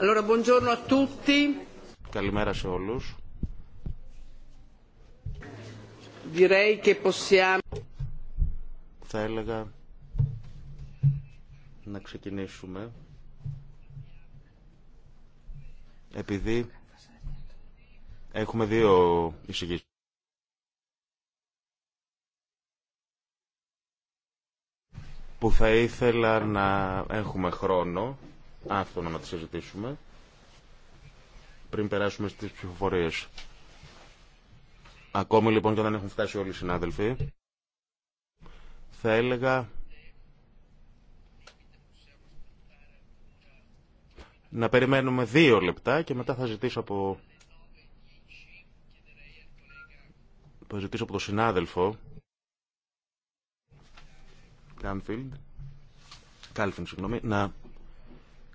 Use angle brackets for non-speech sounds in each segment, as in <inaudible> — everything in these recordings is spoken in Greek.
Allora, buongiorno a tutti. Καλημέρα σε όλους. Θα έλεγα να ξεκινήσουμε επειδή έχουμε δύο εισηγήσεις. που θα ήθελα να έχουμε χρόνο αυτό να τη συζητήσουμε πριν περάσουμε στις ψηφοφορίες. Ακόμη λοιπόν και όταν έχουν φτάσει όλοι οι συνάδελφοι, θα έλεγα να περιμένουμε δύο λεπτά και μετά θα ζητήσω από, θα ζητήσω από τον συνάδελφο Κάνφιλντ, Κάλφιν, συγγνώμη, να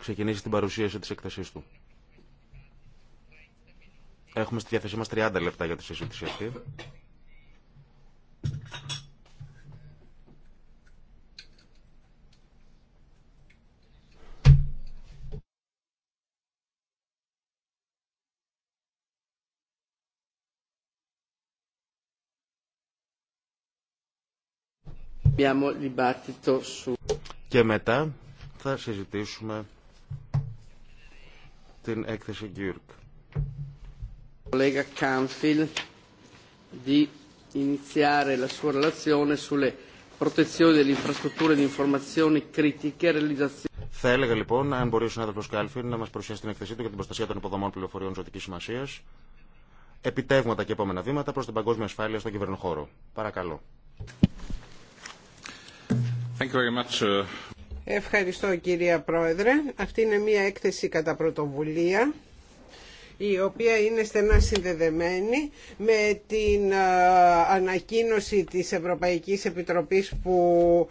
ξεκινήσει την παρουσίαση της εκθεσής του. Έχουμε στη διάθεσή μας 30 λεπτά για τη συζήτηση αυτή. Και μετά θα συζητήσουμε την έκθεση Γκιουρκ. E Θα έλεγα λοιπόν, αν μπορεί ο συνάδελφο Κάλφιν να μα παρουσιάσει την εκθεσή του για την προστασία των υποδομών πληροφοριών ζωτική σημασία, επιτεύγματα και επόμενα βήματα προ την παγκόσμια ασφάλεια στον κυβερνοχώρο. Παρακαλώ. Thank you uh, Ευχαριστώ κυρία Πρόεδρε. Αυτή είναι μια έκθεση κατά πρωτοβουλία η οποία είναι στενά συνδεδεμένη με την ανακοίνωση της Ευρωπαϊκής Επιτροπής που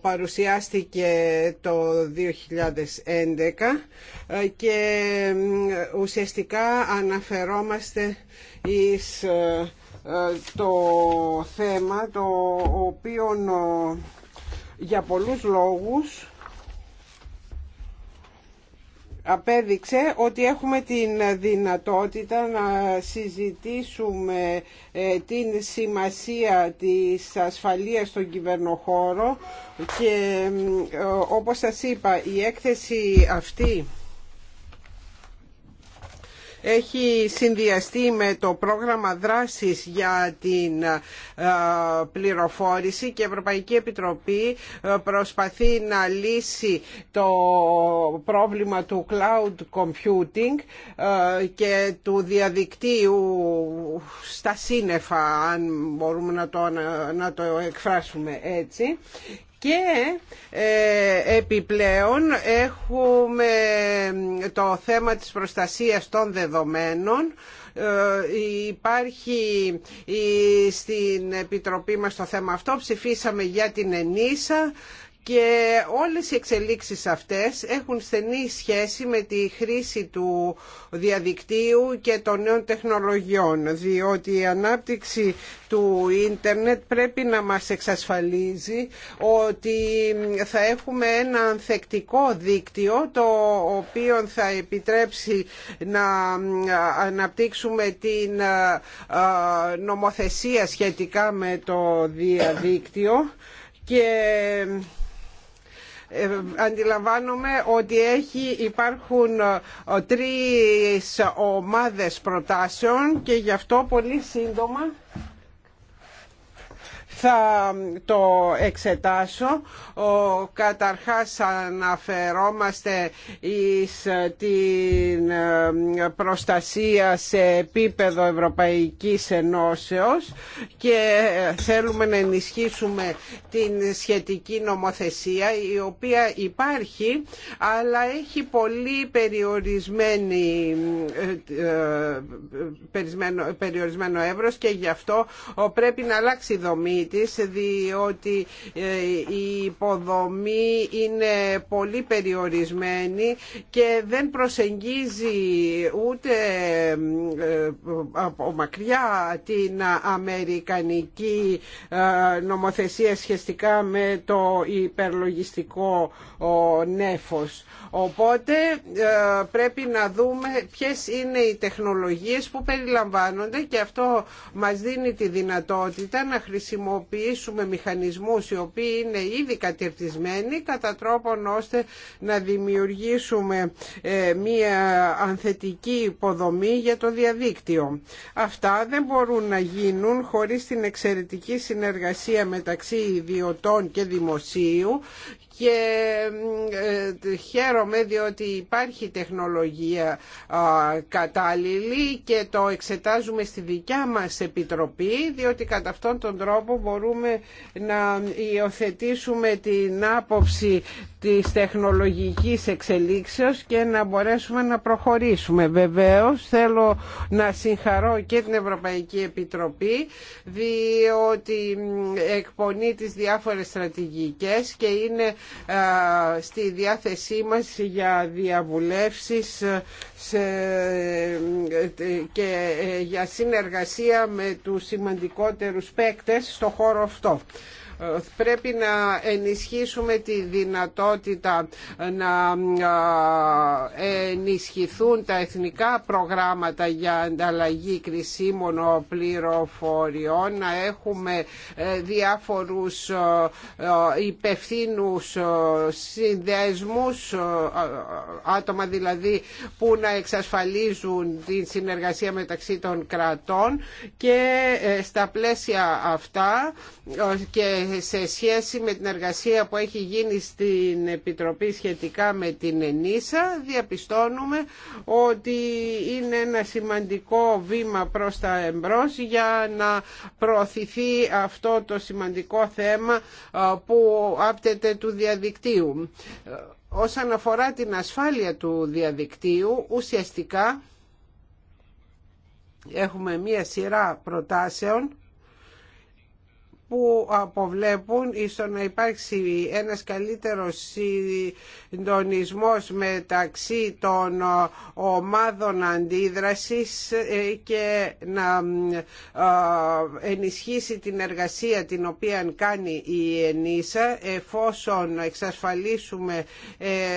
παρουσιάστηκε το 2011 και ουσιαστικά αναφερόμαστε εις το θέμα το οποίο για πολλούς λόγους απέδειξε ότι έχουμε την δυνατότητα να συζητήσουμε ε, την σημασία της ασφαλείας στον κυβερνοχώρο και ε, όπως σας είπα η έκθεση αυτή έχει συνδυαστεί με το πρόγραμμα δράσης για την ε, πληροφόρηση και η Ευρωπαϊκή Επιτροπή ε, προσπαθεί να λύσει το πρόβλημα του cloud computing ε, και του διαδικτύου στα σύννεφα αν μπορούμε να το, να, να το εκφράσουμε έτσι και ε, επιπλέον έχουμε ε, το θέμα της προστασίας των δεδομένων ε, υπάρχει στην Επιτροπή μας το θέμα αυτό. Ψηφίσαμε για την ΕΝΙΣΑ και όλες οι εξελίξεις αυτές έχουν στενή σχέση με τη χρήση του διαδικτύου και των νέων τεχνολογιών διότι η ανάπτυξη του ίντερνετ πρέπει να μας εξασφαλίζει ότι θα έχουμε ένα ανθεκτικό δίκτυο το οποίο θα επιτρέψει να αναπτύξουμε την ε, νομοθεσία σχετικά με το διαδίκτυο και ε, αντιλαμβάνομαι ότι έχει, υπάρχουν ε, τρεις ομάδες προτάσεων και γι' αυτό πολύ σύντομα θα το εξετάσω. Ο, καταρχάς αναφερόμαστε εις την ε, προστασία σε επίπεδο Ευρωπαϊκής Ενώσεως και ε, θέλουμε να ενισχύσουμε την σχετική νομοθεσία η οποία υπάρχει αλλά έχει πολύ ε, περιορισμένο εύρος και γι' αυτό πρέπει να αλλάξει δομή διότι ε, η υποδομή είναι πολύ περιορισμένη και δεν προσεγγίζει ούτε ε, από μακριά την αμερικανική ε, νομοθεσία σχετικά με το υπερλογιστικό νέφος. Οπότε πρέπει να δούμε ποιες είναι οι τεχνολογίες που περιλαμβάνονται και αυτό μας δίνει τη δυνατότητα να χρησιμοποιήσουμε χρησιμοποιήσουμε μηχανισμούς οι οποίοι είναι ήδη κατηρτισμένοι κατά τρόπον ώστε να δημιουργήσουμε ε, μία ανθετική υποδομή για το διαδίκτυο. Αυτά δεν μπορούν να γίνουν χωρίς την εξαιρετική συνεργασία μεταξύ ιδιωτών και δημοσίου και ε, χαίρομαι διότι υπάρχει τεχνολογία κατάλληλη και το εξετάζουμε στη δικιά μας επιτροπή διότι κατά αυτόν τον τρόπο μπορούμε να υιοθετήσουμε την άποψη της τεχνολογικής εξελίξεως και να μπορέσουμε να προχωρήσουμε. Βεβαίως θέλω να συγχαρώ και την Ευρωπαϊκή Επιτροπή διότι εκπονεί τις διάφορες στρατηγικές και είναι στη διάθεσή μας για διαβουλεύσεις ε, ε, και ε, για συνεργασία με τους σημαντικότερους παίκτες στο χώρο αυτό. Πρέπει να ενισχύσουμε τη δυνατότητα να ενισχυθούν τα εθνικά προγράμματα για ανταλλαγή κρισίμων πληροφοριών, να έχουμε ε, διάφορους ε, ε, υπευθύνους συνδέσμους, άτομα δηλαδή που να εξασφαλίζουν την συνεργασία μεταξύ των κρατών και στα πλαίσια αυτά και σε σχέση με την εργασία που έχει γίνει στην Επιτροπή σχετικά με την ΕΝΙΣΑ διαπιστώνουμε ότι είναι ένα σημαντικό βήμα προς τα εμπρός για να προωθηθεί αυτό το σημαντικό θέμα που άπτεται του διαδικτύου. Όσον αφορά την ασφάλεια του διαδικτύου, ουσιαστικά έχουμε μία σειρά προτάσεων που αποβλέπουν στο να υπάρξει ένας καλύτερος συντονισμός μεταξύ των ομάδων αντίδρασης ε, και να ε, ενισχύσει την εργασία την οποία κάνει η ΕΝΙΣΑ εφόσον εξασφαλίσουμε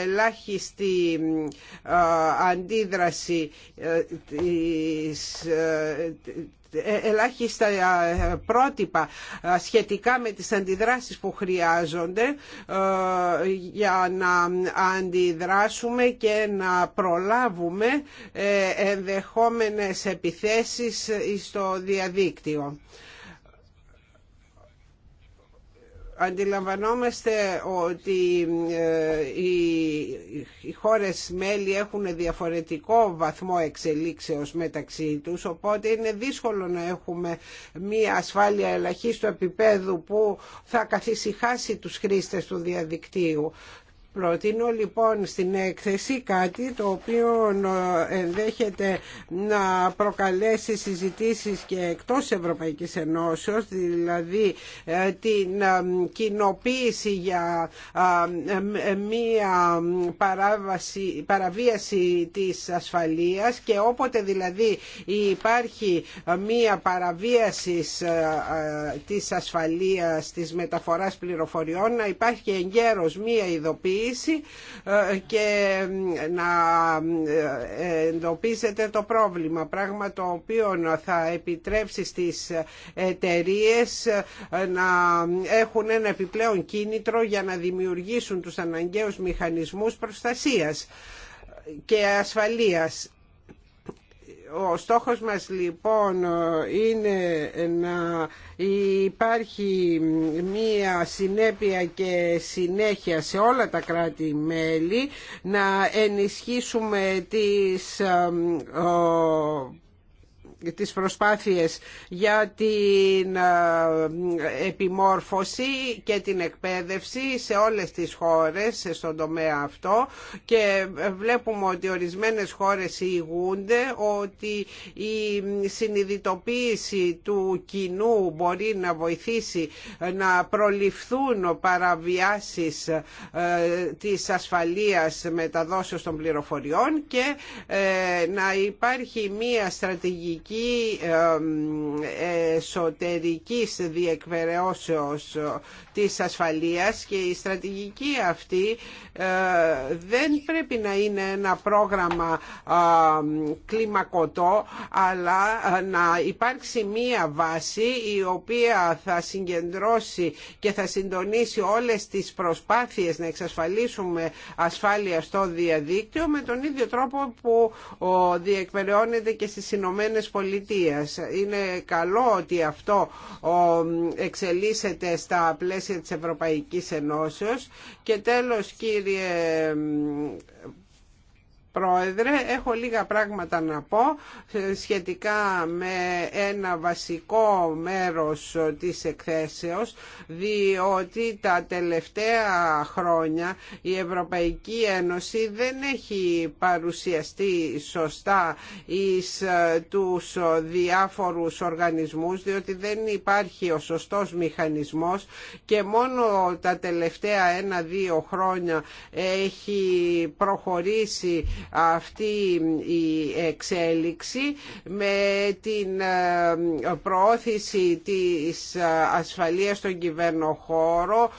ελάχιστη ε, αντίδραση ε, ελάχιστα ε, πρότυπα ε, σχετικά με τις αντιδράσεις που χρειάζονται για να αντιδράσουμε και να προλάβουμε ενδεχόμενες επιθέσεις στο διαδίκτυο. Αντιλαμβανόμαστε ότι ε, οι χώρες μέλη έχουν διαφορετικό βαθμό εξελίξεως μεταξύ τους, οπότε είναι δύσκολο να έχουμε μία ασφάλεια ελαχίστου επίπεδου που θα καθησυχάσει τους χρήστες του διαδικτύου. Προτείνω λοιπόν στην έκθεση κάτι το οποίο ε, ενδέχεται να προκαλέσει συζητήσεις και εκτός Ευρωπαϊκής Ενώσεως, δηλαδή ε, την ε, κοινοποίηση για μία παραβίαση της ασφαλείας και όποτε δηλαδή υπάρχει μία παραβίαση της ασφαλείας της μεταφοράς πληροφοριών να υπάρχει εγκαίρως μία ειδοποίηση ε, και ε, να ε, εντοπίζεται το πρόβλημα, πράγμα το οποίο θα επιτρέψει στις εταιρείε να έχουν ένα επιπλέον κίνητρο για να δημιουργήσουν τους αναγκαίους μηχανισμούς προστασίας και ασφαλείας ο στόχος μας λοιπόν είναι να υπάρχει μία συνέπεια και συνέχεια σε όλα τα κράτη-μέλη, να ενισχύσουμε τις ε, ε, τις προσπάθειες για την ε, επιμόρφωση και την εκπαίδευση σε όλες τις χώρες στον τομέα αυτό και βλέπουμε ότι ορισμένες χώρες ηγούνται ότι η συνειδητοποίηση του κοινού μπορεί να βοηθήσει να προληφθούν παραβιάσεις ε, της ασφαλείας μεταδόσεως των πληροφοριών και ε, να υπάρχει μία στρατηγική Εσωτερική εσωτερικής διεκπαιρεώσεως της ασφαλείας και η στρατηγική αυτή ε, δεν πρέπει να είναι ένα πρόγραμμα κλιμακωτό αλλά να υπάρξει μία βάση η οποία θα συγκεντρώσει και θα συντονίσει όλες τις προσπάθειες να εξασφαλίσουμε ασφάλεια στο διαδίκτυο με τον ίδιο τρόπο που διεκπαιρεώνεται και στις Ηνωμένε Πολιτείες είναι καλό ότι αυτό εξελίσσεται στα πλαίσια της Ευρωπαϊκής Ενώσεως. Και τέλος κύριε Πρόεδρε, έχω λίγα πράγματα να πω ε, σχετικά με ένα βασικό μέρος της εκθέσεως, διότι τα τελευταία χρόνια η Ευρωπαϊκή Ένωση δεν έχει παρουσιαστεί σωστά εις ε, τους διάφορους οργανισμούς, διότι δεν υπάρχει ο σωστός μηχανισμός και μόνο τα τελευταία ένα-δύο χρόνια έχει προχωρήσει αυτή η εξέλιξη με την ε, προώθηση της ασφαλείας στον κυβερνοχώρο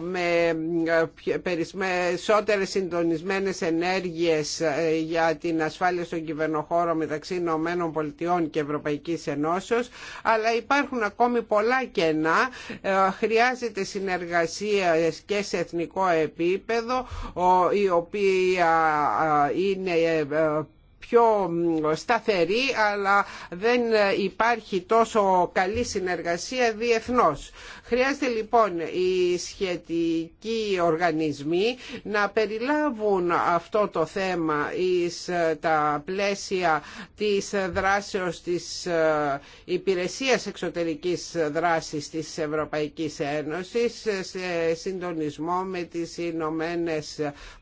με ε, περισσότερες συντονισμένες ενέργειες ε, για την ασφάλεια στον κυβερνοχώρο μεταξύ Ηνωμένων Πολιτειών και Ευρωπαϊκής Ενώσεως αλλά υπάρχουν ακόμη πολλά κενά χρειάζεται συνεργασία και σε εθνικό επίπεδο η οποία είναι ε, ε, πιο σταθερή αλλά δεν υπάρχει τόσο καλή συνεργασία διεθνώς. Χρειάζεται λοιπόν οι σχετικοί οργανισμοί να περιλάβουν αυτό το θέμα εις ε, τα πλαίσια της δράσεως της ε, υπηρεσίας εξωτερικής δράσης της Ευρωπαϊκής Ένωσης ε, σε συντονισμό με τις Ηνωμένε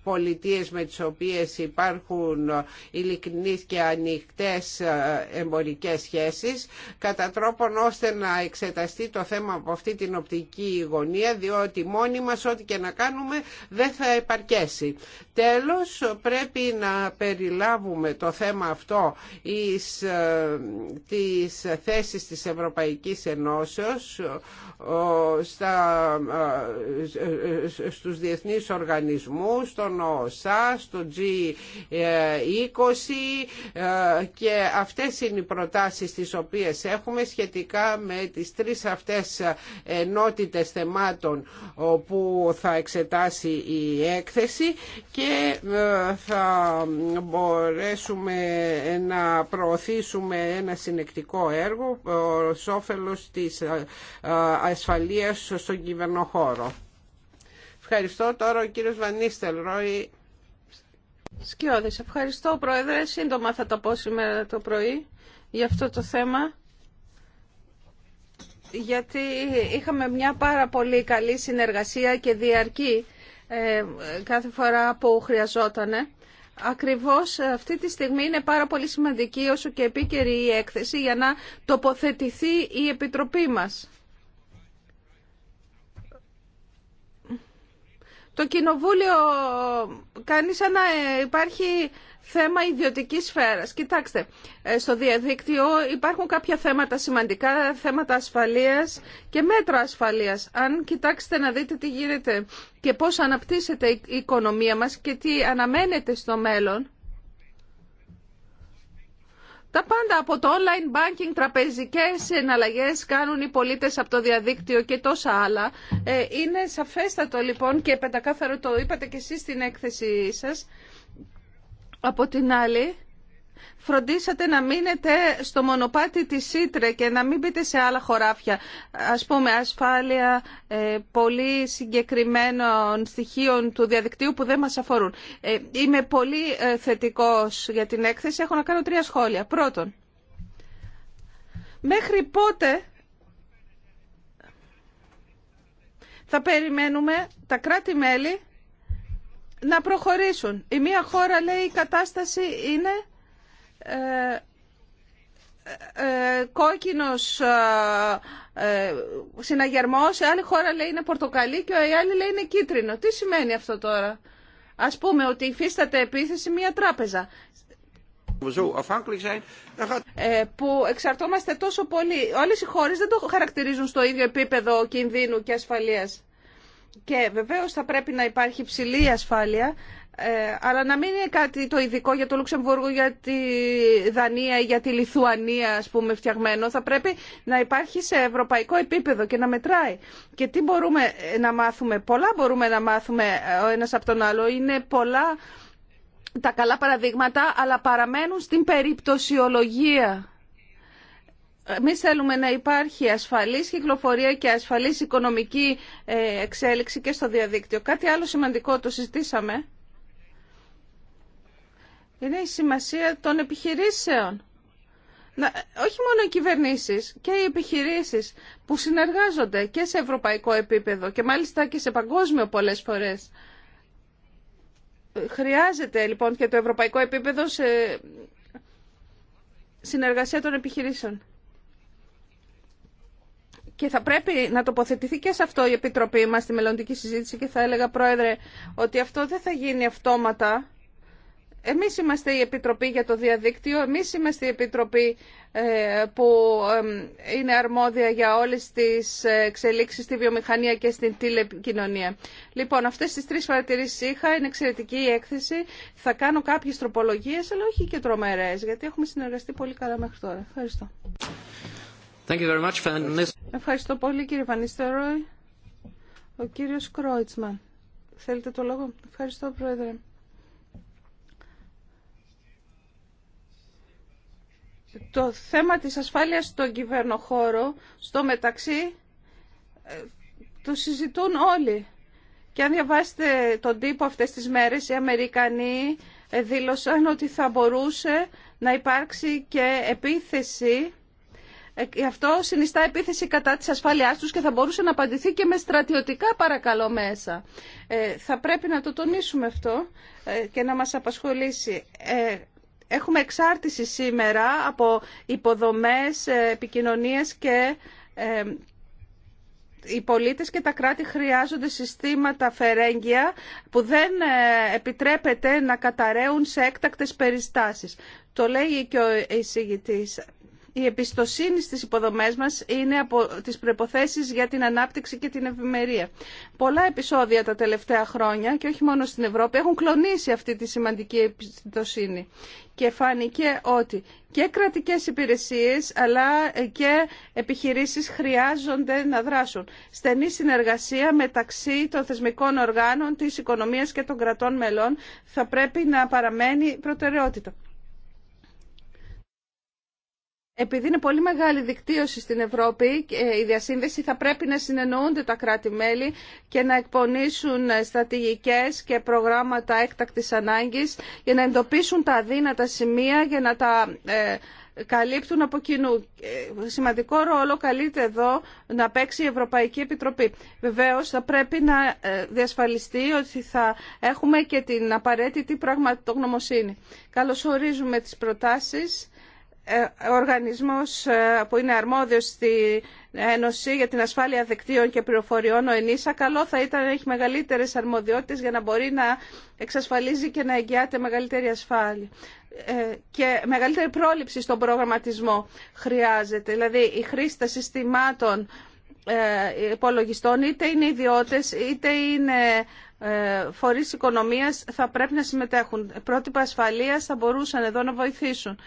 Πολιτείες με τις οποίες υπάρχουν ειλικρινές και ανοιχτές ε, εμπορικές σχέσεις κατά τρόπον ώστε να εξεταστεί το θέμα από αυτή την οπτική γωνία διότι μόνοι μας ό,τι και να κάνουμε δεν θα υπαρκέσει. Τέλος πρέπει να περιλάβουμε το θέμα αυτό εις ε, τις θέσεις της Ευρωπαϊκής Ενώσεως στα, ε, ε, στους διεθνείς οργανισμούς, στον ΟΣΑ, στο G20 ε, και αυτές είναι οι προτάσεις τις οποίες έχουμε σχετικά με τις τρεις αυτές ενότητες θεμάτων που θα εξετάσει η έκθεση και ε, θα μπορέσουμε να προωθήσουμε ένα συνεκτικό έργο ως όφελος της ε, ασφαλείας στον κυβερνοχώρο. Ευχαριστώ τώρα ο κύριος Βανίστελ Ρόι Σκιώδης, ευχαριστώ Πρόεδρε. Σύντομα θα τα πω σήμερα το πρωί για αυτό το θέμα. Γιατί είχαμε μια πάρα πολύ καλή συνεργασία και διαρκή ε, κάθε φορά που χρειαζότανε. Ακριβώς αυτή τη στιγμή είναι πάρα πολύ σημαντική όσο και επίκαιρη η έκθεση για να τοποθετηθεί η Επιτροπή μας. Το κοινοβούλιο κάνει σαν να ε, υπάρχει θέμα ιδιωτικής σφαίρας. Κοιτάξτε, ε, στο διαδίκτυο υπάρχουν κάποια θέματα σημαντικά, θέματα ασφαλείας και μέτρα ασφαλείας. Αν κοιτάξετε να δείτε τι γίνεται και πώς αναπτύσσεται η οικονομία μας και τι αναμένεται στο μέλλον, τα πάντα από το online banking, τραπεζικές εναλλαγές κάνουν οι πολίτες από το διαδίκτυο και τόσα άλλα. Ε, είναι σαφέστατο λοιπόν και πεντακάθαρο το είπατε και εσείς στην έκθεσή σας. Από την άλλη, φροντίσατε να μείνετε στο μονοπάτι της Ήτρε και να μην μπείτε σε άλλα χωράφια. α πούμε ασφάλεια ε, πολύ συγκεκριμένων στοιχείων του διαδικτύου που δεν μας αφορούν. Ε, είμαι πολύ ε, θετικός για την έκθεση. Έχω να κάνω τρία σχόλια. Πρώτον, μέχρι πότε θα περιμένουμε τα κράτη-μέλη να προχωρήσουν. Η μία χώρα λέει η κατάσταση είναι ε, ε, ε, κόκκινος συναγερμός, η άλλη χώρα λέει είναι πορτοκαλί και η άλλη λέει είναι κίτρινο. Τι σημαίνει αυτό τώρα. Ας πούμε ότι υφίσταται επίθεση μια τράπεζα που εξαρτώμαστε τόσο πολύ. Όλες οι χώρες δεν το χαρακτηρίζουν στο ίδιο επίπεδο κινδύνου και ασφαλείας. Και βεβαίως θα πρέπει να υπάρχει ψηλή ασφάλεια, ε, αλλά να μην είναι κάτι το ειδικό για το Λουξεμβούργο, για τη Δανία, για τη Λιθουανία, α πούμε, φτιαγμένο. Θα πρέπει να υπάρχει σε ευρωπαϊκό επίπεδο και να μετράει. Και τι μπορούμε ε, να μάθουμε. Πολλά μπορούμε να μάθουμε ε, ο ένα από τον άλλο. Είναι πολλά τα καλά παραδείγματα, αλλά παραμένουν στην περιπτωσιολογία. Εμεί θέλουμε να υπάρχει ασφαλής κυκλοφορία και ασφαλή οικονομική εξέλιξη και στο διαδίκτυο. Κάτι άλλο σημαντικό το συζητήσαμε είναι η σημασία των επιχειρήσεων. Να, όχι μόνο οι κυβερνήσεις και οι επιχειρήσεις που συνεργάζονται και σε ευρωπαϊκό επίπεδο και μάλιστα και σε παγκόσμιο πολλές φορές. Χρειάζεται λοιπόν και το ευρωπαϊκό επίπεδο σε συνεργασία των επιχειρήσεων. Και θα πρέπει να τοποθετηθεί και σε αυτό η Επιτροπή μας στη μελλοντική συζήτηση και θα έλεγα, Πρόεδρε, ότι αυτό δεν θα γίνει αυτόματα εμείς είμαστε η Επιτροπή για το Διαδίκτυο, εμείς είμαστε η Επιτροπή ε, που είναι αρμόδια για όλες τις εξελίξεις στη βιομηχανία και στην τηλεκοινωνία. Λοιπόν, αυτές τις τρεις παρατηρήσεις είχα, είναι εξαιρετική η έκθεση. Θα κάνω κάποιες τροπολογίες, αλλά όχι και τρομερές, γιατί έχουμε συνεργαστεί πολύ καλά μέχρι τώρα. Ευχαριστώ. Thank you very much, Ευχαριστώ πολύ κύριε Βανίστεροι. Ο κύριος Κρόιτσμαν. Θέλετε το λόγο. Ευχαριστώ, Πρόεδρε. Το θέμα της ασφάλειας στον κυβερνοχώρο, στο μεταξύ, ε, το συζητούν όλοι. Και αν διαβάσετε τον τύπο αυτές τις μέρες, οι Αμερικανοί ε, δήλωσαν ότι θα μπορούσε να υπάρξει και επίθεση. Γι' ε, αυτό συνιστά επίθεση κατά της ασφάλειάς τους και θα μπορούσε να απαντηθεί και με στρατιωτικά παρακαλώ μέσα. θα πρέπει να το τονίσουμε αυτό και να μας απασχολήσει. Έχουμε εξάρτηση σήμερα από υποδομές, ε, επικοινωνίες και ε, οι πολίτες και τα κράτη χρειάζονται συστήματα φερέγγια που δεν ε, επιτρέπεται να καταραίουν σε έκτακτες περιστάσεις. Το λέει και ο εισηγητής η εμπιστοσύνη στις υποδομές μας είναι από τις προϋποθέσεις για την ανάπτυξη και την ευημερία. Πολλά επεισόδια τα τελευταία χρόνια και όχι μόνο στην Ευρώπη έχουν κλονίσει αυτή τη σημαντική εμπιστοσύνη και φάνηκε ότι και κρατικές υπηρεσίες αλλά και επιχειρήσεις χρειάζονται να δράσουν. Στενή συνεργασία μεταξύ των θεσμικών οργάνων, της οικονομίας και των κρατών μελών θα πρέπει να παραμένει προτεραιότητα. Επειδή είναι πολύ μεγάλη δικτύωση στην Ευρώπη, ε, η διασύνδεση θα πρέπει να συνεννοούνται τα κράτη-μέλη και να εκπονήσουν στρατηγικές και προγράμματα έκτακτης ανάγκης για να εντοπίσουν τα αδύνατα σημεία για να τα ε, καλύπτουν από κοινού. Ε, σημαντικό ρόλο καλείται εδώ να παίξει η Ευρωπαϊκή Επιτροπή. Βεβαίως θα πρέπει να διασφαλιστεί ότι θα έχουμε και την απαραίτητη πραγματογνωμοσύνη. ορίζουμε τις προτάσεις ε, οργανισμός ε, που είναι αρμόδιος στη Ένωση για την ασφάλεια δικτύων και πληροφοριών, ο ΕΝΙΣΑ, καλό θα ήταν να έχει μεγαλύτερες αρμοδιότητες για να μπορεί να εξασφαλίζει και να εγγυάται μεγαλύτερη ασφάλεια. Ε, και μεγαλύτερη πρόληψη στον προγραμματισμό χρειάζεται. Δηλαδή η χρήση των συστημάτων υπολογιστών, είτε είναι ιδιώτες, είτε είναι φορείς οικονομίας, θα πρέπει να συμμετέχουν. Πρότυπα ασφαλείας θα μπορούσαν εδώ να βοηθήσουν.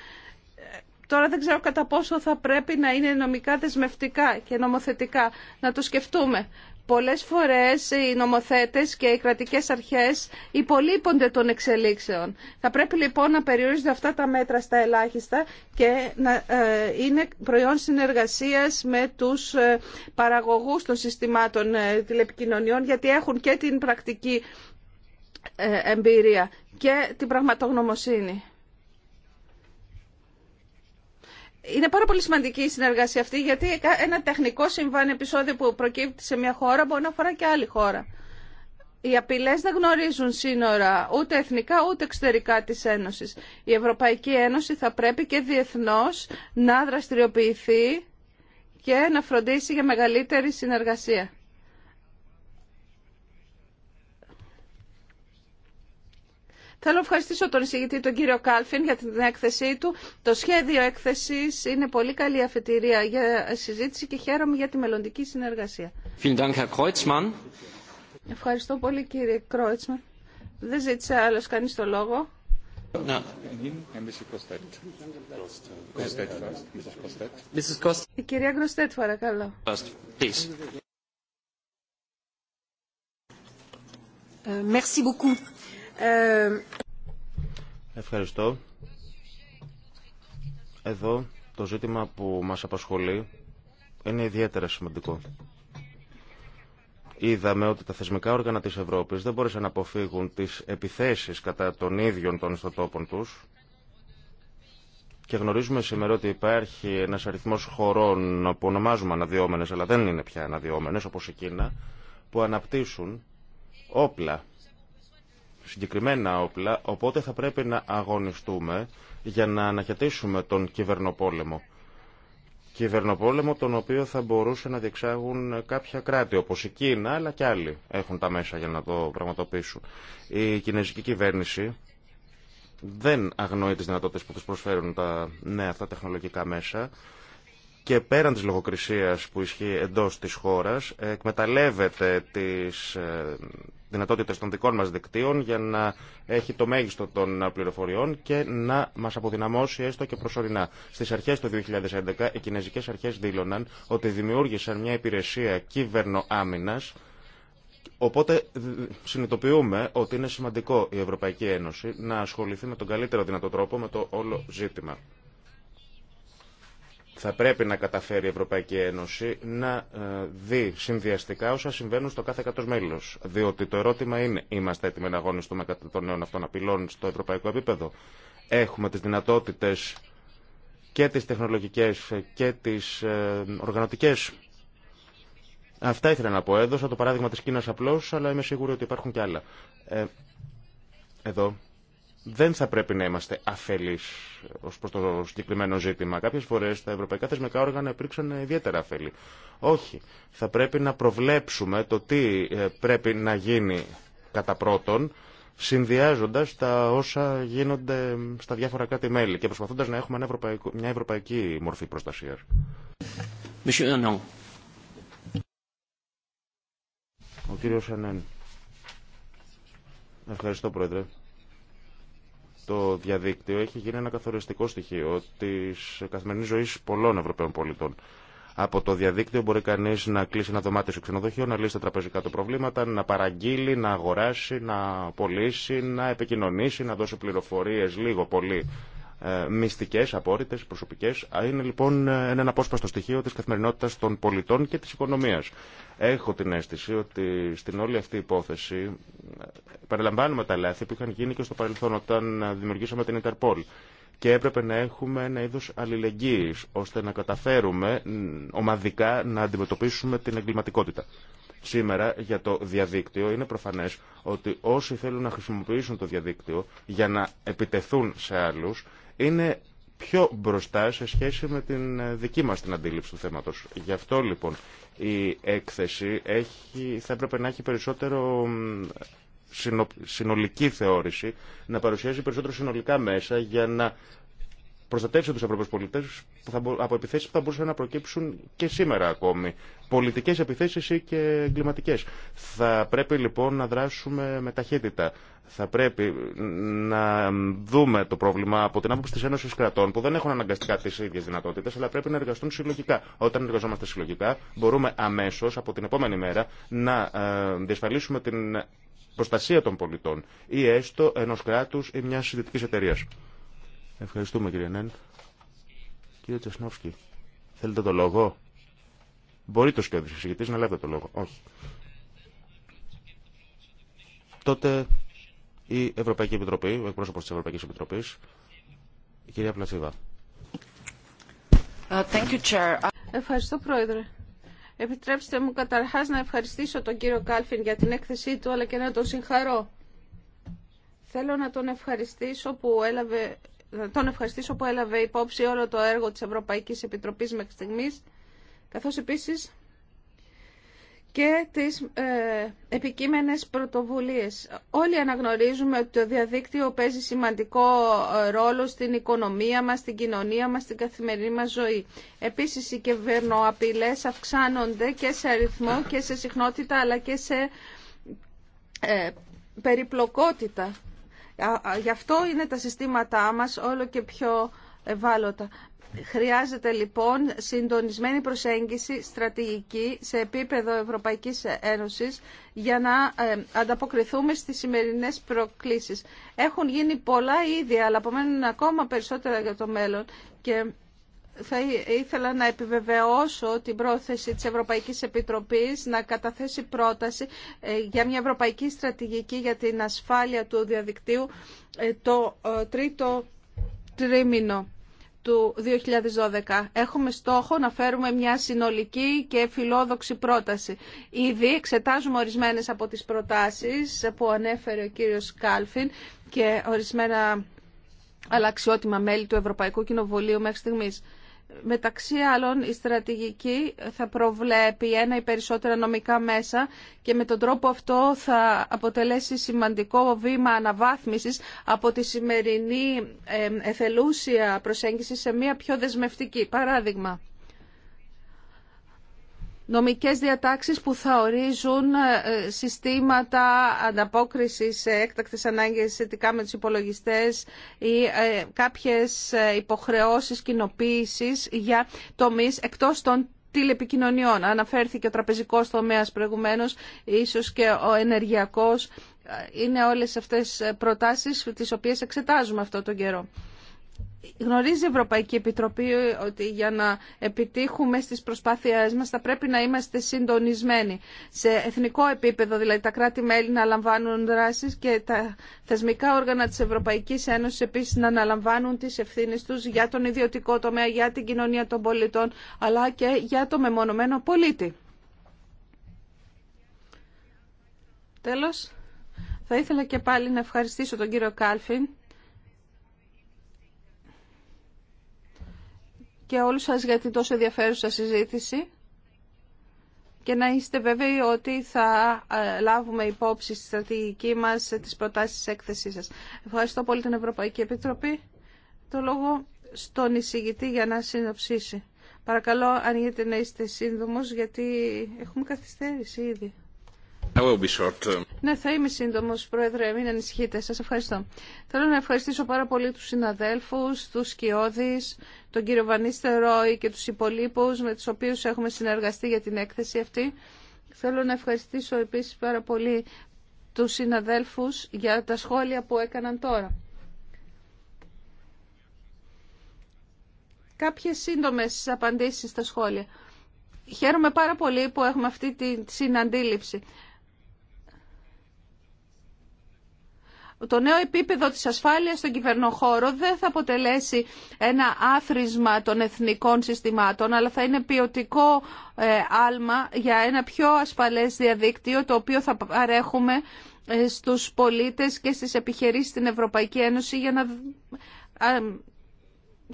Τώρα δεν ξέρω κατά πόσο θα πρέπει να είναι νομικά δεσμευτικά και νομοθετικά. Να το σκεφτούμε. Πολλές φορές οι νομοθέτες και οι κρατικές αρχές υπολείπονται των εξελίξεων. Θα πρέπει λοιπόν να περιορίζονται αυτά τα μέτρα στα ελάχιστα και να ε, είναι προϊόν συνεργασίας με τους ε, παραγωγούς των συστημάτων ε, τηλεπικοινωνιών γιατί έχουν και την πρακτική εμπειρία και την πραγματογνωμοσύνη. είναι πάρα πολύ σημαντική η συνεργασία αυτή γιατί ένα τεχνικό συμβάν επεισόδιο που προκύπτει σε μια χώρα μπορεί να αφορά και άλλη χώρα. Οι απειλέ δεν γνωρίζουν σύνορα ούτε εθνικά ούτε εξωτερικά τη Ένωση. Η Ευρωπαϊκή Ένωση θα πρέπει και διεθνώ να δραστηριοποιηθεί και να φροντίσει για μεγαλύτερη συνεργασία. Θέλω να ευχαριστήσω τον εισηγητή τον κύριο Κάλφιν για την έκθεσή του. Το σχέδιο έκθεση είναι πολύ καλή αφετηρία για συζήτηση και χαίρομαι για τη μελλοντική συνεργασία. Ευχαριστώ πολύ κύριε Κρόιτσμαν. Δεν ζήτησε άλλο κανεί το λόγο. Η κυρία Γκροστέτ, παρακαλώ. Ε, merci beaucoup. Ε, ευχαριστώ. Εδώ το ζήτημα που μας απασχολεί είναι ιδιαίτερα σημαντικό. Είδαμε ότι τα θεσμικά όργανα της Ευρώπης δεν μπορούσαν να αποφύγουν τις επιθέσεις κατά των ίδιων των ιστοτόπων τους και γνωρίζουμε σήμερα ότι υπάρχει ένας αριθμός χωρών που ονομάζουμε αναδυόμενες αλλά δεν είναι πια αναδυόμενες όπως η Κίνα που αναπτύσσουν όπλα συγκεκριμένα όπλα, οπότε θα πρέπει να αγωνιστούμε για να αναχαιτήσουμε τον κυβερνοπόλεμο. Κυβερνοπόλεμο τον οποίο θα μπορούσε να διεξάγουν κάποια κράτη όπως η Κίνα αλλά και άλλοι έχουν τα μέσα για να το πραγματοποιήσουν. Η κινέζικη κυβέρνηση δεν αγνοεί τις δυνατότητες που τους προσφέρουν τα νέα αυτά τεχνολογικά μέσα και πέραν της λογοκρισίας που ισχύει εντός της χώρας εκμεταλλεύεται τις ε, δυνατότητε των δικών μα δικτύων για να έχει το μέγιστο των πληροφοριών και να μα αποδυναμώσει έστω και προσωρινά. Στι αρχέ του 2011, οι κινέζικε αρχέ δήλωναν ότι δημιούργησαν μια υπηρεσία κύβερνο άμυνα. Οπότε συνειδητοποιούμε ότι είναι σημαντικό η Ευρωπαϊκή Ένωση να ασχοληθεί με τον καλύτερο δυνατό τρόπο με το όλο ζήτημα. Θα πρέπει να καταφέρει η Ευρωπαϊκή Ένωση να ε, δει συνδυαστικά όσα συμβαίνουν στο κάθε κάτω μέλο. Διότι το ερώτημα είναι, είμαστε έτοιμοι να αγωνιστούμε κατά των νέων αυτών απειλών στο ευρωπαϊκό επίπεδο. Έχουμε τι δυνατότητε και τι τεχνολογικέ και τι ε, οργανωτικέ. Αυτά ήθελα να πω. Έδωσα το παράδειγμα τη Κίνα απλώ, αλλά είμαι σίγουρη ότι υπάρχουν και άλλα. Ε, εδώ δεν θα πρέπει να είμαστε αφελείς ω προ το συγκεκριμένο ζήτημα. Κάποιε φορέ τα ευρωπαϊκά θεσμικά όργανα υπήρξαν ιδιαίτερα αφελή. Όχι. Θα πρέπει να προβλέψουμε το τι ε, πρέπει να γίνει κατά πρώτον, συνδυάζοντα τα όσα γίνονται στα διάφορα κράτη-μέλη και προσπαθώντα να έχουμε μια ευρωπαϊκή μορφή προστασία. Ο κύριος Ανέν. Ευχαριστώ, Πρόεδρε το διαδίκτυο έχει γίνει ένα καθοριστικό στοιχείο τη καθημερινή ζωή πολλών Ευρωπαίων πολιτών. Από το διαδίκτυο μπορεί κανεί να κλείσει ένα δωμάτιο σε ξενοδοχείο, να λύσει τα τραπεζικά του προβλήματα, να παραγγείλει, να αγοράσει, να πωλήσει, να επικοινωνήσει, να δώσει πληροφορίε λίγο πολύ ε, μυστικές, απόρριτες, προσωπικές. Είναι λοιπόν ε, ένα απόσπαστο στοιχείο της καθημερινότητας των πολιτών και της οικονομίας. Έχω την αίσθηση ότι στην όλη αυτή υπόθεση ε, παραλαμβάνουμε τα λάθη που είχαν γίνει και στο παρελθόν όταν δημιουργήσαμε την Ιντερπόλ και έπρεπε να έχουμε ένα είδο αλληλεγγύη ώστε να καταφέρουμε ομαδικά να αντιμετωπίσουμε την εγκληματικότητα. Σήμερα για το διαδίκτυο είναι προφανέ ότι όσοι θέλουν να χρησιμοποιήσουν το διαδίκτυο για να επιτεθούν σε άλλου είναι πιο μπροστά σε σχέση με την ε, δική μας την αντίληψη του θέματος. Γι' αυτό λοιπόν η έκθεση έχει, θα έπρεπε να έχει περισσότερο συνολική θεώρηση, να παρουσιάζει περισσότερο συνολικά μέσα για να προστατεύσει του Ευρωπαίου πολίτε από επιθέσει που θα μπορούσαν να προκύψουν και σήμερα ακόμη. Πολιτικέ επιθέσει ή και εγκληματικέ. Θα πρέπει λοιπόν να δράσουμε με ταχύτητα. Θα πρέπει να δούμε το πρόβλημα από την άποψη τη Ένωση Κρατών που δεν έχουν αναγκαστικά τι ίδιε δυνατότητε, αλλά πρέπει να εργαστούν συλλογικά. Όταν εργαζόμαστε συλλογικά, μπορούμε αμέσω από την επόμενη μέρα να ε, διασφαλίσουμε την προστασία των πολιτών ή έστω ενό κράτου ή μια δυτική εταιρεία. Ευχαριστούμε κύριε Νέντ. Κύριε Τσεσνόφσκι, θέλετε το λόγο. Μπορεί το της εισηγητής να λέτε το λόγο. Όχι. Τότε η Ευρωπαϊκή Επιτροπή, ο εκπρόσωπος της Ευρωπαϊκής Επιτροπής, η κυρία Πλασιβά. Uh, Ευχαριστώ Πρόεδρε. Επιτρέψτε μου καταρχάς να ευχαριστήσω τον κύριο Κάλφιν για την έκθεσή του αλλά και να τον συγχαρώ. Θέλω να τον ευχαριστήσω που έλαβε τον ευχαριστήσω που έλαβε υπόψη όλο το έργο της Ευρωπαϊκής Επιτροπής μέχρι στιγμής, καθώς επίσης και τις ε, επικείμενες πρωτοβουλίες. Όλοι αναγνωρίζουμε ότι το διαδίκτυο παίζει σημαντικό ε, ρόλο στην οικονομία μας, στην κοινωνία μας, στην καθημερινή μας ζωή. Επίσης, οι κυβερνοαπειλές αυξάνονται και σε αριθμό και σε συχνότητα, αλλά και σε ε, περιπλοκότητα. Γι' αυτό είναι τα συστήματά μας όλο και πιο ευάλωτα. Χρειάζεται λοιπόν συντονισμένη προσέγγιση στρατηγική σε επίπεδο Ευρωπαϊκής Ένωσης για να ε, ανταποκριθούμε στις σημερινές προκλήσεις. Έχουν γίνει πολλά ήδη, αλλά απομένουν ακόμα περισσότερα για το μέλλον και θα ήθελα να επιβεβαιώσω την πρόθεση της Ευρωπαϊκής Επιτροπής να καταθέσει πρόταση ε, για μια ευρωπαϊκή στρατηγική για την ασφάλεια του διαδικτύου ε, το ε, τρίτο τρίμηνο του 2012. Έχουμε στόχο να φέρουμε μια συνολική και φιλόδοξη πρόταση. Ήδη εξετάζουμε ορισμένες από τις προτάσεις που ανέφερε ο κύριος Κάλφιν και ορισμένα αλλά αξιότιμα μέλη του Ευρωπαϊκού Κοινοβουλίου μέχρι στιγμής. Μεταξύ άλλων, η στρατηγική θα προβλέπει ένα ή περισσότερα νομικά μέσα και με τον τρόπο αυτό θα αποτελέσει σημαντικό βήμα αναβάθμισης από τη σημερινή ε, εθελούσια προσέγγιση σε μια πιο δεσμευτική. Παράδειγμα, νομικές διατάξεις που θα ορίζουν ε, συστήματα ανταπόκρισης σε έκτακτες ανάγκες σχετικά με τους υπολογιστές ή ε, κάποιες ε, υποχρεώσεις κοινοποίηση για τομείς εκτός των τηλεπικοινωνιών. Αναφέρθηκε ο τραπεζικός τομέας προηγουμένως, ίσως και ο ενεργειακός. Είναι όλες αυτές προτάσεις τις οποίες εξετάζουμε αυτό τον καιρό. Γνωρίζει η Ευρωπαϊκή Επιτροπή ότι για να επιτύχουμε στις προσπάθειές μας θα πρέπει να είμαστε συντονισμένοι σε εθνικό επίπεδο, δηλαδή τα κράτη-μέλη να λαμβάνουν δράσεις και τα θεσμικά όργανα της Ευρωπαϊκής Ένωσης επίσης να αναλαμβάνουν τις ευθύνες τους για τον ιδιωτικό τομέα, για την κοινωνία των πολιτών, αλλά και για το μεμονωμένο πολίτη. Τέλος, θα ήθελα και πάλι να ευχαριστήσω τον κύριο Κάλφιν και όλους σας για την τόσο ενδιαφέρουσα συζήτηση και να είστε βέβαιοι ότι θα ε, λάβουμε υπόψη στη στρατηγική μας ε, τις προτάσεις της έκθεσής σας. Ευχαριστώ πολύ την Ευρωπαϊκή Επιτροπή. Το λόγο στον εισηγητή για να συνοψίσει. Παρακαλώ, αν να είστε σύντομος, γιατί έχουμε καθυστέρηση ήδη. Um. Ναι, θα είμαι σύντομο, Πρόεδρε, μην ανησυχείτε. Σα ευχαριστώ. Θέλω να ευχαριστήσω πάρα πολύ του συναδέλφου, του Σκιώδη, τον κύριο Βανίστε Ρόι και του υπολείπου με του οποίου έχουμε συνεργαστεί για την έκθεση αυτή. Θέλω να ευχαριστήσω επίση πάρα πολύ του συναδέλφου για τα σχόλια που έκαναν τώρα. Κάποιε σύντομε απαντήσει στα σχόλια. Χαίρομαι πάρα πολύ που έχουμε αυτή τη συναντήληψη. το νέο επίπεδο της ασφάλειας στον κυβερνοχώρο δεν θα αποτελέσει ένα άθροισμα των εθνικών συστημάτων, αλλά θα είναι ποιοτικό ε, άλμα για ένα πιο ασφαλές διαδίκτυο, το οποίο θα παρέχουμε ε, στους πολίτες και στις επιχειρήσεις στην Ευρωπαϊκή Ένωση για να ε,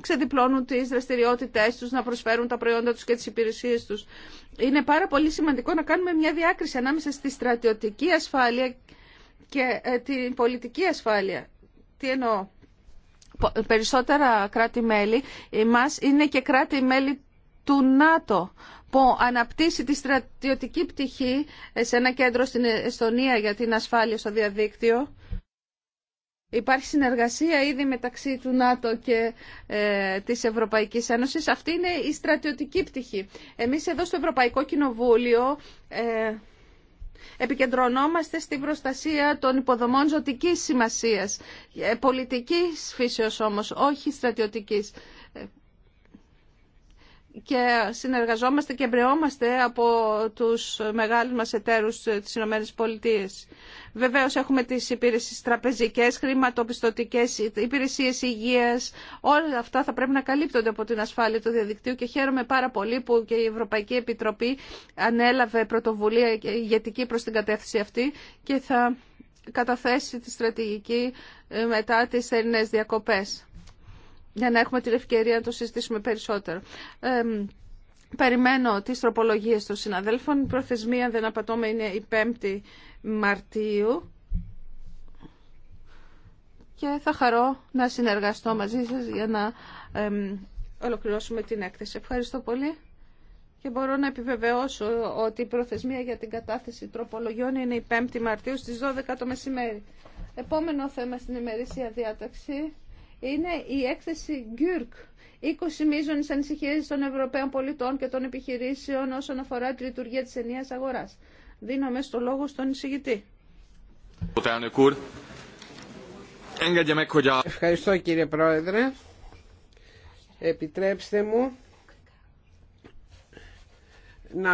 ξεδιπλώνουν τις δραστηριότητές τους, να προσφέρουν τα προϊόντα τους και τις υπηρεσίες τους. Είναι πάρα πολύ σημαντικό να κάνουμε μια διάκριση ανάμεσα στη στρατιωτική ασφάλεια και ε, την πολιτική ασφάλεια. Τι εννοώ. Περισσότερα κράτη-μέλη ε, μας είναι και κράτη-μέλη του ΝΑΤΟ που αναπτύσσει τη στρατιωτική πτυχή ε, σε ένα κέντρο στην Εστονία για την ασφάλεια στο διαδίκτυο. Υπάρχει συνεργασία ήδη μεταξύ του ΝΑΤΟ και της Ευρωπαϊκής Ένωσης. Αυτή είναι η στρατιωτική πτυχή. Εμείς εδώ στο Ευρωπαϊκό Κοινοβούλιο... Επικεντρωνόμαστε στην προστασία των υποδομών ζωτικής σημασίας, ε, πολιτικής φύσεως όμως, όχι στρατιωτικής και συνεργαζόμαστε και εμπρεόμαστε από τους μεγάλους μας εταίρους της ΗΠΑ. Πολιτείας. Βεβαίως έχουμε τις υπηρεσίες τραπεζικές, χρηματοπιστωτικές, υπηρεσίες υγείας. Όλα αυτά θα πρέπει να καλύπτονται από την ασφάλεια του διαδικτύου και χαίρομαι πάρα πολύ που και η Ευρωπαϊκή Επιτροπή ανέλαβε πρωτοβουλία ηγετική προς την κατεύθυνση αυτή και θα καταθέσει τη στρατηγική μετά τις ελληνές διακοπές για να έχουμε την ευκαιρία να το συζητήσουμε περισσότερο. Ε, περιμένω τις τροπολογίες των συναδέλφων. Η προθεσμία, δεν απατώμε, είναι η 5η Μαρτίου. Και θα χαρώ να συνεργαστώ μαζί σας για να ε, ολοκληρώσουμε την έκθεση. Ευχαριστώ πολύ. Και μπορώ να επιβεβαιώσω ότι η προθεσμία για την κατάθεση τροπολογιών είναι η 5η Μαρτίου στις 12 το μεσημέρι. Επόμενο θέμα στην ημερήσια διάταξη είναι η έκθεση Γκιουρκ. 20 μείζονες ανησυχίες των Ευρωπαίων πολιτών και των επιχειρήσεων όσον αφορά τη λειτουργία της ενιαίας αγοράς. Δίνω μέσα το λόγο στον εισηγητή. Ευχαριστώ κύριε Πρόεδρε. Επιτρέψτε μου να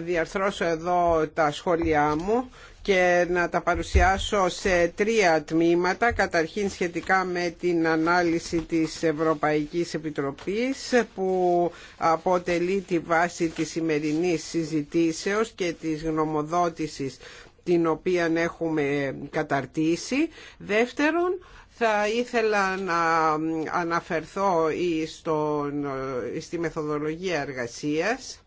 διαρθρώσω εδώ τα σχόλιά μου και να τα παρουσιάσω σε τρία τμήματα. Καταρχήν σχετικά με την ανάλυση της Ευρωπαϊκής Επιτροπής που αποτελεί τη βάση της σημερινής συζητήσεως και της γνωμοδότησης την οποία έχουμε καταρτήσει. Δεύτερον, θα ήθελα να αναφερθώ στη μεθοδολογία εργασίας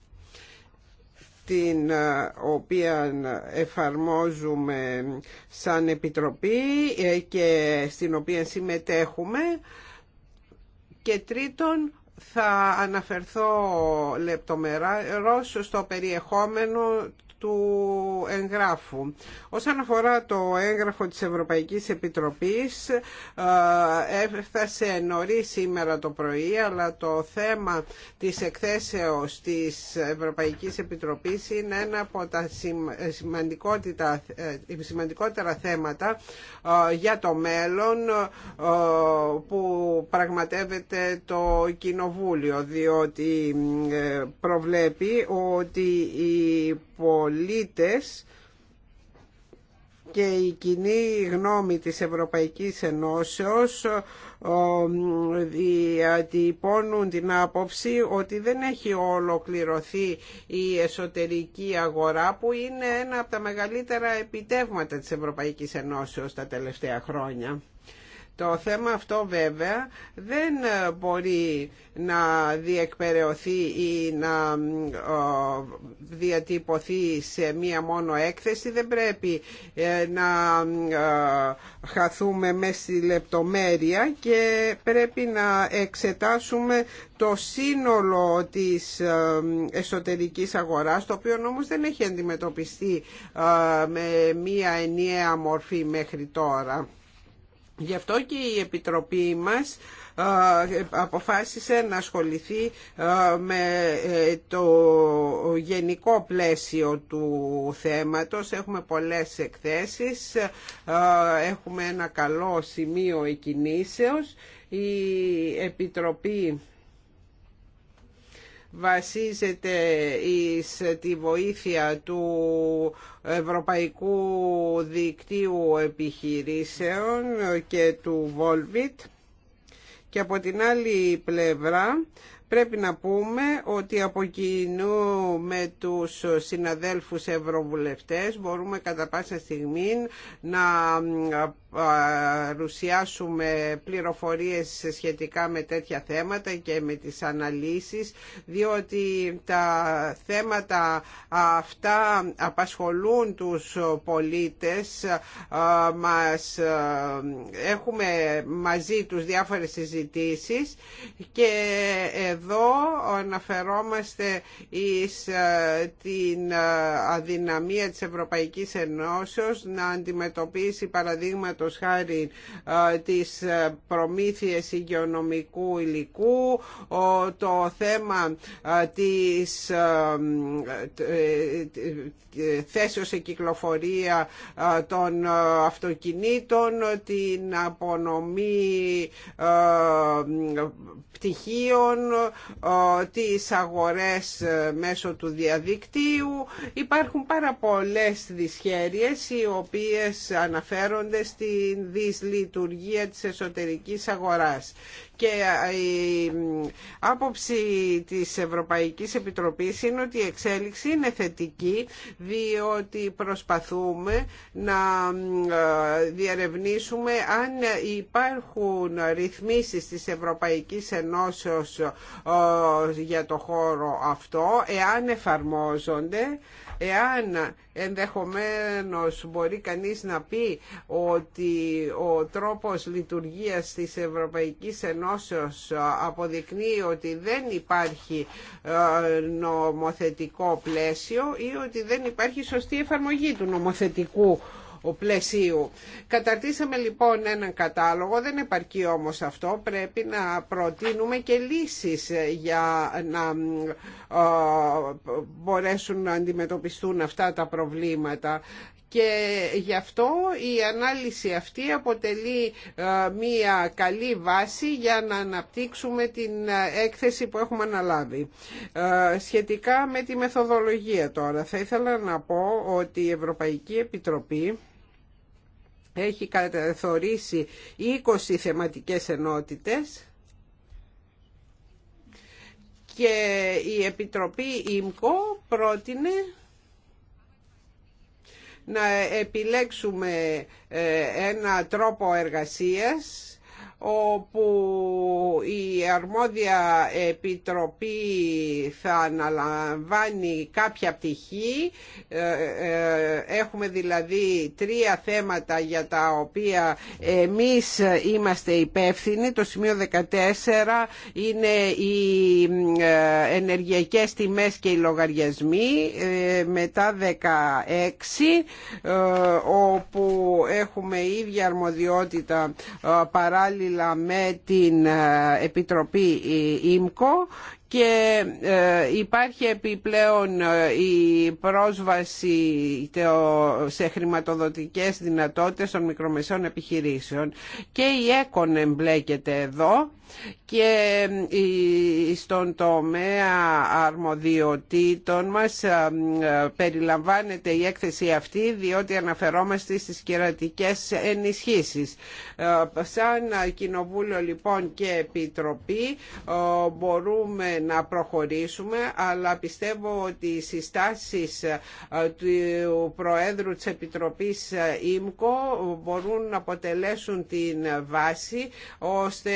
την ε, οποία εφαρμόζουμε σαν Επιτροπή ε, και στην οποία συμμετέχουμε και τρίτον θα αναφερθώ λεπτομερώς στο περιεχόμενο του εγγράφου. Όσον αφορά το έγγραφο της Ευρωπαϊκής Επιτροπής, ε, έφτασε νωρί σήμερα το πρωί, αλλά το θέμα της εκθέσεως της Ευρωπαϊκής Επιτροπής είναι ένα από τα ε, σημαντικότερα θέματα ε, για το μέλλον που πραγματεύεται το Κοινοβούλιο, διότι προβλέπει ότι η πολίτες και η κοινή γνώμη της Ευρωπαϊκής Ενώσεως διατυπώνουν την άποψη ότι δεν έχει ολοκληρωθεί η εσωτερική αγορά που είναι ένα από τα μεγαλύτερα επιτεύγματα της Ευρωπαϊκής Ενώσεως τα τελευταία χρόνια. Το θέμα αυτό βέβαια δεν ε, μπορεί να διεκπαιρεωθεί ή να διατυπωθεί σε μία μόνο έκθεση. Δεν πρέπει ε, να ε, χαθούμε μέσα στη λεπτομέρεια και πρέπει να εξετάσουμε το σύνολο της εσωτερικής αγοράς, το οποίο όμως δεν έχει αντιμετωπιστεί με μία ενιαία μορφή μέχρι τώρα. Γι' αυτό και η Επιτροπή μας αποφάσισε να ασχοληθεί με ε, το γενικό πλαίσιο του θέματος. Έχουμε πολλές εκθέσεις, έχουμε ένα καλό σημείο εκκινήσεως. Η Επιτροπή βασίζεται εις τη βοήθεια του Ευρωπαϊκού Δικτύου Επιχειρήσεων και του Volvit και από την άλλη πλευρά πρέπει να πούμε ότι από κοινού με τους συναδέλφους ευρωβουλευτές μπορούμε κατά πάσα στιγμή να ρουσιάσουμε πληροφορίες σχετικά με τέτοια θέματα και με τις αναλύσεις διότι τα θέματα αυτά απασχολούν τους πολίτες μας έχουμε μαζί τους διάφορες συζητήσεις και εδώ αναφερόμαστε εις την αδυναμία της Ευρωπαϊκής Ενώσεως να αντιμετωπίσει παραδείγματο παραδείγματος χάρη τις ε, προμήθειες υγειονομικού υλικού, το θέμα της ε, θέσεως σε κυκλοφορία των ε, αυτοκινήτων, την απονομή πτυχίων, τις αγορές μέσω του διαδικτύου. Υπάρχουν πάρα πολλές δυσχέρειες οι οποίες αναφέρονται στη την δυσλειτουργία της εσωτερικής αγοράς. Και η άποψη της Ευρωπαϊκής Επιτροπής είναι ότι η εξέλιξη είναι θετική διότι προσπαθούμε να διαρευνήσουμε αν υπάρχουν ρυθμίσεις της Ευρωπαϊκής Ενώσεως για το χώρο αυτό, εάν εφαρμόζονται Εάν ενδεχομένως μπορεί κανείς να πει ότι ο τρόπος λειτουργίας της Ευρωπαϊκής Ενώσεως αποδεικνύει ότι δεν υπάρχει ε, νομοθετικό πλαίσιο ή ότι δεν υπάρχει σωστή εφαρμογή του νομοθετικού πλαισίου. Καταρτήσαμε λοιπόν έναν κατάλογο, δεν επαρκεί όμως αυτό, πρέπει να προτείνουμε και λύσεις για να ε, μπορέσουν να αντιμετωπιστούν αυτά τα προβλήματα και γι' αυτό η ανάλυση αυτή αποτελεί ε, μία καλή βάση για να αναπτύξουμε την ε, έκθεση που έχουμε αναλάβει. Σχετικά με τη μεθοδολογία τώρα, θα ήθελα να πω ότι η Ευρωπαϊκή Επιτροπή έχει καθορίσει 20 θεματικές ενότητες και η Επιτροπή ΙΜΚΟ πρότεινε να επιλέξουμε ε, ένα τρόπο εργασίας όπου η αρμόδια επιτροπή θα αναλαμβάνει κάποια πτυχή. Ε, ε, έχουμε δηλαδή τρία θέματα για τα οποία εμείς είμαστε υπεύθυνοι. Το σημείο 14 είναι οι ε, ενεργειακές τιμές και οι λογαριασμοί. Μετά 16 όπου έχουμε ίδια αρμοδιότητα παράλληλα με την ε, Επιτροπή ε, ΙΜΚΟ και ε, υπάρχει επιπλέον η πρόσβαση σε χρηματοδοτικές δυνατότητες των μικρομεσαίων επιχειρήσεων και η ΕΚΟΝ εμπλέκεται εδώ και στον τομέα αρμοδιοτήτων μας ε, περιλαμβάνεται η έκθεση αυτή διότι αναφερόμαστε στις κερατικές ενισχύσεις. Ε, σαν Κοινοβούλιο λοιπόν και Επιτροπή ε, μπορούμε να προχωρήσουμε αλλά πιστεύω ότι οι συστάσεις του Προέδρου της Επιτροπής ΙΜΚΟ μπορούν να αποτελέσουν την βάση ώστε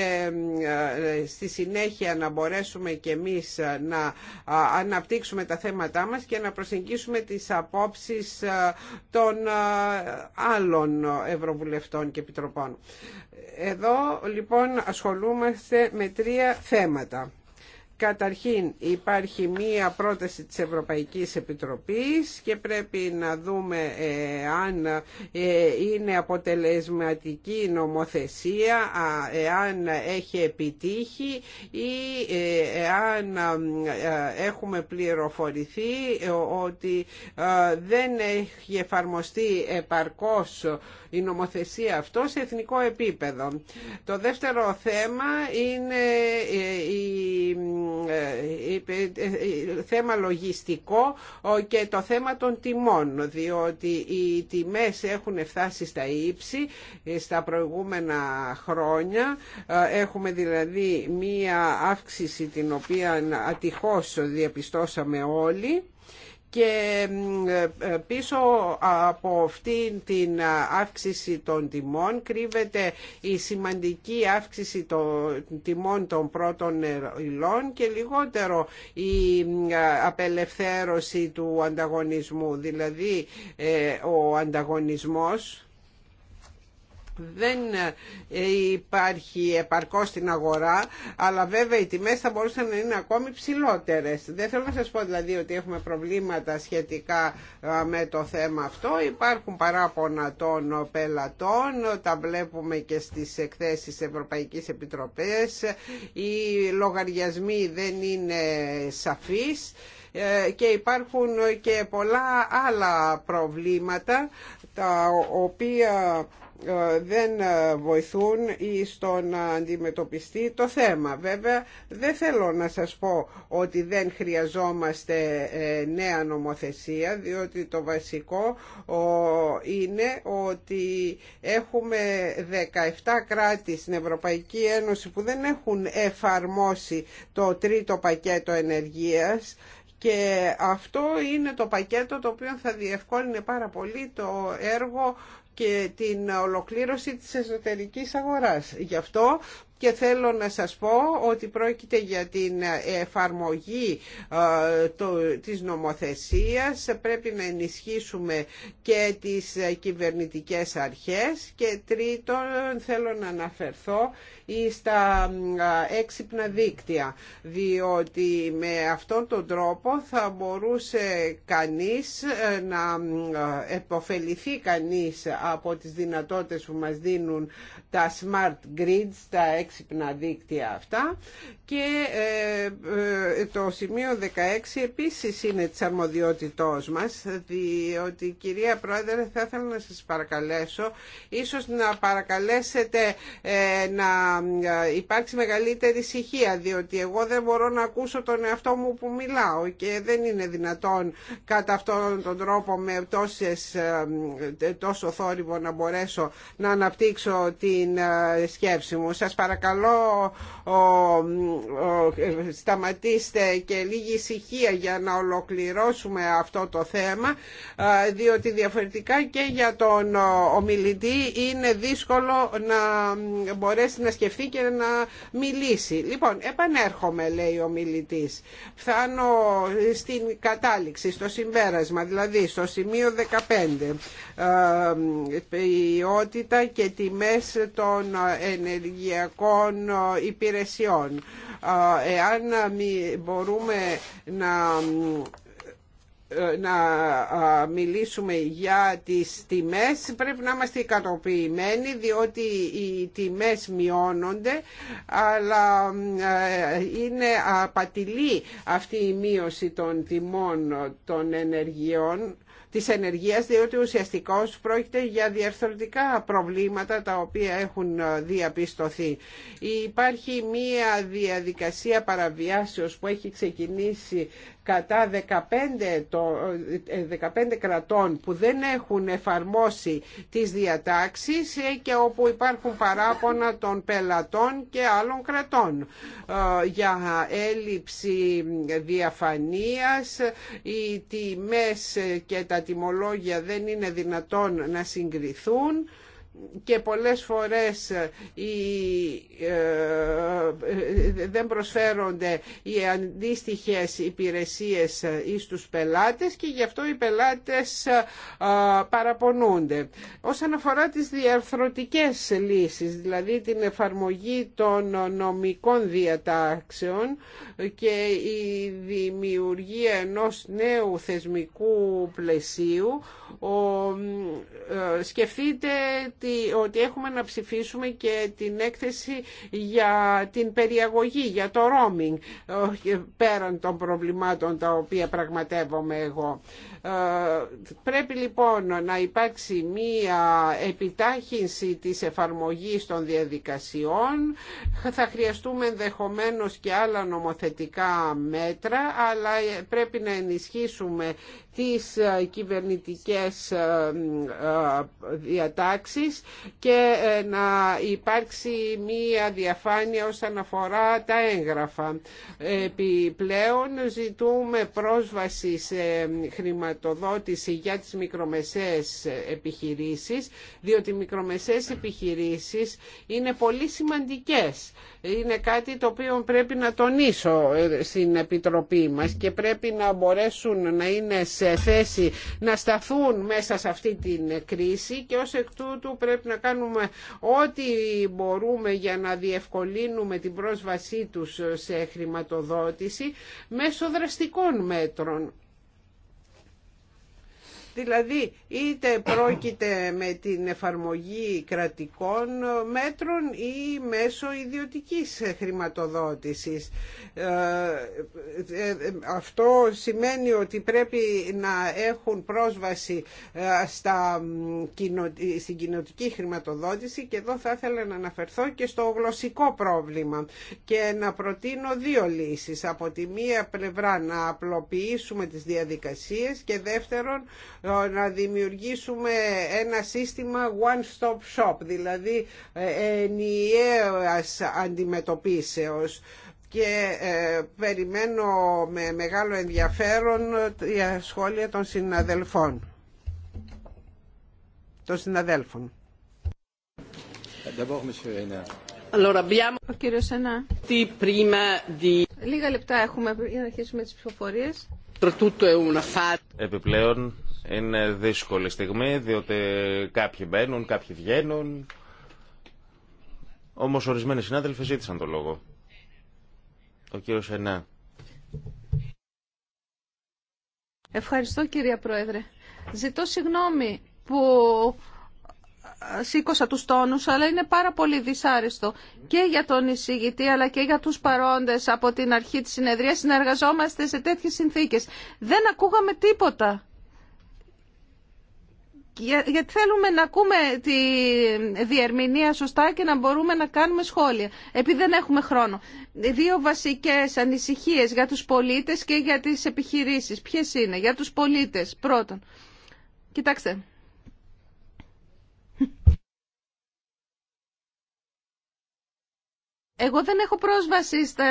ε, στη συνέχεια να μπορέσουμε και εμείς ε, να αναπτύξουμε τα θέματά μας και να προσεγγίσουμε τις απόψεις ε, των άλλων Ευρωβουλευτών και Επιτροπών. Εδώ λοιπόν ασχολούμαστε με τρία θέματα. Καταρχήν υπάρχει μία πρόταση της Ευρωπαϊκής Επιτροπής και πρέπει να δούμε ε, αν ε, είναι αποτελεσματική νομοθεσία, εάν έχει επιτύχει ή αν ε, ότι δεν έχει εφαρμοστεί επαρκώς η αν αυτό σε εθνικό επίπεδο. Το δεύτερο θέμα είναι η ε, θέμα λογιστικό και το θέμα των τιμών διότι οι τιμές έχουν φτάσει στα ύψη ε, στα προηγούμενα χρόνια ε, έχουμε δηλαδή μία αύξηση την οποία ατυχώς διαπιστώσαμε όλοι και ε, ε, πίσω από αυτή την αύξηση των τιμών κρύβεται η σημαντική αύξηση των τιμών των πρώτων υλών και λιγότερο η ε, απελευθέρωση του ανταγωνισμού. Δηλαδή ο ανταγωνισμός δεν ε, υπάρχει επαρκώ στην αγορά, αλλά βέβαια οι τιμές θα μπορούσαν να είναι ακόμη ψηλότερες. Δεν θέλω να σας πω δηλαδή ότι έχουμε προβλήματα σχετικά ε, με το θέμα αυτό. Υπάρχουν παράπονα των πελατών, τα βλέπουμε και στις εκθέσεις Ευρωπαϊκής Επιτροπής. Οι λογαριασμοί δεν είναι σαφείς ε, και υπάρχουν και πολλά άλλα προβλήματα τα οποία ε, δεν ε, βοηθούν στο να αντιμετωπιστεί το θέμα. Βέβαια δεν θέλω να σας πω ότι δεν χρειαζόμαστε ε, νέα νομοθεσία διότι το βασικό είναι ότι έχουμε 17 κράτη στην Ευρωπαϊκή Ένωση που δεν έχουν εφαρμόσει το τρίτο πακέτο ενεργείας και αυτό είναι το πακέτο το οποίο θα διευκόλυνε πάρα πολύ το έργο και την ολοκλήρωση της εσωτερικής αγοράς. Γι' αυτό και θέλω να σας πω ότι πρόκειται για την εφαρμογή ε, της νομοθεσίας. Πρέπει να ενισχύσουμε και τις κυβερνητικές αρχές. Και τρίτον θέλω να αναφερθώ στα ε, έξυπνα δίκτυα, διότι με αυτόν τον τρόπο θα μπορούσε κανείς ε, να επωφεληθεί κανείς από τις δυνατότητες που μας δίνουν τα smart grids, τα έξυπνα δίκτυα αυτά και ε, ε, το σημείο 16 επίσης είναι της αρμοδιότητός μας διότι κυρία Πρόεδρε θα ήθελα να σας παρακαλέσω ίσως να παρακαλέσετε ε, να υπάρξει μεγαλύτερη ησυχία διότι εγώ δεν μπορώ να ακούσω τον εαυτό μου που μιλάω και δεν είναι δυνατόν κατά αυτόν τον τρόπο με τόσες, τόσο θόρυβο να μπορέσω να αναπτύξω την σκέψη μου. Σας παρακαλώ σταματήστε και λίγη ησυχία για να ολοκληρώσουμε αυτό το θέμα διότι διαφορετικά και για τον ομιλητή είναι δύσκολο να μπορέσει να σκεφτεί και να μιλήσει. Λοιπόν, επανέρχομαι λέει ο ομιλητής. Φτάνω στην κατάληξη, στο συμπέρασμα, δηλαδή στο σημείο 15 ποιότητα και μέση των ενεργειακών των ε, υπηρεσιών. Ε, εάν μπορούμε να ε, να μιλήσουμε για τις τιμές πρέπει να είμαστε ικανοποιημένοι διότι οι τιμές μειώνονται αλλά είναι απατηλή αυτή η μείωση των τιμών των ενεργειών της ενεργείας διότι ουσιαστικώς πρόκειται για διαρθρωτικά προβλήματα τα οποία έχουν ε, διαπιστωθεί. Υπάρχει μία διαδικασία παραβιάσεως που έχει ξεκινήσει κατά 15, 15 ε, κρατών που δεν έχουν εφαρμόσει τις διατάξεις ε, και όπου υπάρχουν παράπονα των πελατών και άλλων κρατών ε, για έλλειψη διαφανίας οι τιμές και τα τιμολόγια δεν είναι δυνατόν να συγκριθούν και πολλές φορές ε, ε, δεν προσφέρονται οι αντίστοιχες υπηρεσίες εις τους πελάτες και γι' αυτό οι πελάτες ε, παραπονούνται. Όσον αφορά τις διαρθρωτικές λύσεις, δηλαδή την εφαρμογή των νομικών διατάξεων και η δημιουργία ενός νέου θεσμικού πλαισίου, σκεφτείτε ότι, έχουμε να ψηφίσουμε και την έκθεση για την περιαγωγή, για το roaming, πέραν των προβλημάτων τα οποία πραγματεύομαι εγώ. Ε, πρέπει λοιπόν να υπάρξει μία επιτάχυνση της εφαρμογής των διαδικασιών. Θα χρειαστούμε ενδεχομένως και άλλα νομοθετικά μέτρα, αλλά πρέπει να ενισχύσουμε τις ε, κυβερνητικές ε, ε, διατάξεις και να υπάρξει μία διαφάνεια όσον αφορά τα έγγραφα. Επιπλέον ζητούμε πρόσβαση σε χρηματοδότηση για τις μικρομεσαίες επιχειρήσεις, διότι οι μικρομεσαίες επιχειρήσεις είναι πολύ σημαντικές είναι κάτι το οποίο πρέπει να τονίσω ε, στην Επιτροπή μας και πρέπει να μπορέσουν να είναι σε θέση να σταθούν μέσα σε αυτή την κρίση και ως εκ τούτου πρέπει να κάνουμε ό,τι μπορούμε για να διευκολύνουμε την πρόσβασή τους σε χρηματοδότηση μέσω δραστικών μέτρων. Δηλαδή είτε πρόκειται με την εφαρμογή κρατικών μέτρων ή μέσω ιδιωτικής χρηματοδότησης. Ε, ε, ε, αυτό σημαίνει ότι πρέπει να έχουν πρόσβαση στα, στην κοινωτική χρηματοδότηση και εδώ θα ήθελα να αναφερθώ και στο γλωσσικό πρόβλημα και να προτείνω δύο λύσεις. Από τη μία πλευρά να απλοποιήσουμε τις διαδικασίες και δεύτερον να δημιουργήσουμε ένα σύστημα one-stop shop, δηλαδή ε, ενιαίας αντιμετωπίσεως και ε, περιμένω με μεγάλο ενδιαφέρον τα σχόλια των συναδελφών. Των συναδέλφων. Ο κύριο Σενά. Λίγα λεπτά έχουμε για να αρχίσουμε τι ψηφοφορίε. Euh, Επιπλέον είναι δύσκολη στιγμή διότι κάποιοι μπαίνουν, κάποιοι βγαίνουν. Όμως ορισμένοι συνάδελφοι ζήτησαν το λόγο. Ο κύριο Ενά. Ευχαριστώ κύριε Πρόεδρε. Ζητώ συγγνώμη που σήκωσα τους τόνους, αλλά είναι πάρα πολύ δυσάρεστο και για τον εισηγητή, αλλά και για τους παρόντες από την αρχή της συνεδρίας. Συνεργαζόμαστε σε τέτοιες συνθήκες. Δεν ακούγαμε τίποτα γιατί θέλουμε να ακούμε τη διερμηνία σωστά και να μπορούμε να κάνουμε σχόλια, επειδή δεν έχουμε χρόνο. Δύο βασικές ανησυχίες για τους πολίτες και για τις επιχειρήσεις. Ποιες είναι για τους πολίτες, πρώτον. Κοιτάξτε, Εγώ δεν έχω πρόσβαση στα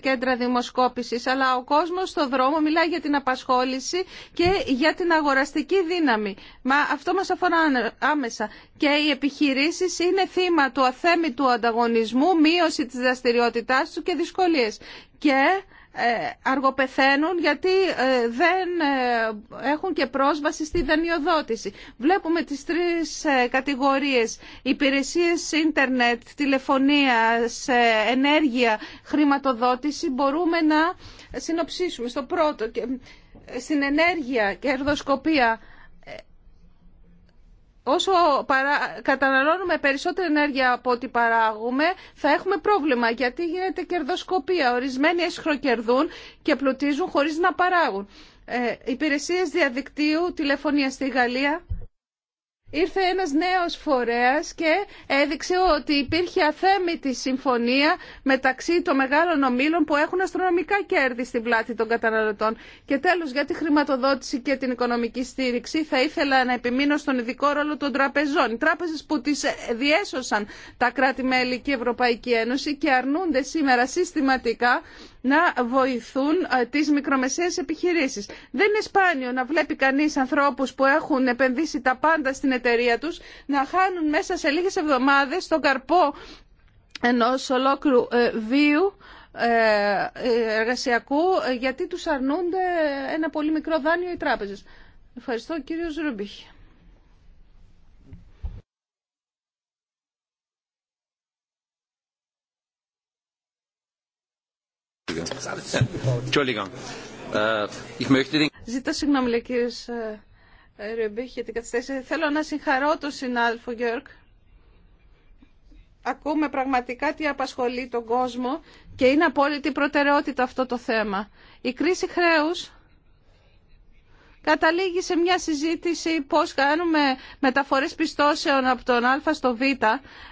κέντρα δημοσκόπησης, αλλά ο κόσμος στο δρόμο μιλάει για την απασχόληση και για την αγοραστική δύναμη. Μα αυτό μας αφορά άμεσα. Και οι επιχειρήσεις είναι θύμα του αθέμητου ανταγωνισμού, μείωση της δραστηριότητάς του και δυσκολίες. Και ε, αργοπεθαίνουν γιατί ε, δεν ε, έχουν και πρόσβαση στη δανειοδότηση. Βλέπουμε τις τρεις κατηγορίες. Υπηρεσίες ίντερνετ, τηλεφωνία, ενέργεια, χρηματοδότηση μπορούμε να συνοψίσουμε. Στο πρώτο, στην ενέργεια, και ερδοσκοπία όσο παρα... καταναλώνουμε περισσότερη ενέργεια από ό,τι παράγουμε, θα έχουμε πρόβλημα γιατί γίνεται κερδοσκοπία. Ορισμένοι εσχροκερδούν και πλουτίζουν χωρίς να παράγουν. Ε, υπηρεσίες διαδικτύου, τηλεφωνία στη Γαλλία ήρθε ένας νέος φορέας και έδειξε ότι υπήρχε αθέμητη συμφωνία μεταξύ των μεγάλων ομίλων που έχουν αστρονομικά κέρδη στην πλάτη των καταναλωτών. Και τέλος, για τη χρηματοδότηση και την οικονομική στήριξη θα ήθελα να επιμείνω στον ειδικό ρόλο των τραπεζών. Οι τράπεζες που τις διέσωσαν τα κράτη-μέλη και η Ευρωπαϊκή Ένωση και αρνούνται σήμερα συστηματικά να βοηθούν ε, τις μικρομεσαίες επιχειρήσεις. Δεν είναι σπάνιο να βλέπει κανείς ανθρώπους που έχουν επενδύσει τα πάντα στην εταιρεία τους να χάνουν μέσα σε λίγες εβδομάδες τον καρπό ενός ολόκληρου ε, βίου ε, εργασιακού γιατί τους αρνούνται ένα πολύ μικρό δάνειο οι τράπεζες. Ευχαριστώ κύριο Ζρουμπίχη. Äh, Ζητώ συγγνώμη, λέει κύριε ε, Ρεμπίχ, για την καθυστέρηση. Θέλω να συγχαρώ τον συνάδελφο Γιώργ. Ακούμε πραγματικά τι απασχολεί τον κόσμο και είναι απόλυτη προτεραιότητα αυτό το θέμα. Η κρίση χρέους καταλήγει σε μια συζήτηση πώς κάνουμε μεταφορές πιστώσεων από τον Α στο Β.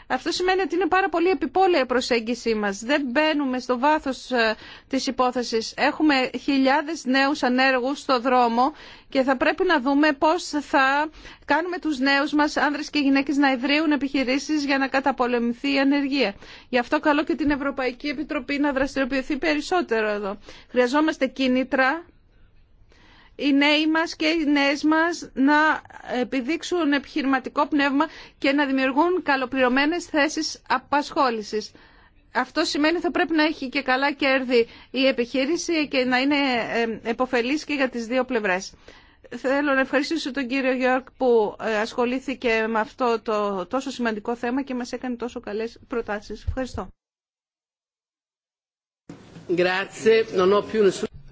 Αυτό σημαίνει ότι είναι πάρα πολύ επιπόλαια η προσέγγιση μας. Δεν μπαίνουμε στο βάθος ε, της υπόθεσης. Έχουμε χιλιάδες νέους ανέργους στο δρόμο και θα πρέπει να δούμε πώς θα κάνουμε τους νέους μας άνδρες και γυναίκες να ιδρύουν επιχειρήσεις για να καταπολεμηθεί η ανεργία. Γι' αυτό καλό και την Ευρωπαϊκή Επιτροπή να δραστηριοποιηθεί περισσότερο εδώ. Χρειαζόμαστε κίνητρα οι νέοι μας και οι νέες μας να επιδείξουν επιχειρηματικό πνεύμα και να δημιουργούν καλοπληρωμένες θέσεις απασχόλησης. Αυτό σημαίνει θα πρέπει να έχει και καλά κέρδη η επιχείρηση και να είναι εποφελής και για τις δύο πλευρές. Θέλω να ευχαριστήσω τον κύριο Γιώργ που ε, ασχολήθηκε με αυτό το τόσο σημαντικό θέμα και μας έκανε τόσο καλές προτάσεις. Ευχαριστώ.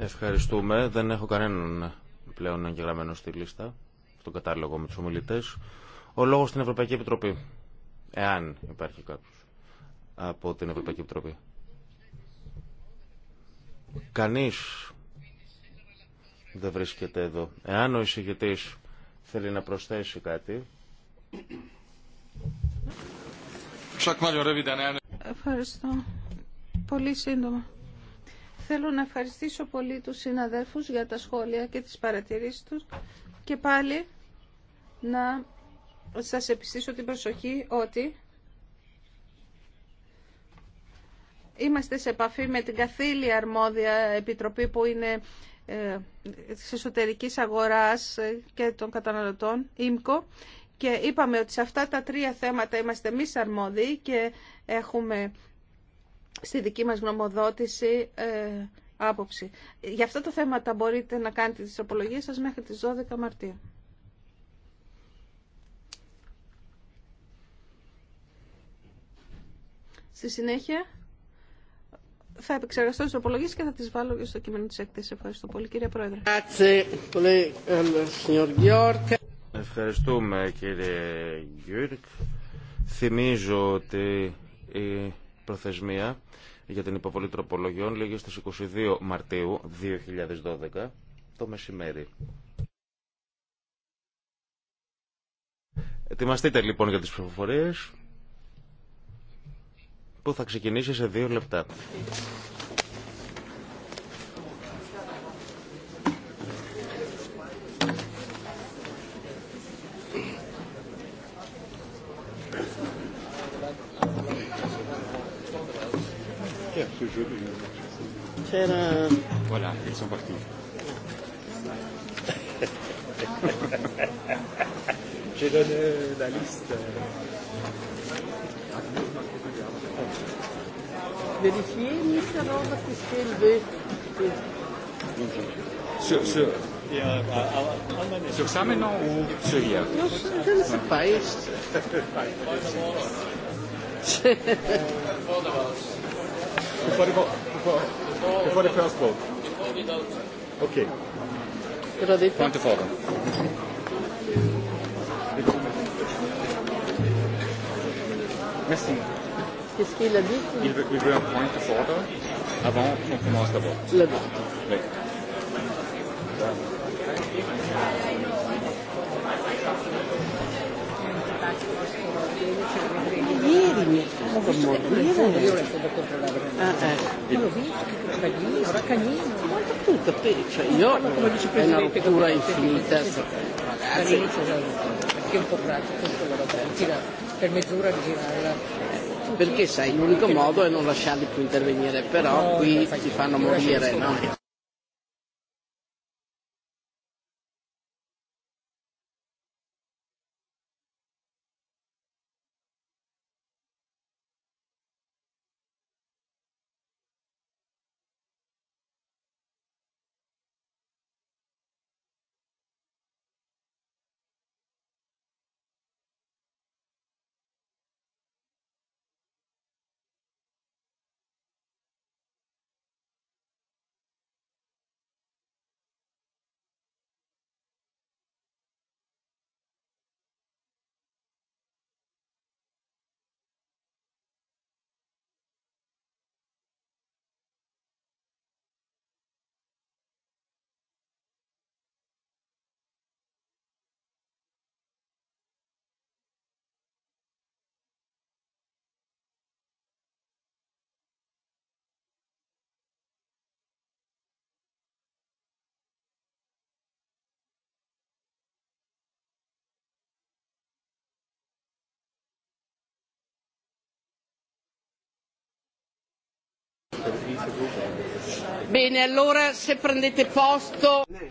Ευχαριστούμε. Δεν έχω κανέναν πλέον εγγεγραμμένο στη λίστα, στον κατάλογο με του ομιλητέ, Ο λόγο στην Ευρωπαϊκή Επιτροπή, εάν υπάρχει κάποιο από την Ευρωπαϊκή Επιτροπή. Κανεί δεν βρίσκεται εδώ. Εάν ο εισηγητή θέλει να προσθέσει κάτι... Ευχαριστώ. Πολύ σύντομα. Θέλω να ευχαριστήσω πολύ τους συναδέλφους για τα σχόλια και τις παρατηρήσεις τους και πάλι να σας επιστήσω την προσοχή ότι είμαστε σε επαφή με την καθήλια αρμόδια επιτροπή που είναι ε, της εσωτερικής αγοράς ε, και των καταναλωτών, ΙΜΚΟ, και είπαμε ότι σε αυτά τα τρία θέματα είμαστε εμεί αρμόδιοι και έχουμε στη δική μας γνωμοδότηση ε, άποψη. Για αυτά τα θέματα μπορείτε να κάνετε τις απολογίες σας μέχρι τις 12 Μαρτίου. Στη συνέχεια θα επεξεργαστώ τις απολογίες και θα τις βάλω και στο κείμενο της έκθεσης. Ευχαριστώ πολύ κύριε Πρόεδρε. Ε, ε, Ευχαριστούμε κύριε Γιούρκ. Θυμίζω ότι η προθεσμία για την υποβολή τροπολογιών λίγη στις 22 Μαρτίου 2012 το μεσημέρι. Ετοιμαστείτε λοιπόν για τις ψηφοφορίες που θα ξεκινήσει σε δύο λεπτά. Voilà, ils sont partis. J'ai donné la liste. que Sur, sur ça maintenant ou sur hier Je ne pas before the vote, before, before the first vote. Okay. Point of order. Merci. Qu'est-ce qu'il a dit il veut, il veut un point of order avant qu'on commence le vote. Le vote. Oui. Thank you ieri ho visto che morire io l'ho controllare ah, eh. l'ho visto Cagnino Raccagnino ma tutto cioè io è una rottura infinita dall'inizio perché è un po' pratico per mezz'ora girare la perché sai l'unico modo è non lasciarli più intervenire però qui si fanno morire no?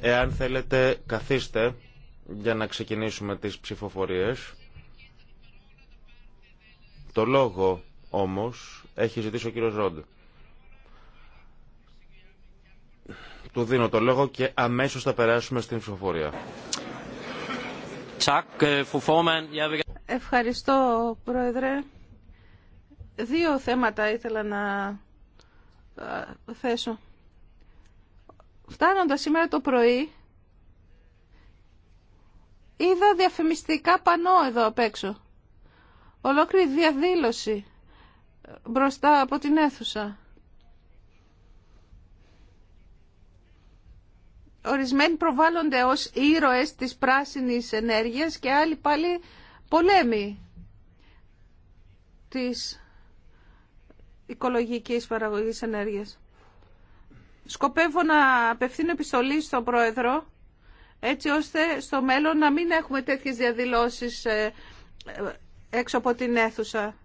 Εάν θέλετε, καθίστε για να ξεκινήσουμε τις ψηφοφορίες. Το λόγο, όμως, έχει ζητήσει ο κύριος Ρόντ. Του δίνω το λόγο και αμέσως θα περάσουμε στην ψηφοφορία. Ε, Ευχαριστώ, Πρόεδρε. Δύο θέματα ήθελα να θέσω. Φτάνοντας σήμερα το πρωί, είδα διαφημιστικά πανό εδώ απ' έξω. Ολόκληρη διαδήλωση μπροστά από την αίθουσα. Ορισμένοι προβάλλονται ως ήρωες της πράσινης ενέργειας και άλλοι πάλι πολέμοι της οικολογικής παραγωγή ενέργειας. Σκοπεύω να απευθύνω επιστολή στον Πρόεδρο, έτσι ώστε στο μέλλον να μην έχουμε τέτοιες διαδηλώσεις ε, ε, έξω από την αίθουσα.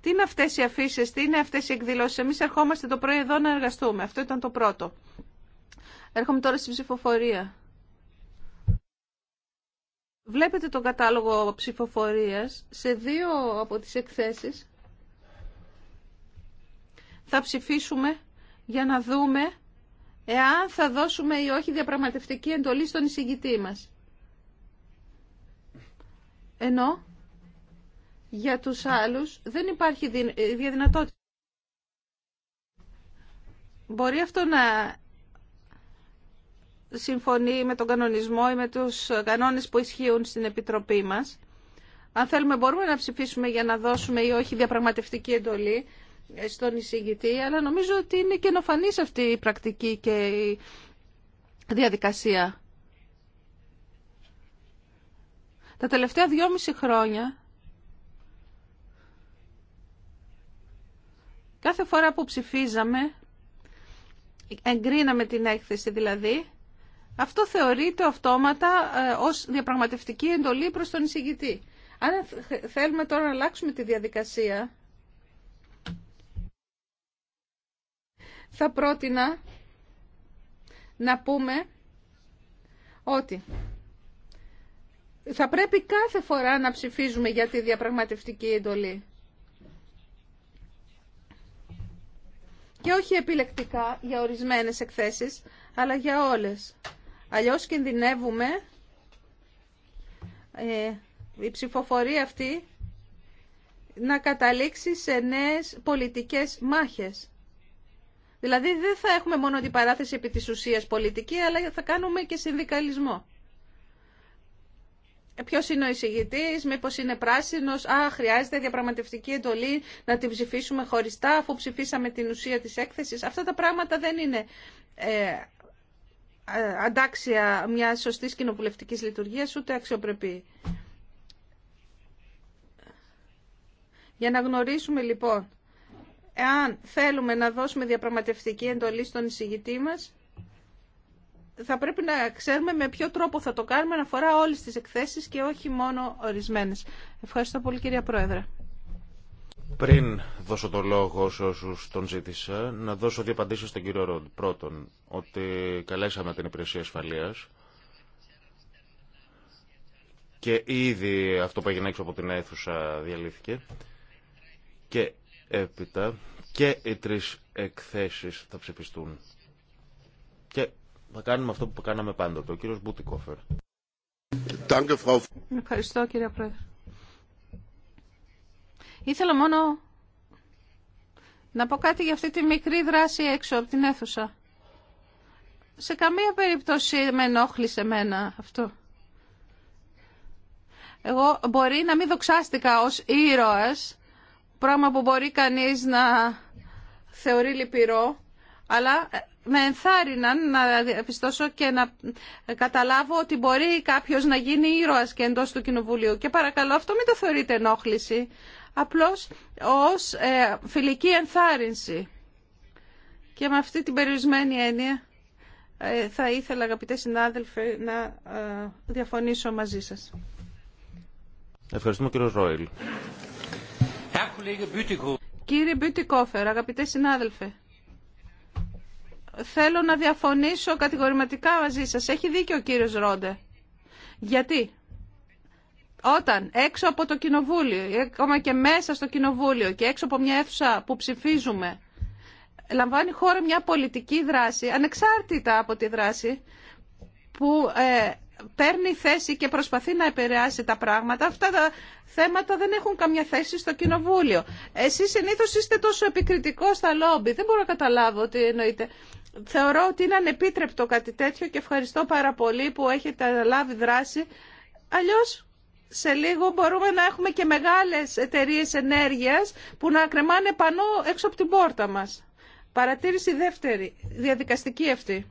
Τι είναι αυτές οι αφήσει, τι είναι αυτές οι εκδηλώσεις. Εμείς ερχόμαστε το πρωί εδώ να εργαστούμε. Αυτό ήταν το πρώτο. Έρχομαι τώρα στην ψηφοφορία. Βλέπετε τον κατάλογο ψηφοφορίας σε δύο από τις εκθέσεις θα ψηφίσουμε για να δούμε εάν θα δώσουμε ή όχι διαπραγματευτική εντολή στον εισηγητή μας. Ενώ για τους άλλους δεν υπάρχει διαδυνατότητα. Μπορεί αυτό να συμφωνεί με τον κανονισμό ή με τους κανόνες που ισχύουν στην Επιτροπή μας. Αν θέλουμε μπορούμε να ψηφίσουμε για να δώσουμε ή όχι διαπραγματευτική εντολή, στον εισηγητή, αλλά νομίζω ότι είναι καινοφανής αυτή η πρακτική και η διαδικασία. Τα τελευταία δυόμιση χρόνια, κάθε φορά που ψηφίζαμε, εγκρίναμε την έκθεση δηλαδή, αυτό θεωρείται αυτόματα ε, ως διαπραγματευτική εντολή προς τον εισηγητή. Αν θέλουμε τώρα να αλλάξουμε τη διαδικασία, θα πρότεινα να πούμε ότι θα πρέπει κάθε φορά να ψηφίζουμε για τη διαπραγματευτική εντολή. Και όχι επιλεκτικά για ορισμένες εκθέσεις, αλλά για όλες. Αλλιώς κινδυνεύουμε ε, η ψηφοφορία αυτή να καταλήξει σε νέες πολιτικές μάχες. Δηλαδή δεν θα έχουμε μόνο την παράθεση επί της ουσίας πολιτική, αλλά θα κάνουμε και συνδικαλισμό. Ε, ποιος είναι ο εισηγητής, μήπως είναι πράσινος, α, χρειάζεται διαπραγματευτική εντολή να την ψηφίσουμε χωριστά, αφού ψηφίσαμε την ουσία της έκθεσης. Αυτά τα πράγματα δεν είναι ε, αντάξια μια σωστή κοινοβουλευτική λειτουργία ούτε αξιοπρεπή. Για να γνωρίσουμε λοιπόν εάν θέλουμε να δώσουμε διαπραγματευτική εντολή στον εισηγητή μας, θα πρέπει να ξέρουμε με ποιο τρόπο θα το κάνουμε να αφορά όλες τις εκθέσεις και όχι μόνο ορισμένες. Ευχαριστώ πολύ κυρία Πρόεδρε. Πριν δώσω το λόγο σε όσου τον ζήτησα, να δώσω δύο απαντήσει στον κύριο Ροντ. Πρώτον, ότι καλέσαμε την Υπηρεσία Ασφαλεία και ήδη αυτό που έγινε έξω από την αίθουσα διαλύθηκε. Και Έπειτα και οι τρεις εκθέσεις θα ψηφιστούν. Και θα κάνουμε αυτό που κάναμε πάντοτε. Ο κύριος Μπουτικόφερ. Ευχαριστώ κύριε Πρόεδρε. Ήθελα μόνο να πω κάτι για αυτή τη μικρή δράση έξω από την αίθουσα. Σε καμία περίπτωση με ενόχλησε μένα αυτό. Εγώ μπορεί να μην δοξάστηκα ως ήρωας, Πράγμα που μπορεί κανείς να θεωρεί λυπηρό, αλλά ε, με ενθάρρυναν να διαπιστώσω και να ε, καταλάβω ότι μπορεί κάποιος να γίνει ήρωας και εντός του Κοινοβουλίου. Και παρακαλώ αυτό μην το θεωρείτε ενόχληση, απλώς ως ε, φιλική ενθάρρυνση. Και με αυτή την περιορισμένη έννοια θα ήθελα αγαπητέ συνάδελφοι να διαφωνήσω μαζί σας. Ευχαριστούμε κύριο Ρόιλ. Κύριε Μπιουτικόφερ, αγαπητέ συνάδελφε, θέλω να διαφωνήσω κατηγορηματικά μαζί σας. Έχει δίκιο ο κύριος Ρόντε. Γιατί όταν έξω από το κοινοβούλιο, ακόμα και μέσα στο κοινοβούλιο και έξω από μια αίθουσα που ψηφίζουμε, λαμβάνει χώρα μια πολιτική δράση, ανεξάρτητα από τη δράση, που ε, παίρνει θέση και προσπαθεί να επηρεάσει τα πράγματα, αυτά τα θέματα δεν έχουν καμιά θέση στο Κοινοβούλιο. Εσεί συνήθω είστε τόσο επικριτικό στα λόμπι. Δεν μπορώ να καταλάβω τι εννοείτε. Θεωρώ ότι είναι ανεπίτρεπτο κάτι τέτοιο και ευχαριστώ πάρα πολύ που έχετε λάβει δράση. Αλλιώ, σε λίγο μπορούμε να έχουμε και μεγάλες εταιρείε ενέργειας που να κρεμάνε πανώ έξω από την πόρτα μας. Παρατήρηση δεύτερη, διαδικαστική αυτή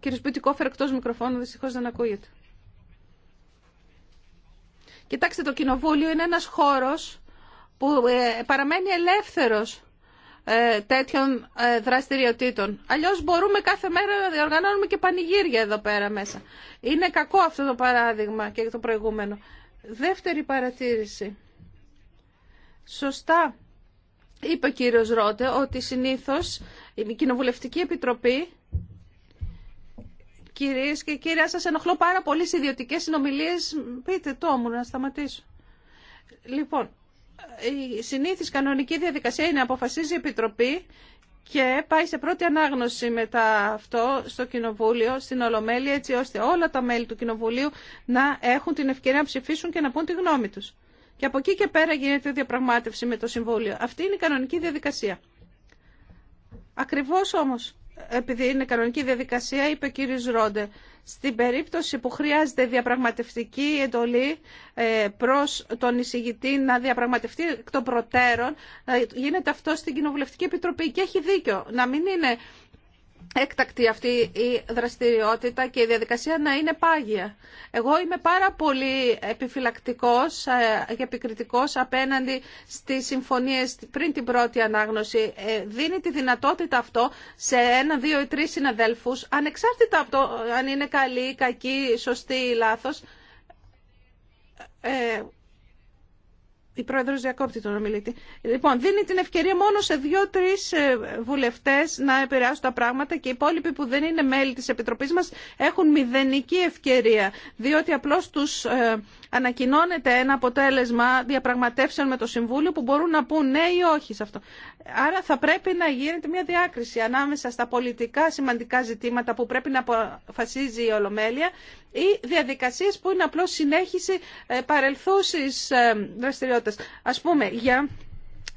κύριος Κόφερ εκτό μικροφώνου δυστυχώ δεν ακούγεται. Κοιτάξτε, το κοινοβούλιο είναι ένας χώρος που ε, παραμένει ελεύθερος ε, τέτοιων ε, δραστηριοτήτων. Αλλιώ μπορούμε κάθε μέρα να διοργανώνουμε και πανηγύρια εδώ πέρα μέσα. Είναι κακό αυτό το παράδειγμα και το προηγούμενο. Δεύτερη παρατήρηση. Σωστά είπε ο κύριος Ρότε ότι συνήθως η Κοινοβουλευτική Επιτροπή Κυρίες και κύριοι, σα ενοχλώ πάρα πολύ στις ιδιωτικέ συνομιλίε. Πείτε το μου να σταματήσω. Λοιπόν, η συνήθι κανονική διαδικασία είναι να αποφασίζει η Επιτροπή και πάει σε πρώτη ανάγνωση μετά αυτό στο Κοινοβούλιο, στην Ολομέλεια, έτσι ώστε όλα τα μέλη του Κοινοβουλίου να έχουν την ευκαιρία να ψηφίσουν και να πούν τη γνώμη του. Και από εκεί και πέρα γίνεται διαπραγμάτευση με το Συμβούλιο. Αυτή είναι η κανονική διαδικασία. Ακριβώς όμως επειδή είναι κανονική διαδικασία, είπε ο κύριος Ρόντε, στην περίπτωση που χρειάζεται διαπραγματευτική εντολή ε, προς τον εισηγητή να διαπραγματευτεί εκ των προτέρων, ε, γίνεται αυτό στην Κοινοβουλευτική Επιτροπή και έχει δίκιο να μην είναι έκτακτη αυτή η δραστηριότητα και η διαδικασία να είναι πάγια. Εγώ είμαι πάρα πολύ επιφυλακτικός ε, και επικριτικός απέναντι στις συμφωνίες πριν την πρώτη ανάγνωση. Ε, δίνει τη δυνατότητα αυτό σε ένα, δύο ή τρεις συναδέλφους, ανεξάρτητα από το ε, αν είναι καλή, κακή, σωστή ή λάθος, η πρόεδρο διακόπτει τον ομιλητή. Λοιπόν, δίνει την ευκαιρία μόνο σε δύο-τρει ε, βουλευτέ να επηρεάσουν τα πράγματα και οι υπόλοιποι που δεν είναι μέλη τη Επιτροπή μα έχουν μηδενική ευκαιρία. Διότι απλώ του ε, ανακοινώνεται ένα αποτέλεσμα διαπραγματεύσεων με το Συμβούλιο που μπορούν να πούν ναι ή όχι σε αυτό. Άρα θα πρέπει να γίνεται μια διάκριση ανάμεσα στα πολιτικά σημαντικά ζητήματα που πρέπει να αποφασίζει η Ολομέλεια ή διαδικασίες που είναι απλώς συνέχιση ε, παρελθούσης ε, δραστηριότητας. Ας πούμε, για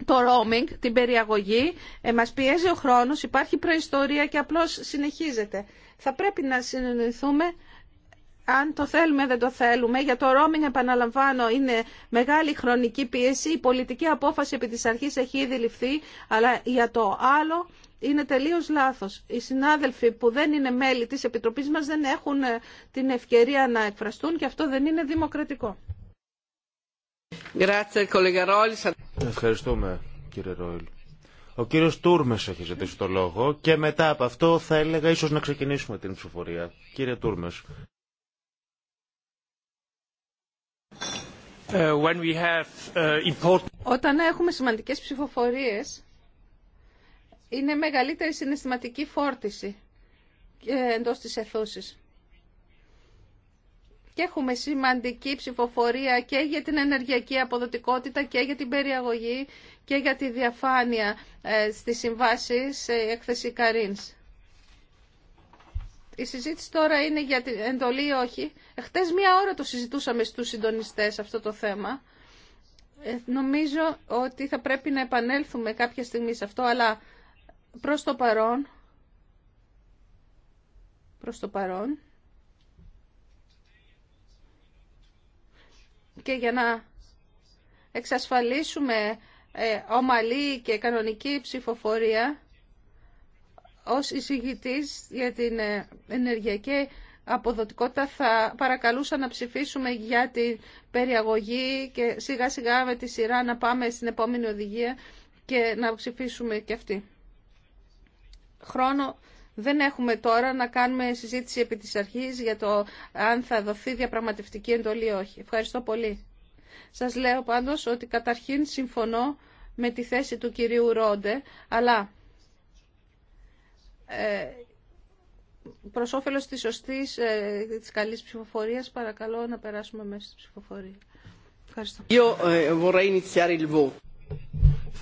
το roaming, την περιαγωγή, ε, μας πιέζει ο χρόνος, υπάρχει προϊστορία και απλώς συνεχίζεται. Θα πρέπει να συνεννοηθούμε αν το θέλουμε δεν το θέλουμε, για το roaming επαναλαμβάνω είναι μεγάλη χρονική πίεση, η πολιτική απόφαση επί της αρχής έχει ήδη ληφθεί, αλλά για το άλλο είναι τελείως λάθος. Οι συνάδελφοι που δεν είναι μέλη της Επιτροπής μας δεν έχουν ε, την ευκαιρία να εκφραστούν και αυτό δεν είναι δημοκρατικό. Ευχαριστούμε κύριε Ρόιλ. Ο κύριος Τούρμες έχει ζητήσει το λόγο και μετά από αυτό θα έλεγα ίσως να ξεκινήσουμε την ψηφορία. Κύριε Τούρμες. Uh, uh, Όταν έχουμε σημαντικές ψηφοφορίες, είναι μεγαλύτερη συναισθηματική φόρτιση ε, εντός της αιθούσης. Και έχουμε σημαντική ψηφοφορία και για την ενεργειακή αποδοτικότητα και για την περιαγωγή και για τη διαφάνεια ε, στις συμβάσεις ε, έκθεση Καρίνς. Η συζήτηση τώρα είναι για την εντολή ή όχι. Χτες μία ώρα το συζητούσαμε στους συντονιστές αυτό το θέμα. Ε, νομίζω ότι θα πρέπει να επανέλθουμε κάποια στιγμή σε αυτό, αλλά προς το παρόν... Προς το παρόν... Και για να εξασφαλίσουμε ε, ομαλή και κανονική ψηφοφορία ως εισηγητής για την ε, ενεργειακή αποδοτικότητα θα παρακαλούσα να ψηφίσουμε για την περιαγωγή και σιγά σιγά με τη σειρά να πάμε στην επόμενη οδηγία και να ψηφίσουμε και αυτή. Χρόνο δεν έχουμε τώρα να κάνουμε συζήτηση επί της αρχής για το αν θα δοθεί διαπραγματευτική εντολή ή όχι. Ευχαριστώ πολύ. Σας λέω πάντως ότι καταρχήν συμφωνώ με τη θέση του κυρίου Ρόντε, αλλά ε, προς όφελος της σωστής, ε, της καλής ψηφοφορίας, παρακαλώ να περάσουμε μέσα στη ψηφοφορία. Ευχαριστώ. Ε,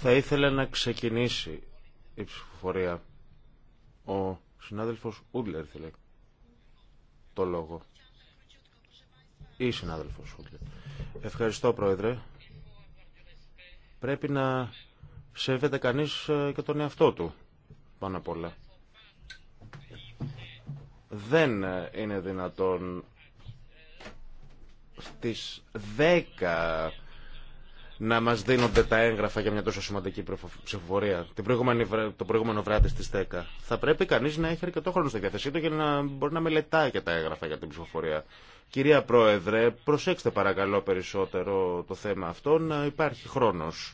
Θα ήθελα να ξεκινήσει η ψηφοφορία. Ο συνάδελφος Ούντλερ θέλει το λόγο. Ή συνάδελφος Ευχαριστώ, Πρόεδρε. Πρέπει να σέβεται κανείς και τον εαυτό του, πάνω απ' όλα δεν είναι δυνατόν στις 10 να μας δίνονται τα έγγραφα για μια τόσο σημαντική ψηφοφορία Την προηγούμενη, το προηγούμενο βράδυ στις 10. Θα πρέπει κανείς να έχει αρκετό χρόνο στη διάθεσή του για να μπορεί να μελετάει και τα έγγραφα για την ψηφοφορία. Κυρία Πρόεδρε, προσέξτε παρακαλώ περισσότερο το θέμα αυτό, να υπάρχει χρόνος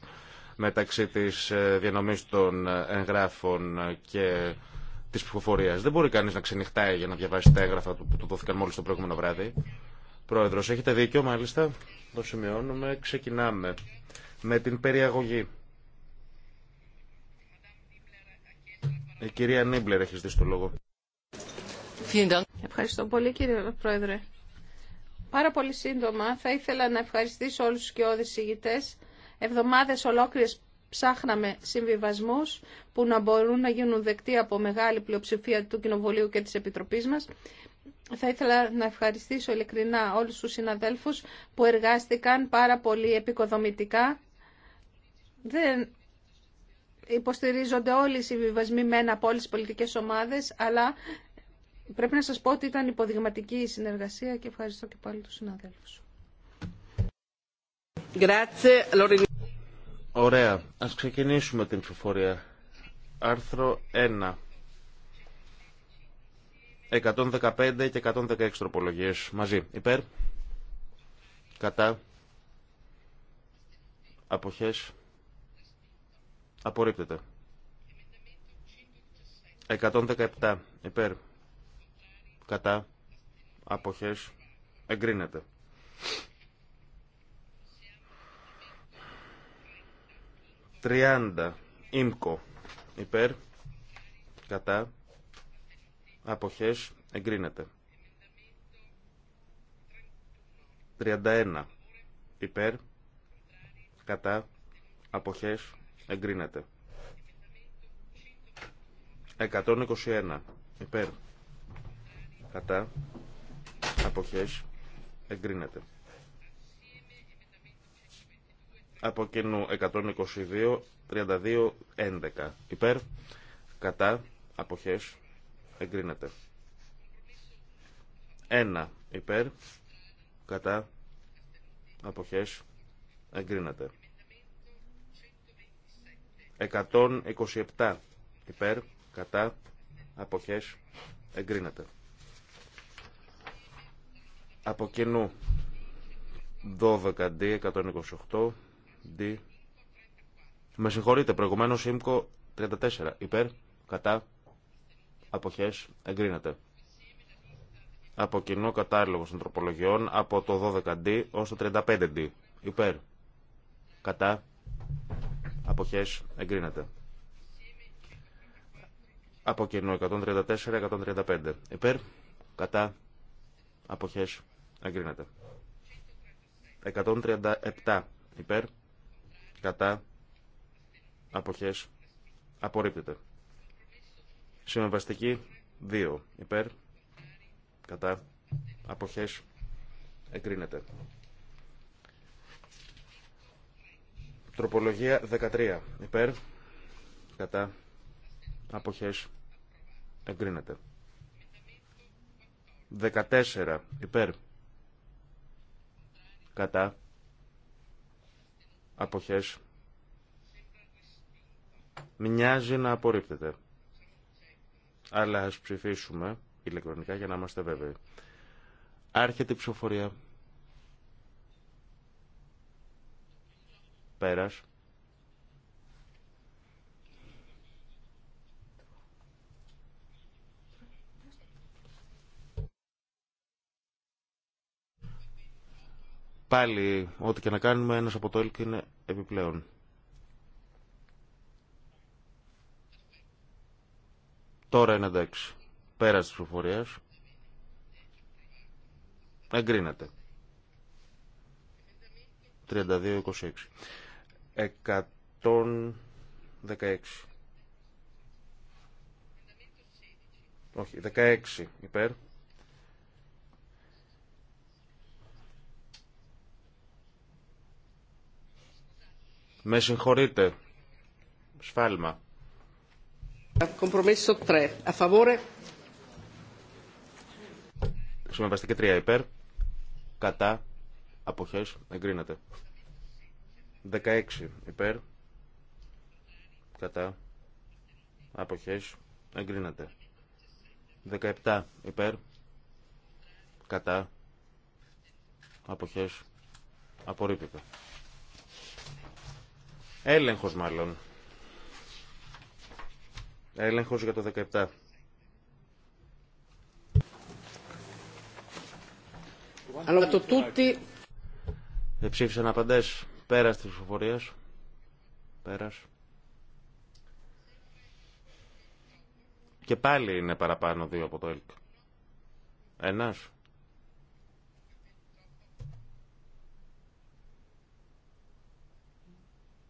μεταξύ της ε, διανομής των ε, εγγράφων και τη ψηφοφορία. Δεν μπορεί κανεί να ξενυχτάει για να διαβάσει τα έγγραφα που του δόθηκαν μόλι το προηγούμενο βράδυ. Πρόεδρο, έχετε δίκιο, μάλιστα. Το σημειώνουμε. Ξεκινάμε με την περιαγωγή. Η κυρία Νίμπλερ έχει δει το λόγο. Ευχαριστώ πολύ κύριε Πρόεδρε. Πάρα πολύ σύντομα θα ήθελα να ευχαριστήσω όλους τους κοιόδης ηγητές. Εβδομάδες ολόκληρες ψάχναμε συμβιβασμούς που να μπορούν να γίνουν δεκτοί από μεγάλη πλειοψηφία του Κοινοβουλίου και της Επιτροπής μας. Θα ήθελα να ευχαριστήσω ειλικρινά όλους τους συναδέλφους που εργάστηκαν πάρα πολύ επικοδομητικά. Δεν υποστηρίζονται όλοι οι συμβιβασμοί μένα από όλες τις πολιτικές ομάδες, αλλά πρέπει να σας πω ότι ήταν υποδειγματική η συνεργασία και ευχαριστώ και πάλι τους συναδέλφους. Ωραία. Ας ξεκινήσουμε την ψηφοφορία. Άρθρο 1. 115 και 116 τροπολογίες μαζί. Υπέρ. Κατά. Αποχές. Απορρίπτεται. 117. Υπέρ. Κατά. Αποχές. Εγκρίνεται. 30. Ήμκο. Υπέρ. Κατά. Αποχές. Εγκρίνεται. 31. Υπέρ. Κατά. Αποχές. Εγκρίνεται. 121. Υπέρ. Κατά. Αποχές. Εγκρίνεται. από κοινού 122, 32, 11. Υπέρ, κατά, αποχές, εγκρίνεται. 1. Υπέρ, κατά, αποχές, εγκρίνεται. 127. Υπέρ, κατά, αποχές, εγκρίνεται. Από κοινού 128, D. Με συγχωρείτε, προηγουμένω ΣΥΜΚΟ 34. Υπέρ, κατά, αποχέ, εγκρίνεται. Από κοινό κατάλογο των τροπολογιών από το 12D ως το 35D. Υπέρ, κατά, αποχέ, εγκρίνεται. Από κοινό 134-135. Υπέρ, κατά, αποχέ. εγκρίνεται. 137 υπέρ, κατά, αποχές, απορρίπτεται. Συμβαστική 2 υπέρ, κατά, αποχές, εγκρίνεται. Τροπολογία 13 υπέρ, κατά, αποχές, εγκρίνεται. 14 υπέρ, κατά, αποχές μοιάζει να απορρίπτεται. Αλλά ας ψηφίσουμε ηλεκτρονικά για να είμαστε βέβαιοι. Άρχεται η ψηφοφορία. Πέρας. Πάλι, ό,τι και να κάνουμε, ένας από το είναι επιπλέον. Τώρα είναι εντάξει. Πέρα τη προφοριες εγκρινεται Εγκρίνεται. 32-26. 116. Όχι, 16 υπέρ. Με συγχωρείτε. Σφάλμα. Κομπρομίσο 3. Αφαβόρε. Συμβαστική 3 υπέρ. Κατά. Αποχές. Εγκρίνεται. 16 υπέρ. Κατά. Αποχές. Εγκρίνεται. 17 υπέρ. Κατά. Αποχές. Απορρίπτεται. Έλεγχος μάλλον. Έλεγχος για το 17. Αλλά το τούτη... Δεν να απαντές. Πέρας της ψηφοφορίας. Πέρας. Και πάλι είναι παραπάνω δύο από το ΕΛΚ. Ένας.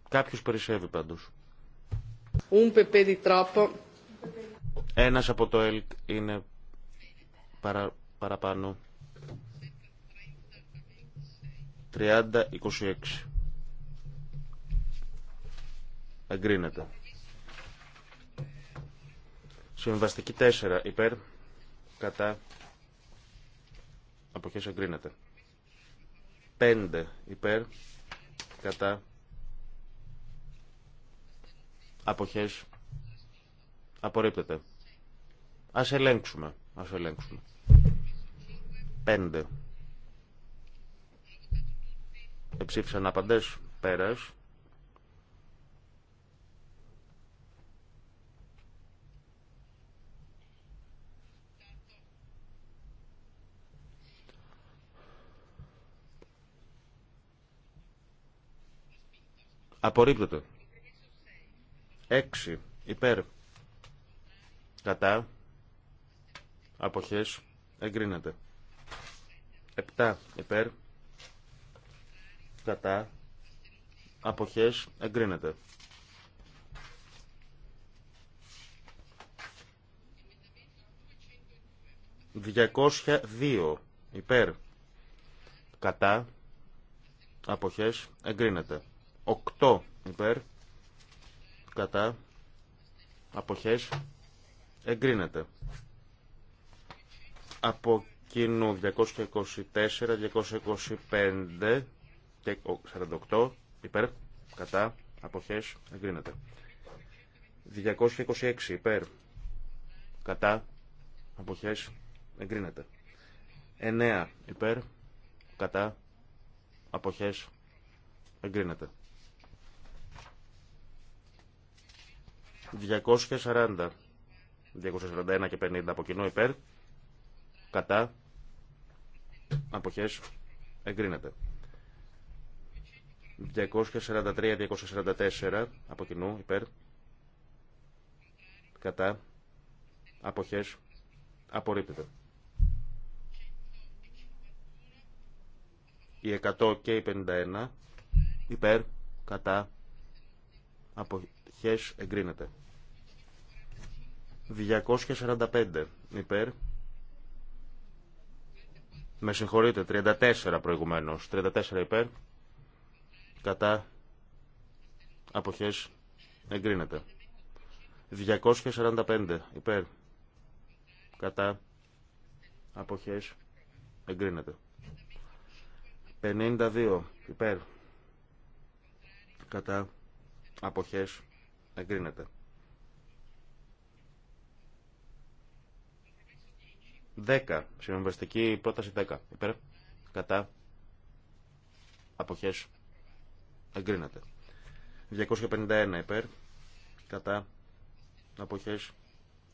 Κάποιος περισσεύει πάντως. Ένας από το ΕΛΚ είναι παρα, παραπάνω. 30-26. Εγκρίνεται. Συμβαστική 4 υπέρ κατά αποχές εγκρίνεται. 5 υπέρ κατά Αποχές. Απορρίπτεται. Ας ελέγξουμε. Ας ελέγξουμε. Πέντε. Εψήφισαν απαντές. Πέρας. Απορρίπτεται. 6 υπέρ κατά αποχές εγκρίνεται 7 υπέρ κατά αποχές εγκρίνεται 202 υπέρ κατά αποχές εγκρίνεται 8 υπέρ κατά αποχές εγκρίνεται. Από κοινού 224, 225 και 48 υπέρ κατά αποχές εγκρίνεται. 226 υπέρ κατά αποχές εγκρίνεται. 9 υπέρ κατά αποχές εγκρίνεται. 240. 241 και 50 από κοινό υπέρ. Κατά. Αποχές. Εγκρίνεται. 243-244 από κοινού υπέρ. Κατά. Αποχές. Απορρίπτεται. Οι 100 και η 51 υπέρ. Κατά. Αποχές. Εγκρίνεται. 245 υπέρ. Με συγχωρείτε, 34 προηγουμένως. 34 υπέρ. Κατά. Αποχές. Εγκρίνεται. 245 υπέρ. Κατά. Αποχές. Εγκρίνεται. 52 υπέρ. Κατά. Αποχές. Εγκρίνεται. 10. Συμβαστική πρόταση 10. Υπέρ. Κατά. Αποχές. Εγκρίνεται. 251 υπέρ. Κατά. Αποχές.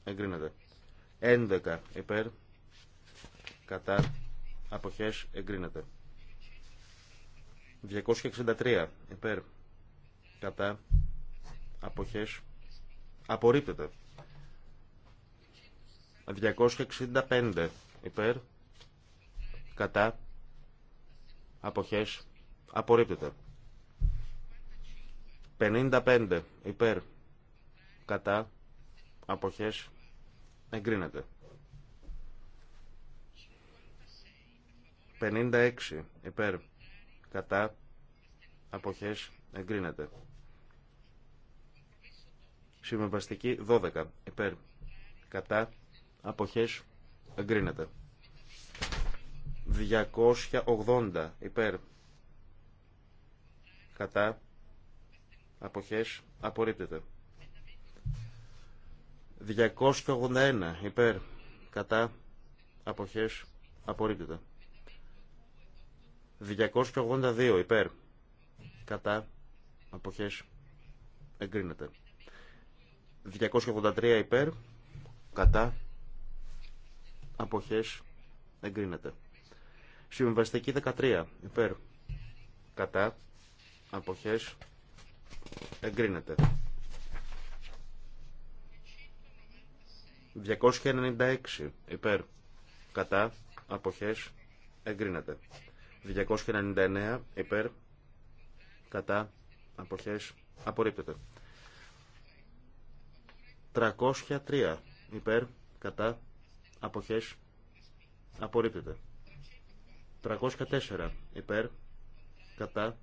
Εγκρίνεται. 11 υπέρ. Κατά. Αποχές. Εγκρίνεται. 263 υπέρ. Κατά. Αποχές. Απορρίπτεται. 265 υπέρ, κατά, αποχές, απορρίπτεται. 55 υπέρ, κατά, αποχές, εγκρίνεται. 56 υπέρ, κατά, αποχές, εγκρίνεται. Συμβαστική 12 υπέρ, κατά, αποχές εγκρίνεται 280 υπέρ κατά αποχές απορρίπτεται 281 υπέρ κατά αποχές απορρίπτεται 282 υπέρ κατά αποχές εγκρίνεται 283 υπέρ κατά αποχές εγκρίνεται. Συμβαστική 13 υπέρ κατά αποχές εγκρίνεται. 296 υπέρ κατά αποχές εγκρίνεται. 299 υπέρ κατά αποχές απορρίπτεται. 303 υπέρ κατά Αποχές. Απορρίπτεται. 304 υπέρ. Κατά.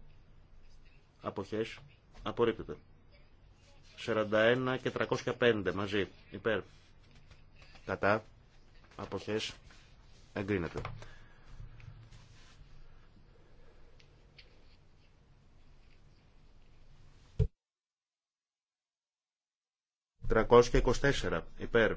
Αποχές. Απορρίπτεται. 41 και 305 μαζί. Υπέρ. Κατά. Αποχές. Εγκρίνεται. 324. υπέρ.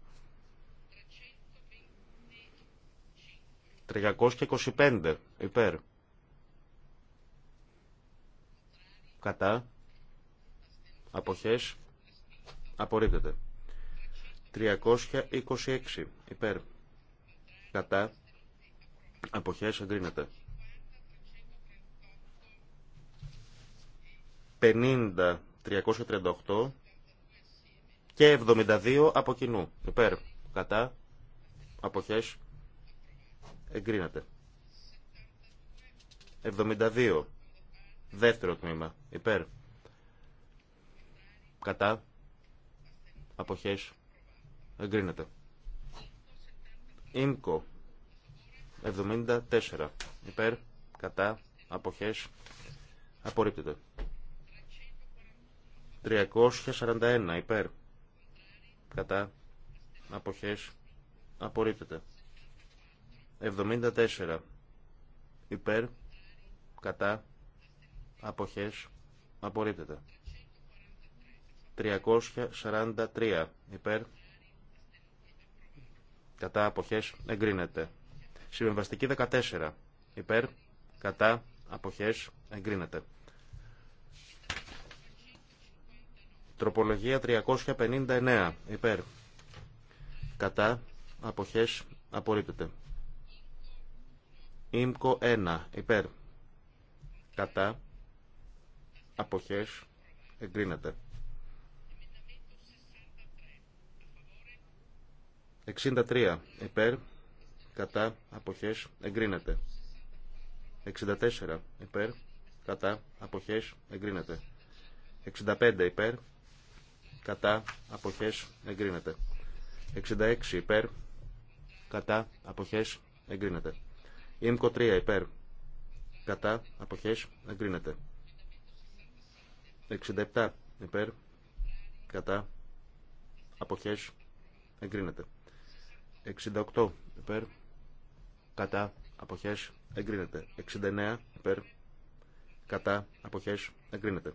325 υπέρ. Κατά. Αποχές. Απορρίπτεται. 326 υπέρ. Κατά. Αποχές εγκρίνεται. 50, 338 και 72 από κοινού. Υπέρ. Κατά. Αποχές εγκρίνεται. 72. Δεύτερο τμήμα. Υπέρ. Κατά. Αποχές. Εγκρίνεται. Ήμκο. 74. Υπέρ. Κατά. Αποχές. Απορρίπτεται. 341. Υπέρ. Κατά. Αποχές. Απορρίπτεται. 74 υπέρ κατά αποχές απορρίπτεται 343 υπέρ κατά αποχές εγκρίνεται Συμβεβαστική 14 υπέρ κατά αποχές εγκρίνεται τροπολογία 359 υπέρ κατά αποχές απορρίπτεται Ήμκο 1 υπέρ κατά αποχές εγκρίνεται. 63 υπέρ κατά αποχές εγκρίνεται. 64 υπέρ κατά αποχές εγκρίνεται. 65 υπέρ κατά αποχές εγκρίνεται. 66 υπέρ κατά αποχές εγκρίνεται. Ήμκο 3 υπέρ. Κατά. Αποχές. Εγκρίνεται. 67 υπέρ. Κατά. Αποχές. Εγκρίνεται. 68 υπέρ. Κατά. Αποχές. Εγκρίνεται. 69 υπέρ. Κατά. Αποχές. Εγκρίνεται.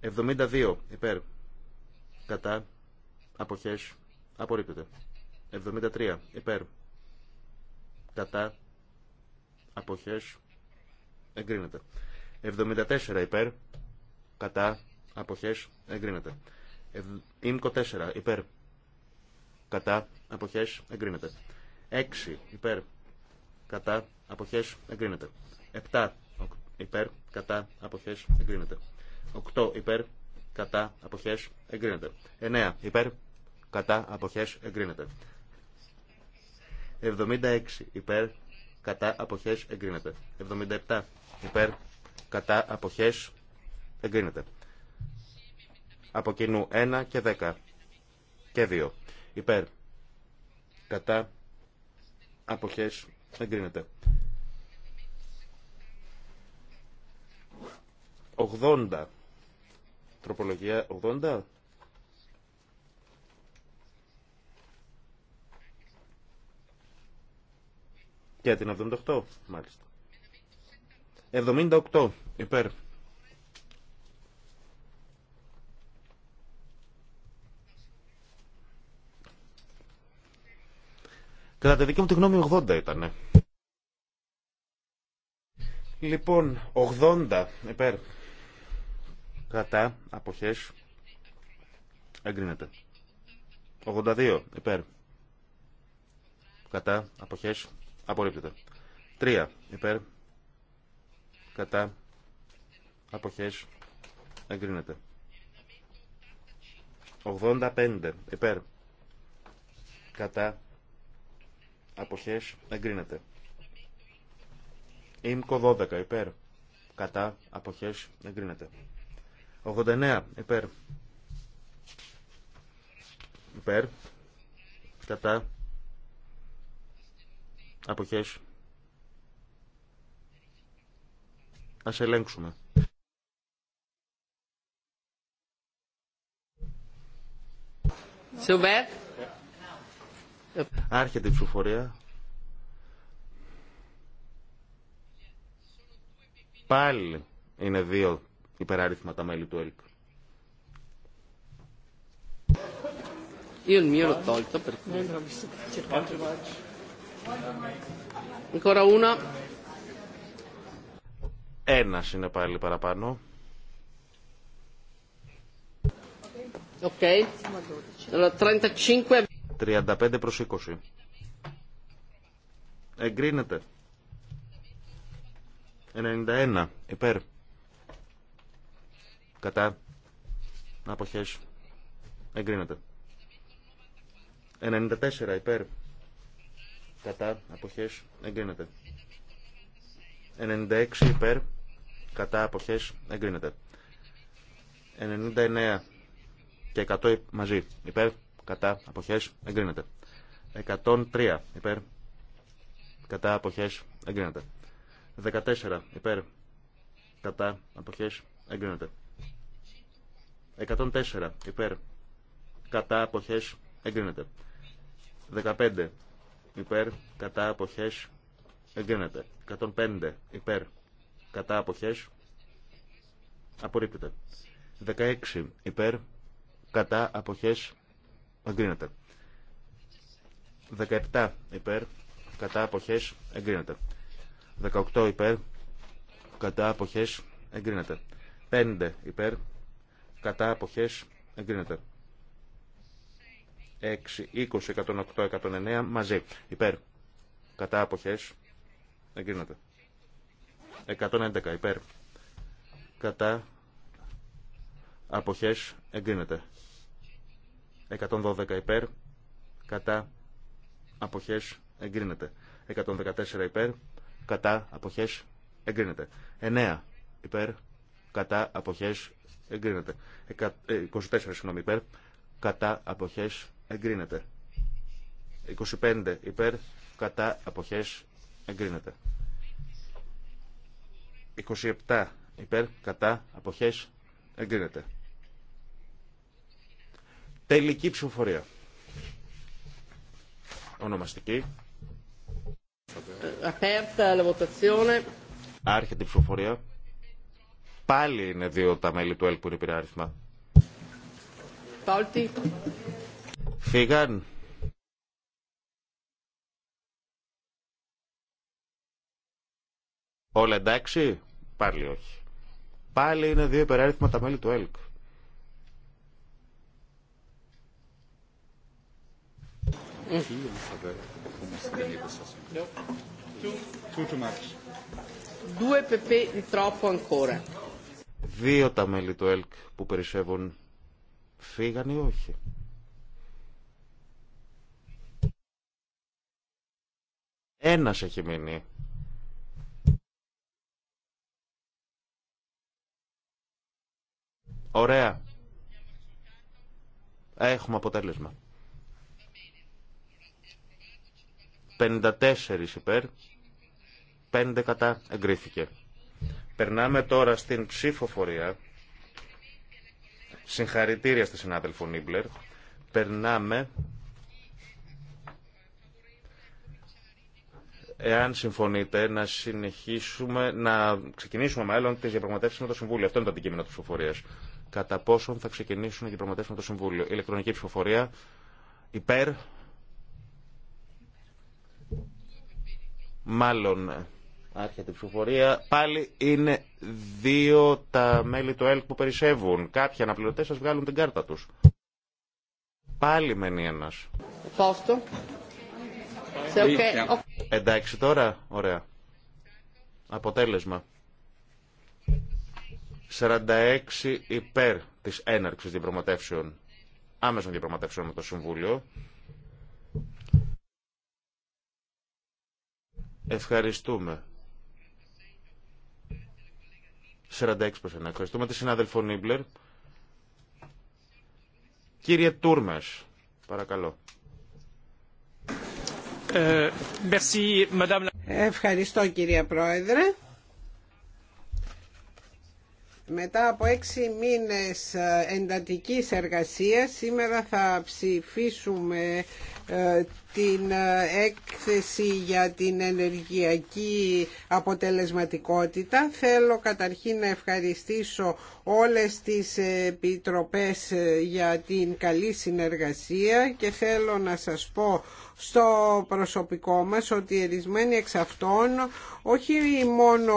72 υπέρ. Κατά. Αποχές. Απορρίπτεται. 73 υπέρ κατά αποχές εγκρίνεται 74 υπέρ κατά αποχές εγκρίνεται Ήμκο 4 υπέρ κατά αποχές εγκρίνεται 6 υπέρ κατά αποχές εγκρίνεται 7 υπέρ κατά αποχές εγκρίνεται 8 υπέρ κατά αποχές εγκρίνεται 9 υπέρ κατά αποχές εγκρίνεται 76 υπέρ κατά αποχές εγκρίνεται. 77 υπέρ κατά αποχές εγκρίνεται. Από κοινού 1 και 10 και 2 υπέρ κατά αποχές εγκρίνεται. 80 τροπολογία 80 Και την 78, μάλιστα. 78, υπέρ. Κατά τη δική μου τη γνώμη 80 ήταν. Λοιπόν, 80 υπέρ. Κατά, αποχές. Εγκρίνεται. 82 υπέρ. Κατά, αποχές. Απορρίπτεται. 3 υπέρ. Κατά. Αποχές. Εγκρίνεται. 85 υπέρ. Κατά. Αποχές. Εγκρίνεται. Ήμκο 12 υπέρ. Κατά. Αποχές. Εγκρίνεται. 89 υπέρ. Υπέρ. Κατά. Αποχές. Ας ελέγξουμε. Super. Άρχεται η ψηφοφορία. Πάλι είναι δύο υπεράριθμα τα μέλη του ΕΛΚ. Io il mio l'ho tolto perché... Ancora ούνα. Ένα είναι πάλι παραπάνω. Okay. 35... 35 προς 20. Εγκρίνεται. 91. Υπέρ. Κατά. Αποχές. Εγκρίνεται. 94. Υπέρ κατά αποχές εγκρίνεται. 96 υπέρ κατά αποχές εγκρίνεται. 99 και 100 μαζί υπέρ κατά αποχές εγκρίνεται. 103 υπέρ κατά αποχές εγκρίνεται. 14 υπέρ κατά αποχές εγκρίνεται. 104 υπέρ κατά αποχές εγκρίνεται. 15 υπέρ κατά αποχές εγκρίνεται. 105 υπέρ κατά αποχές απορρίπτεται. 16 υπέρ κατά αποχές εγκρίνεται. 17 υπέρ κατά αποχές εγκρίνεται. 18 υπέρ κατά αποχές εγκρίνεται. 5 υπέρ κατά αποχές εγκρίνεται. 6, 20, 108, 109 μαζί. Υπέρ. Κατά αποχές. Εγκρίνεται. 111 υπέρ. Κατά αποχές. Εγκρίνεται. 112 υπέρ. Κατά αποχές. Εγκρίνεται. 114 υπέρ. Κατά αποχές. Εγκρίνεται. 9 υπέρ. Κατά αποχές. Εγκρίνεται. 24 ε, συγγνώμη υπέρ. Κατά αποχές εγκρίνεται. 25 υπέρ, κατά αποχές εγκρίνεται. 27 υπέρ, κατά αποχές εγκρίνεται. Τελική ψηφοφορία. Ονομαστική. Aperta la Άρχεται η ψηφοφορία. Πάλι είναι δύο τα μέλη του ΕΛ που είναι Φύγαν. Όλα εντάξει. Πάλι όχι. Πάλι είναι δύο υπεράριθμα τα μέλη του ΕΛΚ. Δύο τα μέλη του ΕΛΚ που περισσεύουν φύγαν ή όχι. Ένας έχει μείνει. Ωραία. Έχουμε αποτέλεσμα. 54 υπέρ, 5 κατά εγκρίθηκε. Περνάμε τώρα στην ψηφοφορία. Συγχαρητήρια στη συνάδελφο Νίμπλερ. Περνάμε εάν συμφωνείτε, να συνεχίσουμε, να ξεκινήσουμε μάλλον τι διαπραγματεύσει με το Συμβούλιο. Αυτό είναι το αντικείμενο τη ψηφοφορία. Κατά πόσον θα ξεκινήσουν οι διαπραγματεύσει με το Συμβούλιο. Ηλεκτρονική ψηφοφορία υπέρ. Μάλλον άρχεται η ψηφοφορία. Πάλι είναι δύο τα μέλη του ΕΛΚ που περισσεύουν. Κάποιοι αναπληρωτέ σα βγάλουν την κάρτα του. Πάλι μένει ένα. Ναι. Εντάξει τώρα, ωραία. Αποτέλεσμα. 46 υπέρ της έναρξης διαπραγματεύσεων, άμεσων διαπραγματεύσεων με το Συμβούλιο. Ευχαριστούμε. 46 προς ένα. Ευχαριστούμε τη συνάδελφο Νίμπλερ. Κύριε Τούρμες, παρακαλώ. Ε, Ευχαριστώ κυρία Πρόεδρε. Μετά από έξι μήνες ε, εντατικής εργασίας σήμερα θα ψηφίσουμε ε, την ε, έκθεση για την ενεργειακή αποτελεσματικότητα. Θέλω καταρχήν να ευχαριστήσω όλες τις επιτροπές ε, για την καλή συνεργασία και θέλω να σας πω στο προσωπικό μας ότι ερισμένοι εξ αυτών όχι μόνο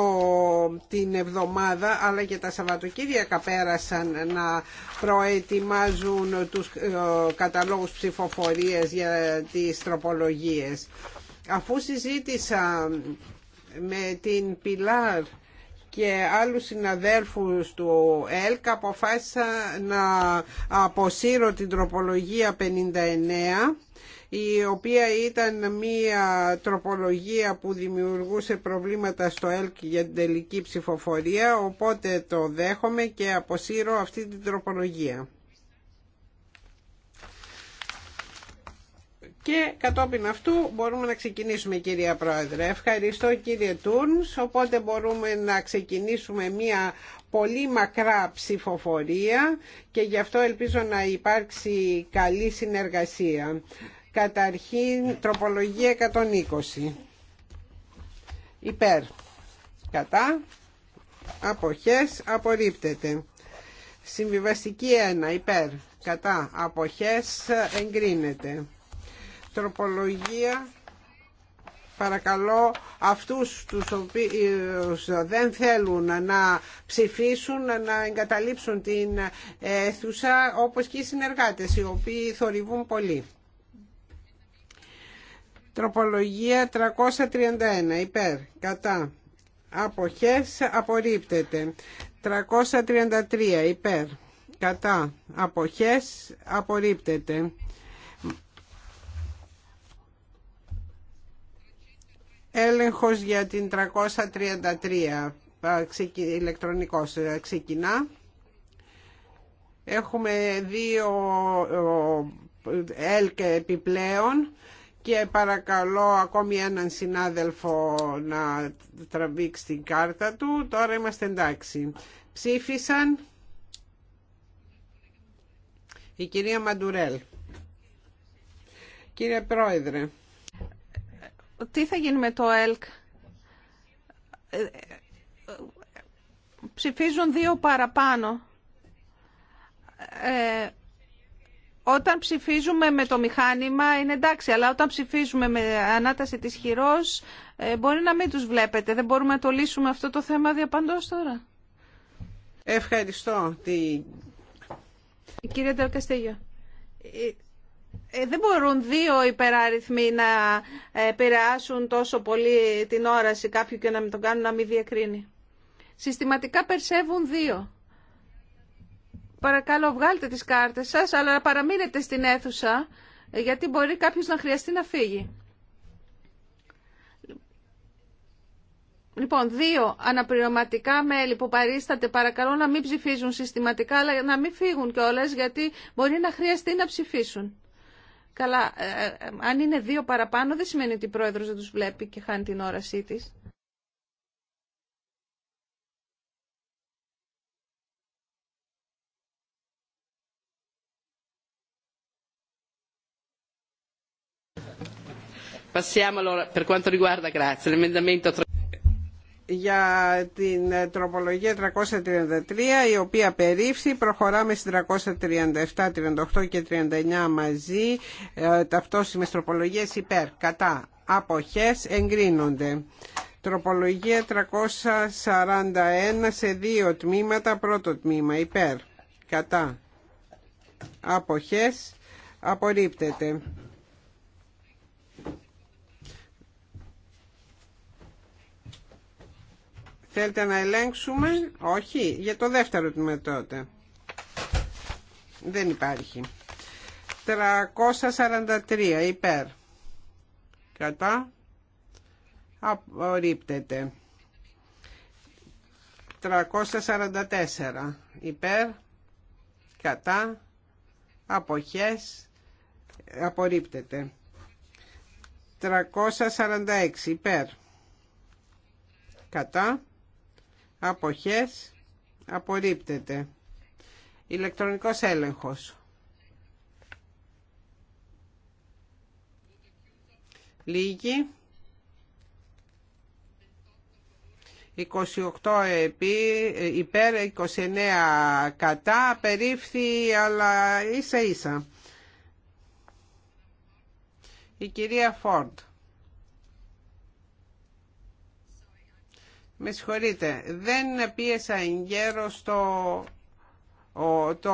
την εβδομάδα αλλά και τα Σαββατοκύριακα πέρασαν να προετοιμάζουν τους ε, καταλόγους ψηφοφορίας για τις τροπολογίες. Αφού συζήτησα με την Πιλάρ και άλλους συναδέλφους του ΕΛΚ αποφάσισα να αποσύρω την τροπολογία 59 η οποία ήταν μία τροπολογία που δημιουργούσε προβλήματα στο ΕΛΚ για την τελική ψηφοφορία, οπότε το δέχομαι και αποσύρω αυτή την τροπολογία. και κατόπιν αυτού μπορούμε να ξεκινήσουμε κυρία Πρόεδρε. Ευχαριστώ κύριε Τούρνς, οπότε μπορούμε να ξεκινήσουμε μία πολύ μακρά ψηφοφορία και γι' αυτό ελπίζω να υπάρξει καλή συνεργασία. Καταρχήν τροπολογία 120. Υπέρ. Κατά. Αποχές. Απορρίπτεται. Συμβιβαστική 1. Υπέρ. Κατά. Αποχές. Εγκρίνεται τροπολογία παρακαλώ αυτούς τους οποίους δεν θέλουν να ψηφίσουν να εγκαταλείψουν την αίθουσα όπως και οι συνεργάτες οι οποίοι θορυβούν πολύ. Τροπολογία 331 υπέρ κατά αποχές απορρίπτεται 333 υπέρ κατά αποχές απορρίπτεται Έλεγχος για την 333 ηλεκτρονικός ε, ξεκινά. Έχουμε δύο ΕΛΚ επιπλέον και παρακαλώ ακόμη έναν συνάδελφο να τραβήξει την κάρτα του. Τώρα είμαστε εντάξει. Ψήφισαν η κυρία Μαντουρέλ. Κύριε Πρόεδρε τι θα γίνει με το ΕΛΚ. Ε, ε, ψηφίζουν δύο παραπάνω. Ε, όταν ψηφίζουμε με το μηχάνημα είναι εντάξει, αλλά όταν ψηφίζουμε με ανάταση της χειρός ε, μπορεί να μην τους βλέπετε. Δεν μπορούμε να το λύσουμε αυτό το θέμα διαπαντός τώρα. Ευχαριστώ. Κύριε ε, δεν μπορούν δύο υπεράριθμοι να επηρεάσουν τόσο πολύ την όραση κάποιου και να τον κάνουν να μην διακρίνει. Συστηματικά περσέβουν δύο. Παρακαλώ βγάλτε τις κάρτες σας, αλλά παραμείνετε στην αίθουσα, γιατί μπορεί κάποιος να χρειαστεί να φύγει. Λοιπόν, δύο αναπληρωματικά μέλη που παρίσταται παρακαλώ να μην ψηφίζουν συστηματικά, αλλά να μην φύγουν κιόλας γιατί μπορεί να χρειαστεί να ψηφίσουν. Καλά, ε, ε, αν είναι δύο παραπάνω δεν σημαίνει ότι η πρόεδρος δεν τους βλέπει και χάνει την όρασή της. Passiamo allora per quanto riguarda, grazie, l'emendamento 3 για την ε, τροπολογία 333 η οποία περίφθη προχωράμε στην 337, 38 και 39 μαζί ε, ταυτόσιμες τροπολογίες υπέρ κατά αποχές εγκρίνονται τροπολογία 341 σε δύο τμήματα πρώτο τμήμα υπέρ κατά αποχές απορρίπτεται Θέλετε να ελέγξουμε. Όχι. Για το δεύτερο τμήμα τότε. Δεν υπάρχει. 343 υπέρ. Κατά. Απορρίπτεται. 344 υπέρ. Κατά. Αποχές. Απορρίπτεται. 346 υπέρ. Κατά αποχές απορρίπτεται ηλεκτρονικός έλεγχος λίγη 28 επί, υπέρ 29 κατά περίφθη αλλά ίσα ίσα η κυρία Φόρντ Με συγχωρείτε, δεν πίεσα γέρο στο το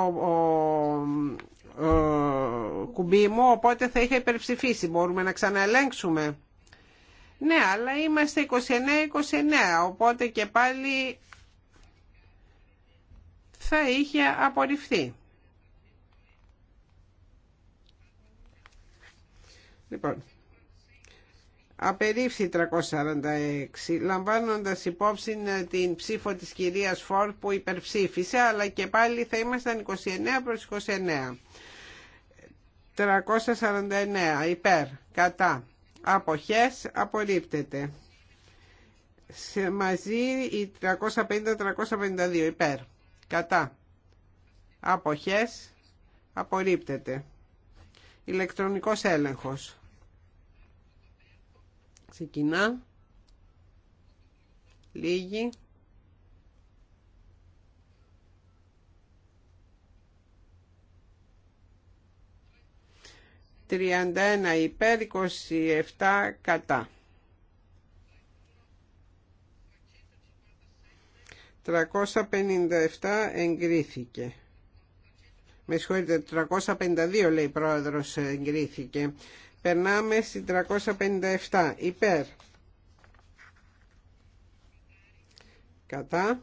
κουμπί μου, οπότε θα είχα υπερψηφίσει. Μπορούμε να ξαναελέγξουμε. Ναι, αλλά είμαστε 29-29, οπότε και πάλι θα είχε απορριφθεί. Λοιπόν, απερίφθη 346 λαμβάνοντας υπόψη ε, την ψήφο της κυρίας Φόρ που υπερψήφισε αλλά και πάλι θα ήμασταν 29 προς 29 349 υπέρ κατά αποχές απορρίπτεται σε μαζί οι 350-352 υπέρ κατά αποχές απορρίπτεται ηλεκτρονικός έλεγχος Ξεκινά. Λίγη. Τριάντα ένα υπέρ, 27 κατά. 357 εγκρίθηκε. Με συγχωρείτε, 352 λέει πρόεδρος εγκρίθηκε. Περνάμε στην 357. Υπέρ. Κατά.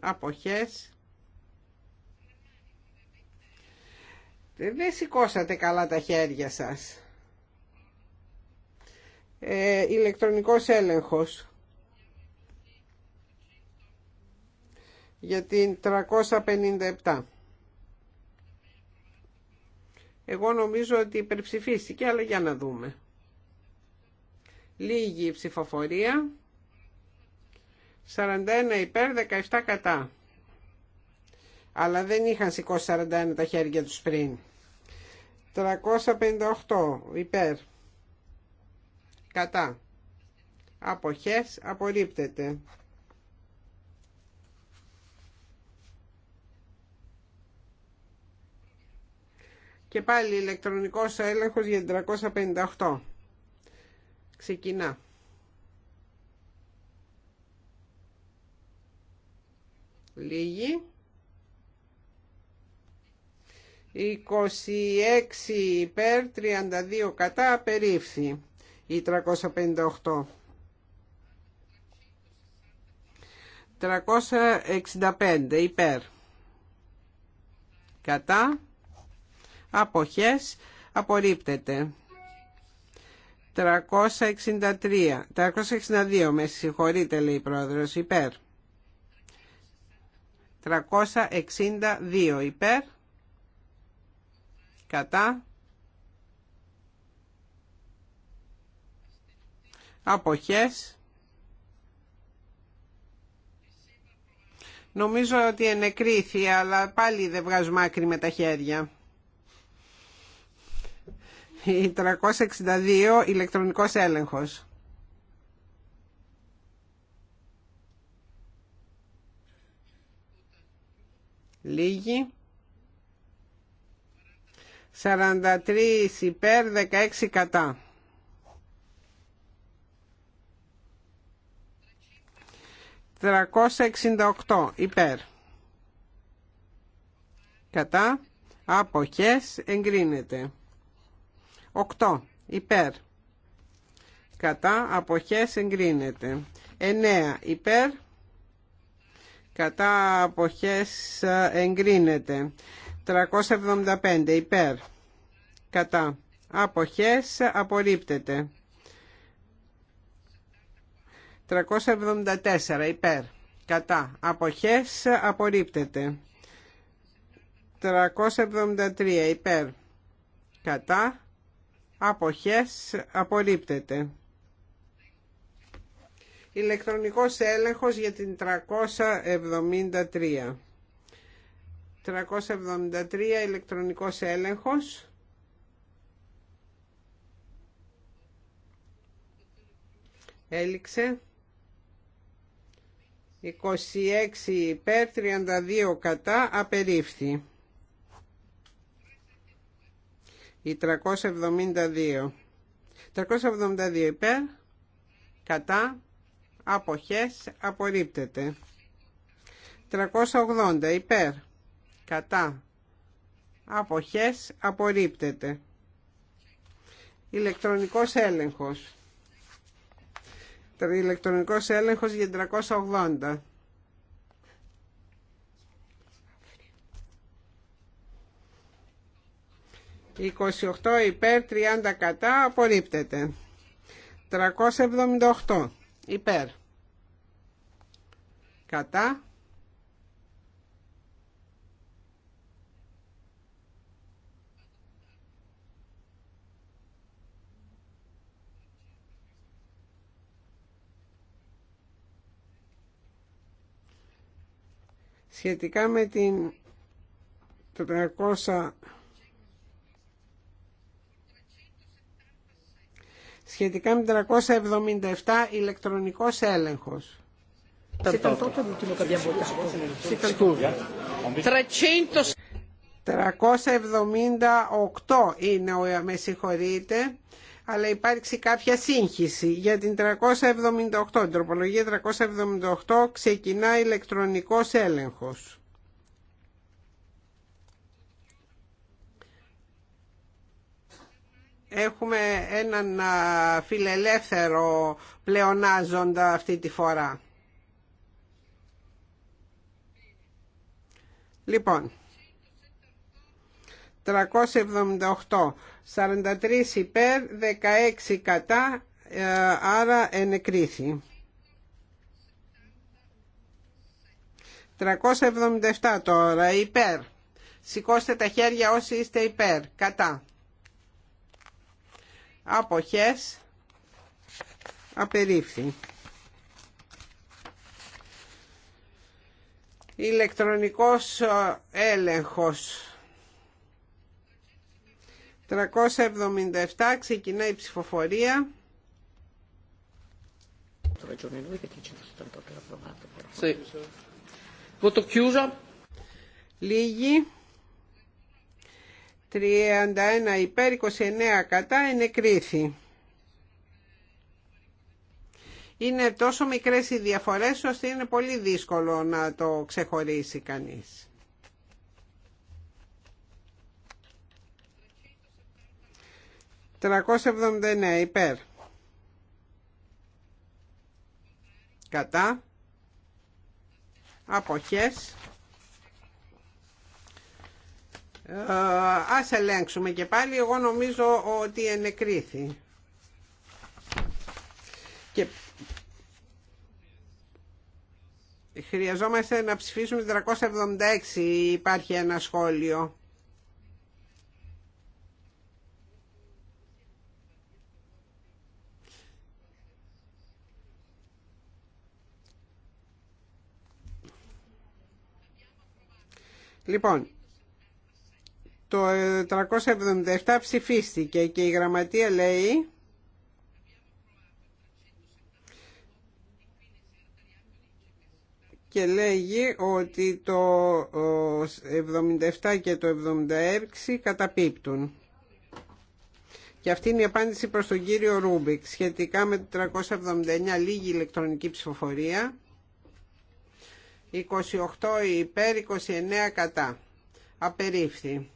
Αποχές. Δεν σηκώσατε καλά τα χέρια σας. Ε, ηλεκτρονικός έλεγχος. Για την 357. Εγώ νομίζω ότι υπερψηφίστηκε, αλλά για να δούμε. Λίγη ψηφοφορία. 41 υπέρ, 17 κατά. Αλλά δεν είχαν σηκώσει 41 τα χέρια τους πριν. 358 υπέρ. Κατά. Αποχές απορρίπτεται. Και πάλι ηλεκτρονικός έλεγχος για 358. Ξεκινά. Λίγη. 26 υπέρ, 32 κατά, απερίφθη η 358. 365 υπέρ. Κατά αποχές απορρίπτεται 363 362 με συγχωρείτε λέει η πρόεδρος υπέρ 362 υπέρ κατά αποχές Νομίζω ότι ενεκρίθη, αλλά πάλι δεν βγάζουμε άκρη με τα χέρια. 362 ηλεκτρονικός έλεγχος. Λίγοι. 43 υπέρ, 16 κατά. 368 υπέρ. Κατά. Αποχές εγκρίνεται. 8 υπέρ κατά απόχέ εγκρίνεται 9 υπέρ κατά απόχέ εγκρίνεται 375 υπέρ κατά Αποχέ απορρίπτεται 374 υπέρ κατά απόχέ απορρίπτεται 373 υπέρ κατά αποχές απορρίπτεται. Ηλεκτρονικός έλεγχος για την 373. 373 ηλεκτρονικός έλεγχος. Έληξε. 26 υπέρ, 32 κατά, απερίφθη. Η 372. 372 υπέρ, κατά, αποχές, απορρίπτεται. 380 υπέρ, κατά, αποχές, απορρίπτεται. Ηλεκτρονικός έλεγχος. Ηλεκτρονικός έλεγχος για 380. 28 υπέρ 30 κατά απορρίπτεται 378 υπέρ κατά σχετικά με την σχετικά με 377 ηλεκτρονικός έλεγχος. 378 είναι, ε, με συγχωρείτε, αλλά υπάρξει κάποια σύγχυση. Για την 378, την τροπολογία 378 ξεκινά ηλεκτρονικός έλεγχος. έχουμε έναν φιλελεύθερο πλεονάζοντα αυτή τη φορά. Λοιπόν, 378, 43 υπέρ, 16 κατά, ε, άρα ενεκρίθη. 377 τώρα, υπέρ. Σηκώστε τα χέρια όσοι είστε υπέρ, κατά αποχές απερίφθη. Ηλεκτρονικός ε, έλεγχος 377 ξεκινάει η ψηφοφορία. Λίγη. 31 υπέρ 29 κατά ενεκρίθη. Είναι τόσο μικρές οι διαφορές ώστε είναι πολύ δύσκολο να το ξεχωρίσει κανείς. 379 υπέρ. Κατά. Αποχές. Ε, ας ελέγξουμε και πάλι εγώ νομίζω ότι ενεκρίθη και χρειαζόμαστε να ψηφίσουμε 376 υπάρχει ένα σχόλιο Λοιπόν, το 377 ε, ψηφίστηκε και η γραμματεία λέει και λέγει ότι το 77 και το 76 καταπίπτουν. Και αυτή είναι η απάντηση προς τον κύριο Ρούμπικ σχετικά με το 379 λίγη ηλεκτρονική ψηφοφορία. 28 υπέρ, 29 κατά. Απερίφθη.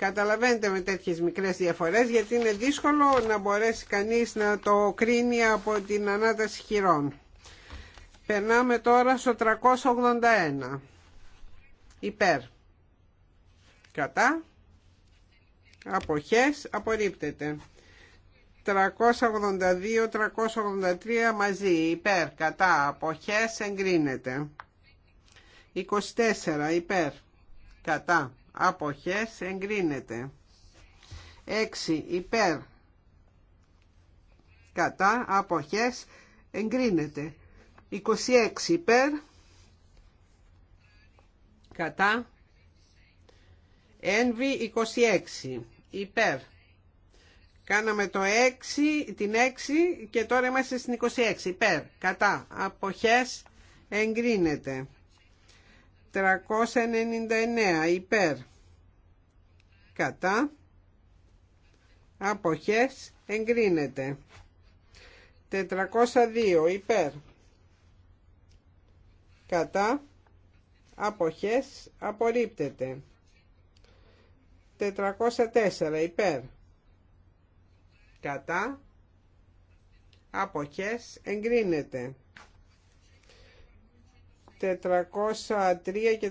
Καταλαβαίνετε με τέτοιες μικρές διαφορές γιατί είναι δύσκολο να μπορέσει κανείς να το κρίνει από την ανάταση χειρών. Περνάμε τώρα στο 381. Υπέρ. Κατά. Αποχές. Απορρίπτεται. 382-383 μαζί. Υπέρ. Κατά. Αποχές. Εγκρίνεται. 24. Υπέρ. Κατά αποχές εγκρίνεται 6 υπέρ κατά αποχές εγκρίνεται 26 υπέρ κατά ένβη 26 υπέρ κάναμε το 6 την 6 και τώρα είμαστε στην 26 υπέρ κατά αποχές εγκρίνεται 399 υπέρ κατά αποχές εγκρίνεται 402 υπέρ κατά αποχές απορρίπτεται 404 υπέρ κατά αποχές εγκρίνεται 403 και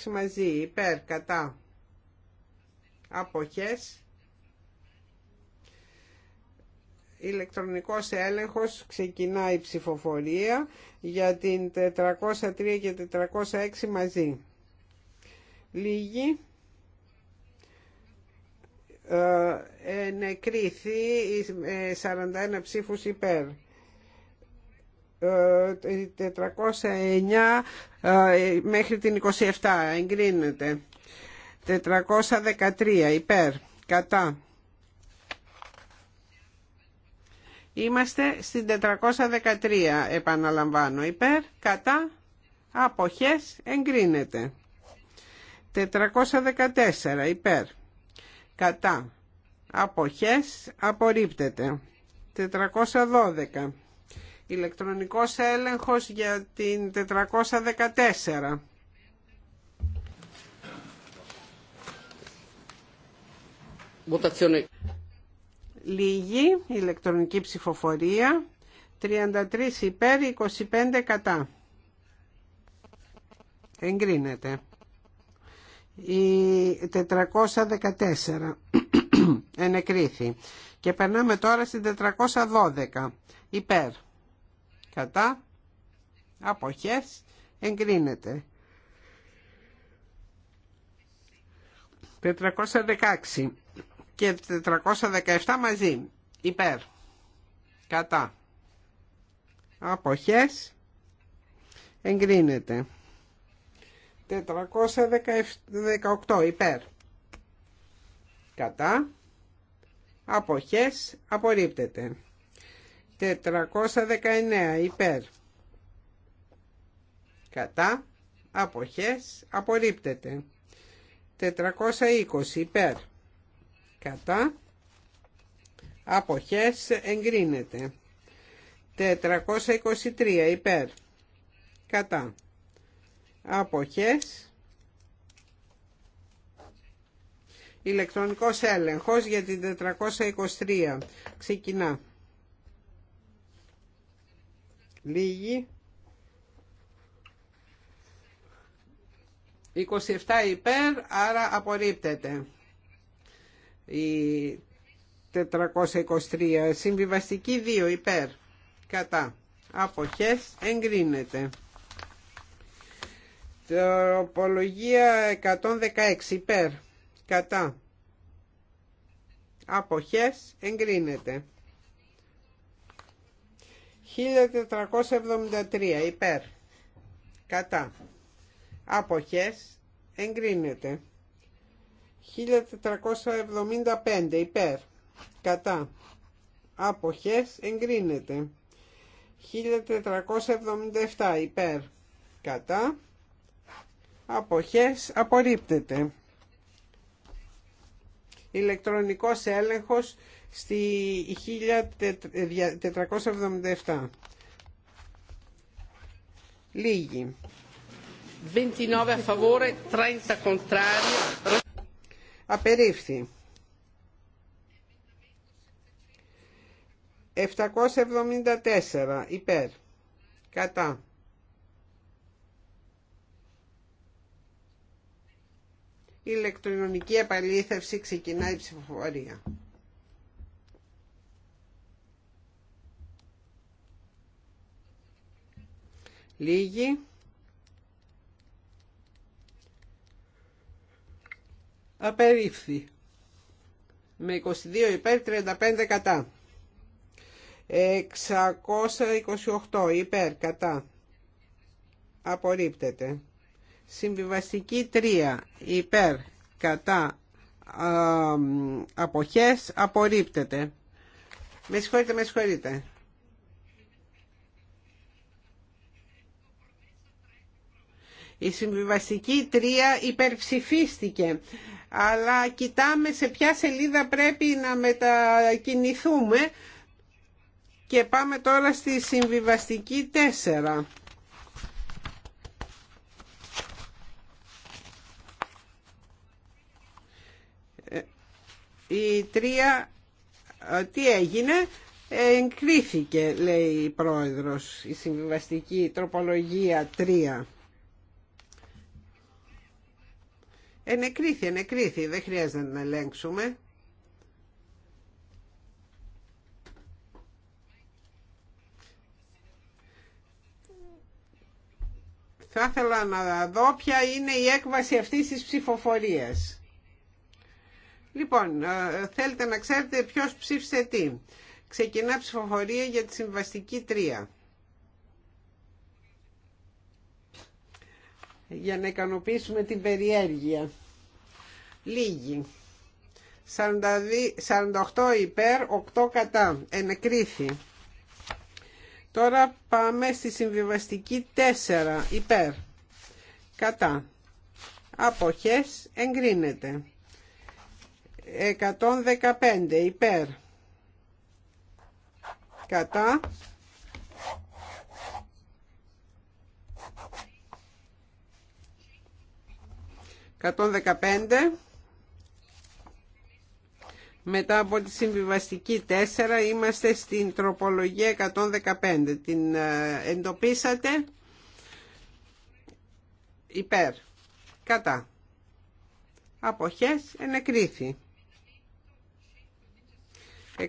406 μαζί, υπέρ, κατά, αποχές, ηλεκτρονικός έλεγχος, ξεκινάει η ψηφοφορία για την 403 και 406 μαζί. Λίγη ε, ενεκρίθη 41 ε, ψήφους υπέρ. 409 ε, μέχρι την 27 εγκρίνεται 413 υπέρ κατά είμαστε στην 413 επαναλαμβάνω υπέρ κατά αποχές εγκρίνεται 414 υπέρ κατά αποχές απορρίπτεται 412 Ηλεκτρονικός έλεγχος για την 414. Λίγη ηλεκτρονική ψηφοφορία 33 υπέρ 25 κατά Εγκρίνεται Η 414 <clears throat> Ενεκρίθη Και περνάμε τώρα στην 412 Υπέρ κατά αποχές εγκρίνεται 416 και 417 μαζί υπέρ κατά αποχές εγκρίνεται 418 υπέρ κατά αποχές απορρίπτεται 419 υπέρ κατά αποχές απορρίπτεται 420 υπέρ κατά αποχές εγκρίνεται 423 υπέρ κατά αποχές ηλεκτρονικός έλεγχος για την 423 ξεκινά Λίγοι. 27 υπέρ, άρα απορρίπτεται. Η 423 συμβιβαστική 2 υπέρ. Κατά. Αποχές εγκρίνεται. Τροπολογία 116 υπέρ. Κατά. Αποχές εγκρίνεται. 1473 υπέρ κατά αποχές εγκρίνεται 1475 υπέρ κατά αποχές εγκρίνεται 1477 υπέρ κατά αποχές απορρίπτεται ηλεκτρονικός έλεγχος στη 1477. Λίγοι. 29 a favore, 30 contrario. Απερίφθη. 774 υπέρ. Κατά. Ηλεκτρονική επαλήθευση ξεκινάει η ψηφοφορία. Λίγη. Απερίφθη. Με 22 υπέρ 35 κατά. 628 υπέρ κατά. Απορρίπτεται. Συμβιβαστική 3 υπέρ κατά α, αποχές απορρίπτεται. Με συγχωρείτε, με συγχωρείτε. Η συμβιβαστική 3 υπερψηφίστηκε αλλά κοιτάμε σε ποια σελίδα πρέπει να μετακινηθούμε και πάμε τώρα στη συμβιβαστική 4. Ε, η 3, ε, τι έγινε, εγκρίθηκε λέει η πρόεδρος η συμβιβαστική τροπολογία 3. Ενεκρίθη, ενεκρίθη, δεν χρειάζεται να την ελέγξουμε. Θα ήθελα να δω ποια είναι η έκβαση αυτής της ψηφοφορίας. Λοιπόν, ε, θέλετε να ξέρετε ποιος ψήφισε τι. Ξεκινά ψηφοφορία για τη συμβαστική τρία. για να ικανοποιήσουμε την περιέργεια. Λίγοι. 48 υπέρ, 8 κατά. Ενεκρίθη. Τώρα πάμε στη συμβιβαστική 4 υπέρ. Κατά. Αποχές εγκρίνεται. 115 υπέρ. Κατά. 115 μετά από τη συμβιβαστική 4 είμαστε στην τροπολογία 115. Την ε, εντοπίσατε υπέρ, κατά. Αποχές ενεκρίθη. 117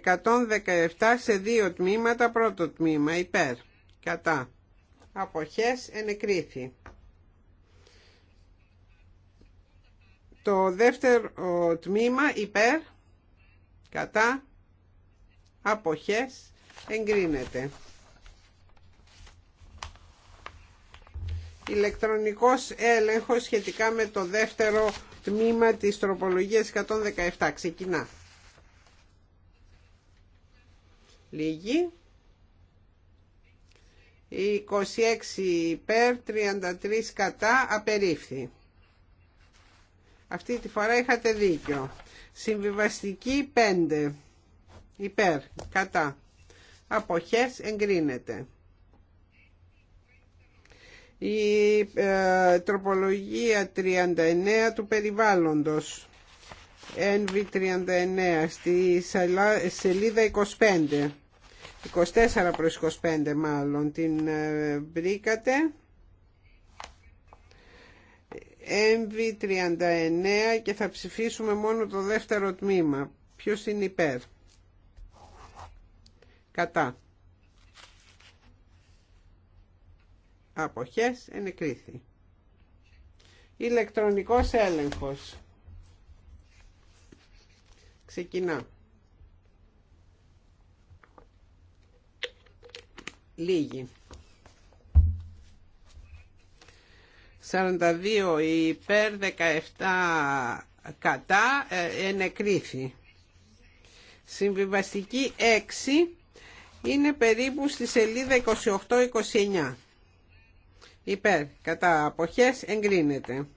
σε δύο τμήματα, πρώτο τμήμα υπέρ, κατά. Αποχές ενεκρίθη. Το δεύτερο τμήμα υπέρ, κατά, αποχές, εγκρίνεται. Ηλεκτρονικός έλεγχος σχετικά με το δεύτερο τμήμα της τροπολογίας 117. Ξεκινά. Λίγη. 26 υπέρ, 33 κατά, απερίφθη. Αυτή τη φορά είχατε δίκιο. Συμβιβαστική 5. Υπέρ. Κατά. Αποχές εγκρίνεται. Η ε, τροπολογία 39 του περιβάλλοντος. NV39 στη σελίδα 25. 24 προς 25 μάλλον την ε, βρήκατε. MV39 και θα ψηφίσουμε μόνο το δεύτερο τμήμα. Ποιος είναι υπέρ. Κατά. Αποχές ενεκρίθη. Ηλεκτρονικός έλεγχος. Ξεκινά. Λίγη. 42 υπέρ 17 κατά ε, ενεκρίθη. Συμβιβαστική 6 είναι περίπου στη σελίδα 28-29. Υπέρ, κατά αποχές εγκρίνεται.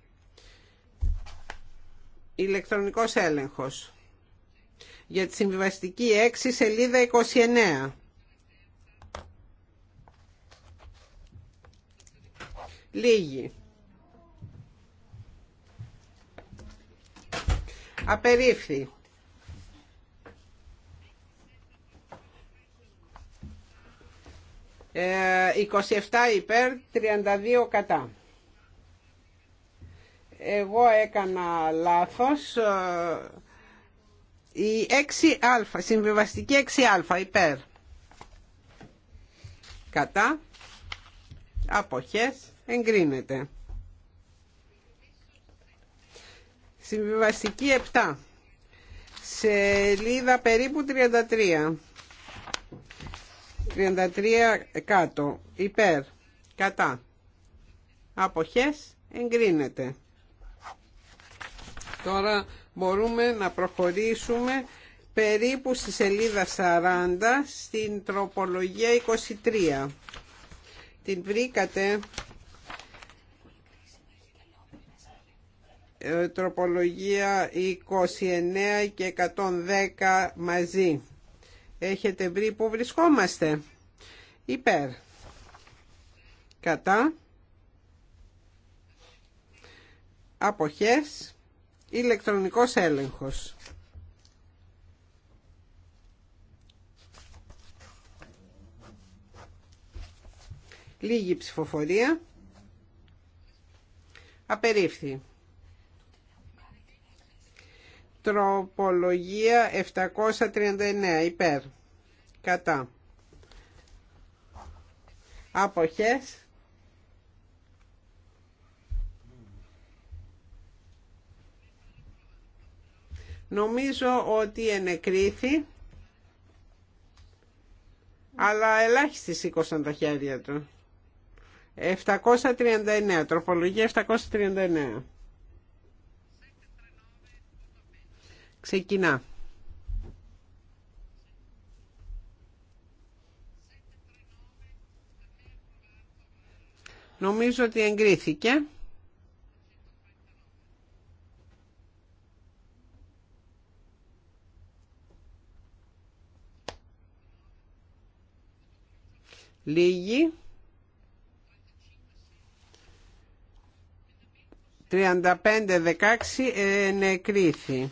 Ηλεκτρονικός έλεγχος. Για τη συμβιβαστική 6 σελίδα 29. Λίγη. Απερίφθη. Ε, 27 υπέρ, 32 κατά. Εγώ έκανα λάθος. Ε, η 6α, συμβιβαστική 6α υπέρ. Κατά. Αποχές. Εγκρίνεται. Συμβιβαστική 7. Σελίδα περίπου 33. 33 κάτω. Υπέρ. Κατά. Αποχές εγκρίνεται. Τώρα μπορούμε να προχωρήσουμε περίπου στη σελίδα 40 στην τροπολογία 23. Την βρήκατε Ε, τροπολογία 29 και 110 μαζί. Έχετε βρει που βρισκόμαστε. Υπέρ. Κατά. Αποχές. Ηλεκτρονικός έλεγχος. Λίγη ψηφοφορία. Απερίφθη. Τροπολογία 739 υπέρ. Κατά. Αποχές. Νομίζω ότι ενεκρίθη, αλλά ελάχιστοι σήκωσαν τα χέρια του. 739, τροπολογία 739. Ξεκινά. Νομίζω ότι εγκρίθηκε. Λίγη. 35-16 ενεκρίθη.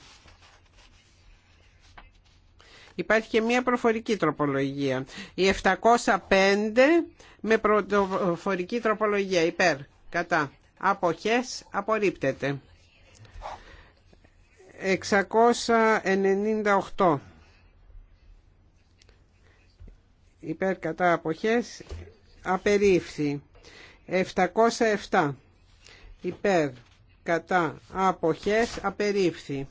Υπάρχει και μια προφορική τροπολογία. Η 705 με προφορική τροπολογία υπέρ. Κατά. Αποχές απορρίπτεται. 698 υπέρ κατά αποχές απερίφθη 707 υπέρ κατά αποχές απερίφθη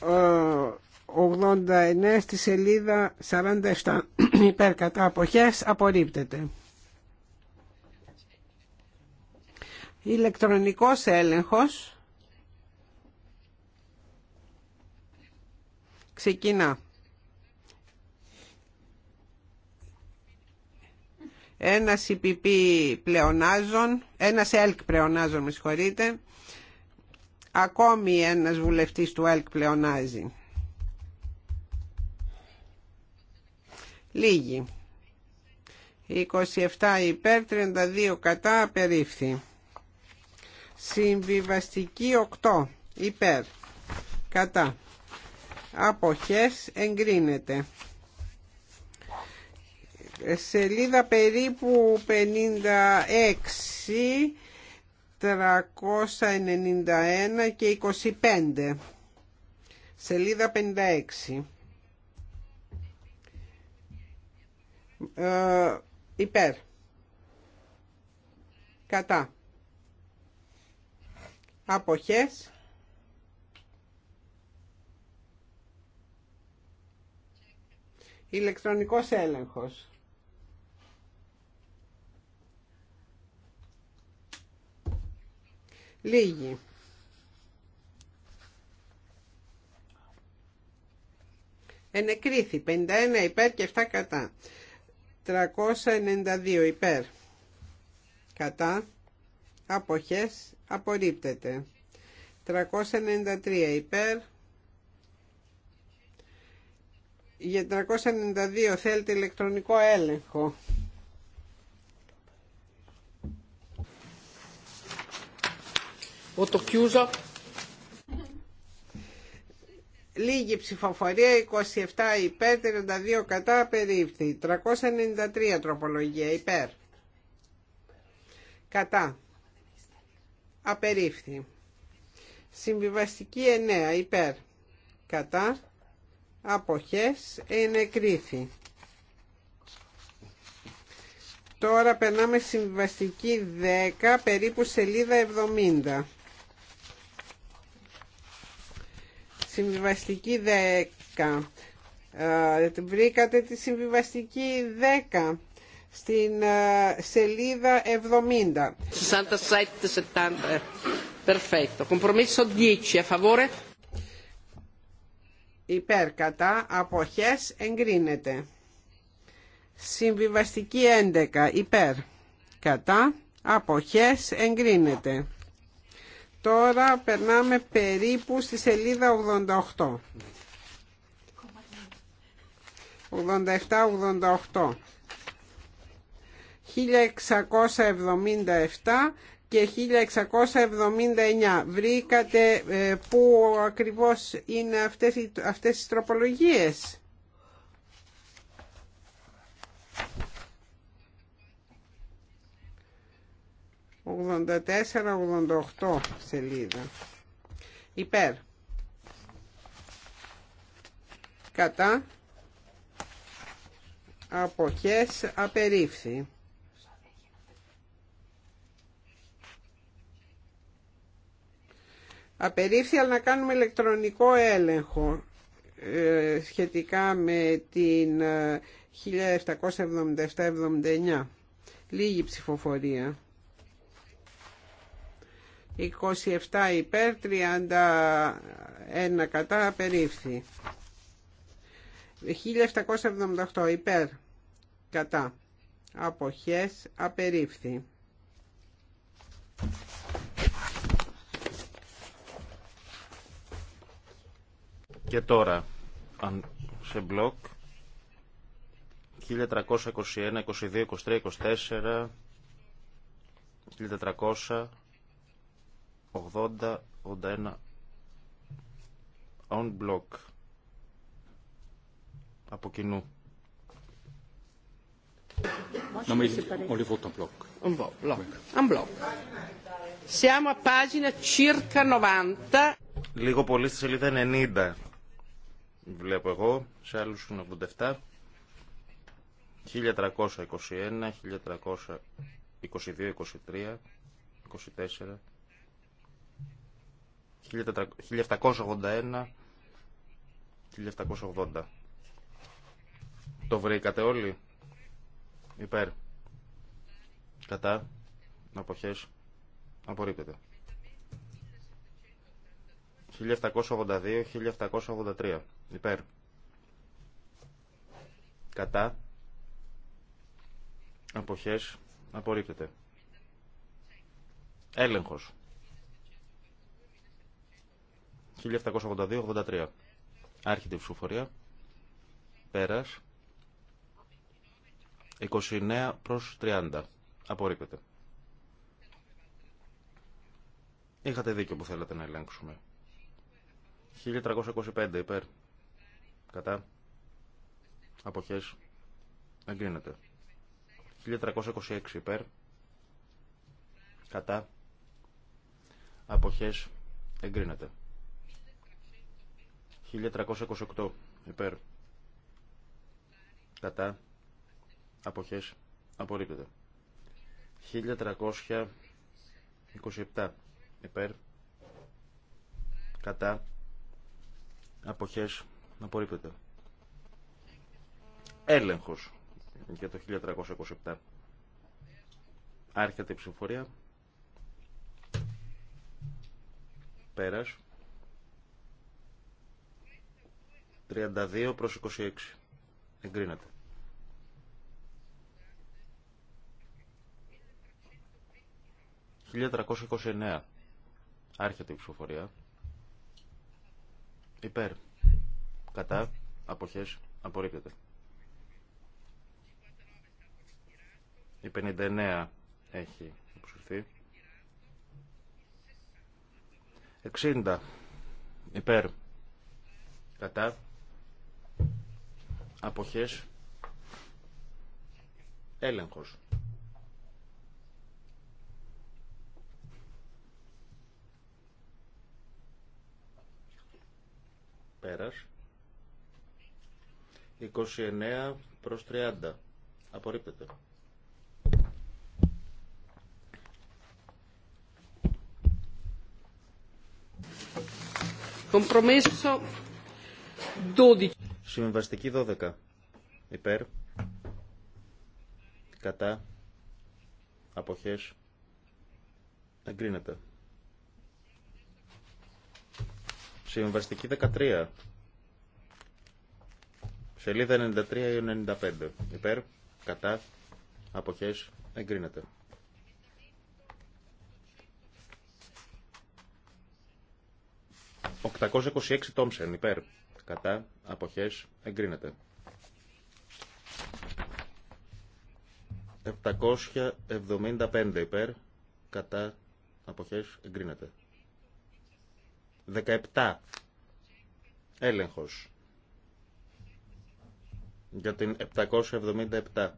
789 ε, στη σελίδα 47 <clears throat> υπέρ κατά αποχές απορρίπτεται. Ηλεκτρονικός έλεγχος ξεκινά. Ένας πλεονάζων, ένα ΕΛΚ πλεονάζων, με συγχωρείτε. Ακόμη ένας βουλευτής του ΕΛΚ πλεονάζει. Λίγοι. 27 υπέρ, 32 κατά, απερίφθη. Συμβιβαστική 8 υπέρ, κατά. Αποχές εγκρίνεται. Σελίδα περίπου 56 391 και 25 σελίδα 56 ε, υπέρ κατά αποχές ηλεκτρονικός έλεγχος Λίγη. Ενεκρίθη. 51 υπέρ και 7 κατά. 392 υπέρ. Κατά. Αποχές. Απορρίπτεται. 393 υπέρ. Για 392 θέλετε ηλεκτρονικό έλεγχο. το Λίγη ψηφοφορία, 27 υπέρ, 32 κατά, περίφθη. 393 τροπολογία υπέρ. Κατά. Απερίφθη. Συμβιβαστική 9 υπέρ. Κατά. Αποχές ενεκρίθη. Τώρα περνάμε στη συμβιβαστική 10, περίπου σελίδα 70. Συμβιβαστική 10. Ε, βρήκατε τη συμβιβαστική 10 στην ε, σελίδα 70. 67-70. Perfetto. Compromesso 10 a favore. Υπέρ κατά αποχές εγκρίνεται. Συμβιβαστική 11 υπέρ κατά αποχές εγκρίνεται. Τώρα περνάμε περίπου στη σελίδα 88. 87-88. 1677 και 1679. Βρήκατε ε, πού ακριβώς είναι αυτές οι, αυτές οι τροπολογίες. 84-88 σελίδα. Υπέρ. Κατά. Αποχές απερίφθη. Απερίφθη αλλά να κάνουμε ηλεκτρονικό έλεγχο ε, σχετικά με την 1777-79. Ε, Λίγη ψηφοφορία. 27 υπέρ, 31 κατά, απερίφθη. 1778 υπέρ, κατά, αποχές, απερίφθη. Και τώρα, σε μπλοκ, 1321, 22, 23, 24, 1400, 80-81 on block από κοινού. Νομίζω ότι on block. On block. 90. Λίγο πολύ στη σελίδα 90. Βλέπω εγώ, σε άλλους 87. 1321, 1322, 1323, 1324, 1781, 1780. Το βρήκατε όλοι. Υπέρ. Κατά. Αποχές. Απορρίπτεται. 1782, 1783. Υπέρ. Κατά. Αποχές. Απορρίπτεται. Έλεγχος. 1782-83. Άρχεται η ψηφοφορία. Πέρας. 29 προς 30. Απορρίπτεται. Είχατε δίκιο που θέλατε να ελέγξουμε. 1325 υπέρ. Κατά. Αποχές. Εγκρίνεται. 1326 υπέρ. Κατά. Αποχές. Εγκρίνεται. 1328 υπέρ κατά αποχές απορρίπτεται 1327 υπέρ κατά αποχές απορρίπτεται έλεγχος για το 1327 άρχεται η ψηφορία. πέρας 32 προς 26. Εγκρίνεται. 1329. Άρχεται η ψηφοφορία. Υπέρ. Κατά. Αποχές. Απορρίπτεται. Η 59 έχει αποσυρθεί. 60. Υπέρ. Κατά αποχές έλεγχος πέρας 29 προς 30 απορρίπτεται Compromesso 12. Συμβαστική 12. Υπέρ. Κατά. Αποχές. Εγκρίνεται. Συμβαστική 13. Σελίδα 93 ή 95. Υπέρ. Κατά. Αποχές. Εγκρίνεται. «826 Τόμσεν, υπέρ» κατά, αποχές, εγκρίνεται. 775 υπέρ, κατά, αποχές, εγκρίνεται. 17. Έλεγχος. Για την 777.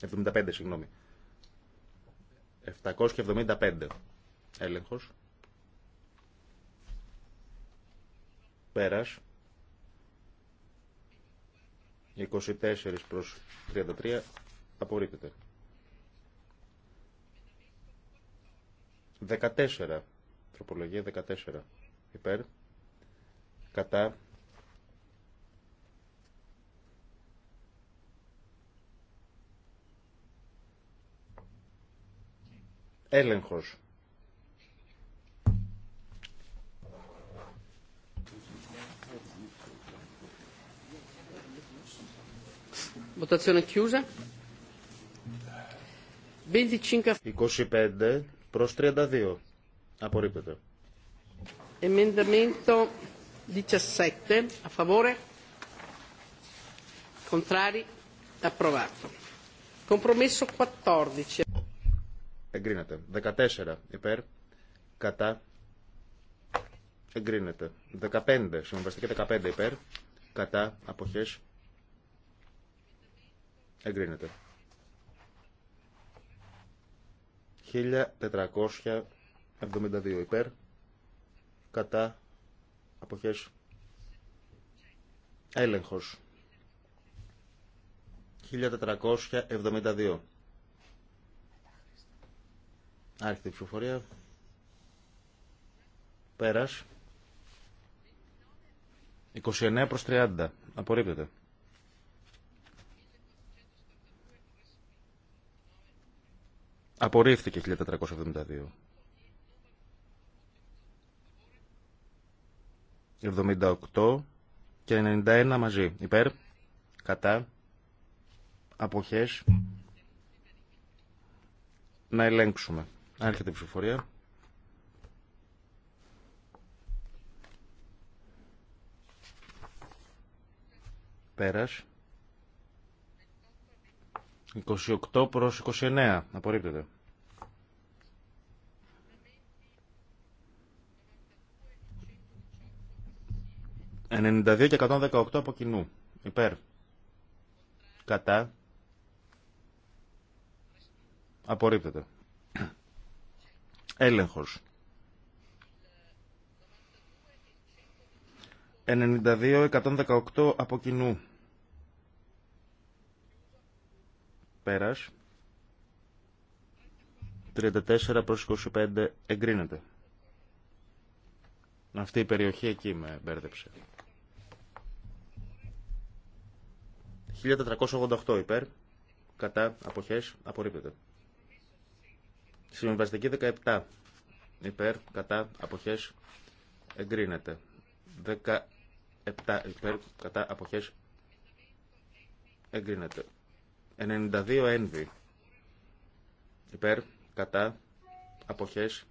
75, συγγνώμη. 775. Έλεγχος. πέρας 24 προς 33 απορρίπτεται 14 τροπολογία 14 υπέρ κατά έλεγχος Votazione chiusa. 25... 25 προς 32. Απορρίπτεται. Emendamento 17 a favore. Contrari. Approvato. Compromesso 14. Εγκρίνεται. 14 υπέρ. Κατά. Εγκρίνεται. 15. Συμβαστική 15 υπέρ. Κατά. Αποχές Εγκρίνεται. 1472 υπέρ. Κατά. Αποχές. Έλεγχος. 1472. Άρχεται η ψηφοφορία. Πέρας. 29 προς 30. Απορρίπτεται. Απορρίφθηκε 1472. 78 και 91 μαζί. Υπέρ, κατά, αποχές, να ελέγξουμε. Άρχεται η ψηφοφορία. Πέρας. 28 προς 29. Απορρίπτεται. ...92 και 118 από κοινού. Υπέρ. Κατά. Απορρίπτεται. Έλεγχος. 92-118 από κοινού. 34 προ 25 εγκρίνεται αυτή η περιοχή εκεί με μπέρδεψε 1488 υπέρ κατά αποχές απορρίπτεται συμβαστική 17 υπέρ κατά αποχές εγκρίνεται 17 υπέρ κατά αποχές εγκρίνεται 92 ένδυ. Υπέρ, κατά, αποχές,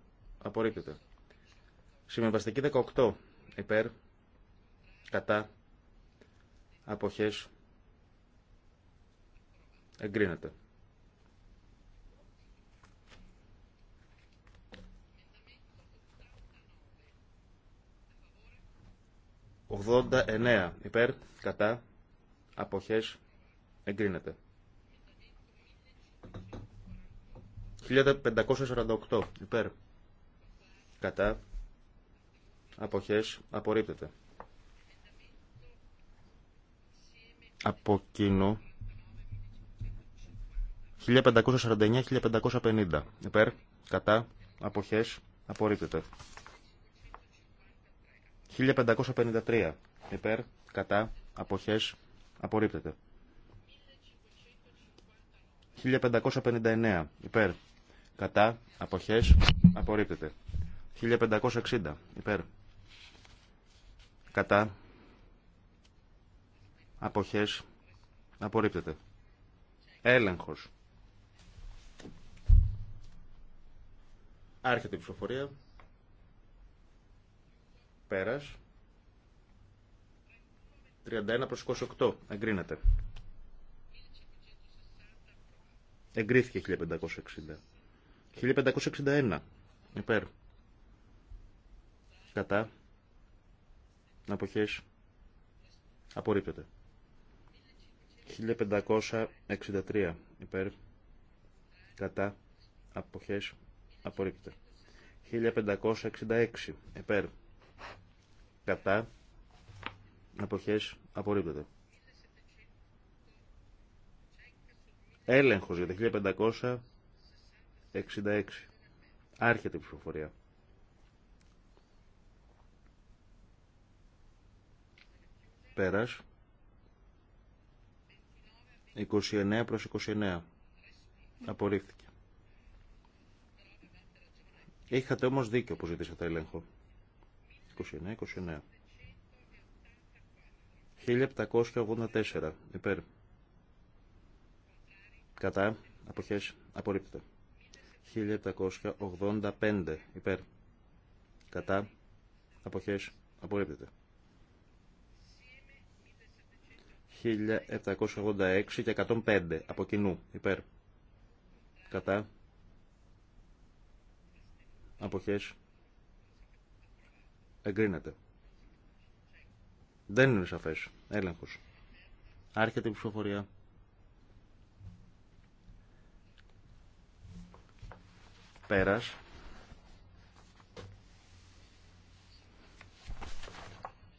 απορρίπτεται. Συμβαστική 18. Υπέρ, κατά, αποχές, εγκρίνεται. 89 εννέα. Υπέρ, κατά, αποχές, εγκρίνεται. 1548 υπέρ κατά αποχές απορρίπτεται. Από κοινού 1549-1550 υπέρ κατά αποχές απορρίπτεται. 1553 υπέρ κατά αποχές απορρίπτεται. 1559 υπέρ Κατά. Αποχές. Απορρίπτεται. 1560. Υπέρ. Κατά. Αποχές. Απορρίπτεται. Έλεγχος. Άρχεται η ψηφοφορία. Πέρας. 31 προς 28. Εγκρίνεται. Εγκρίθηκε 1560. 1561. Υπέρ. Κατά. Αποχές. Απορρίπτεται. 1563. Υπέρ. Κατά. Αποχές. Απορρίπτεται. 1566. Υπέρ. Κατά. Αποχές. Απορρίπτεται. Έλεγχος για το 66. Άρχεται η ψηφοφορία. Πέρας. 29 προς 29. Απορρίφθηκε. Είχατε όμως δίκιο που ζητήσατε έλεγχο. 29, 29. 1784. Υπέρ. Κατά. Αποχές. Απορρίπτεται. 1785 υπέρ κατά αποχές απορρίπτεται 1786 και 105 από κοινού υπέρ κατά αποχές εγκρίνεται δεν είναι σαφές έλεγχος άρχεται η ψηφοφορία Πέρας.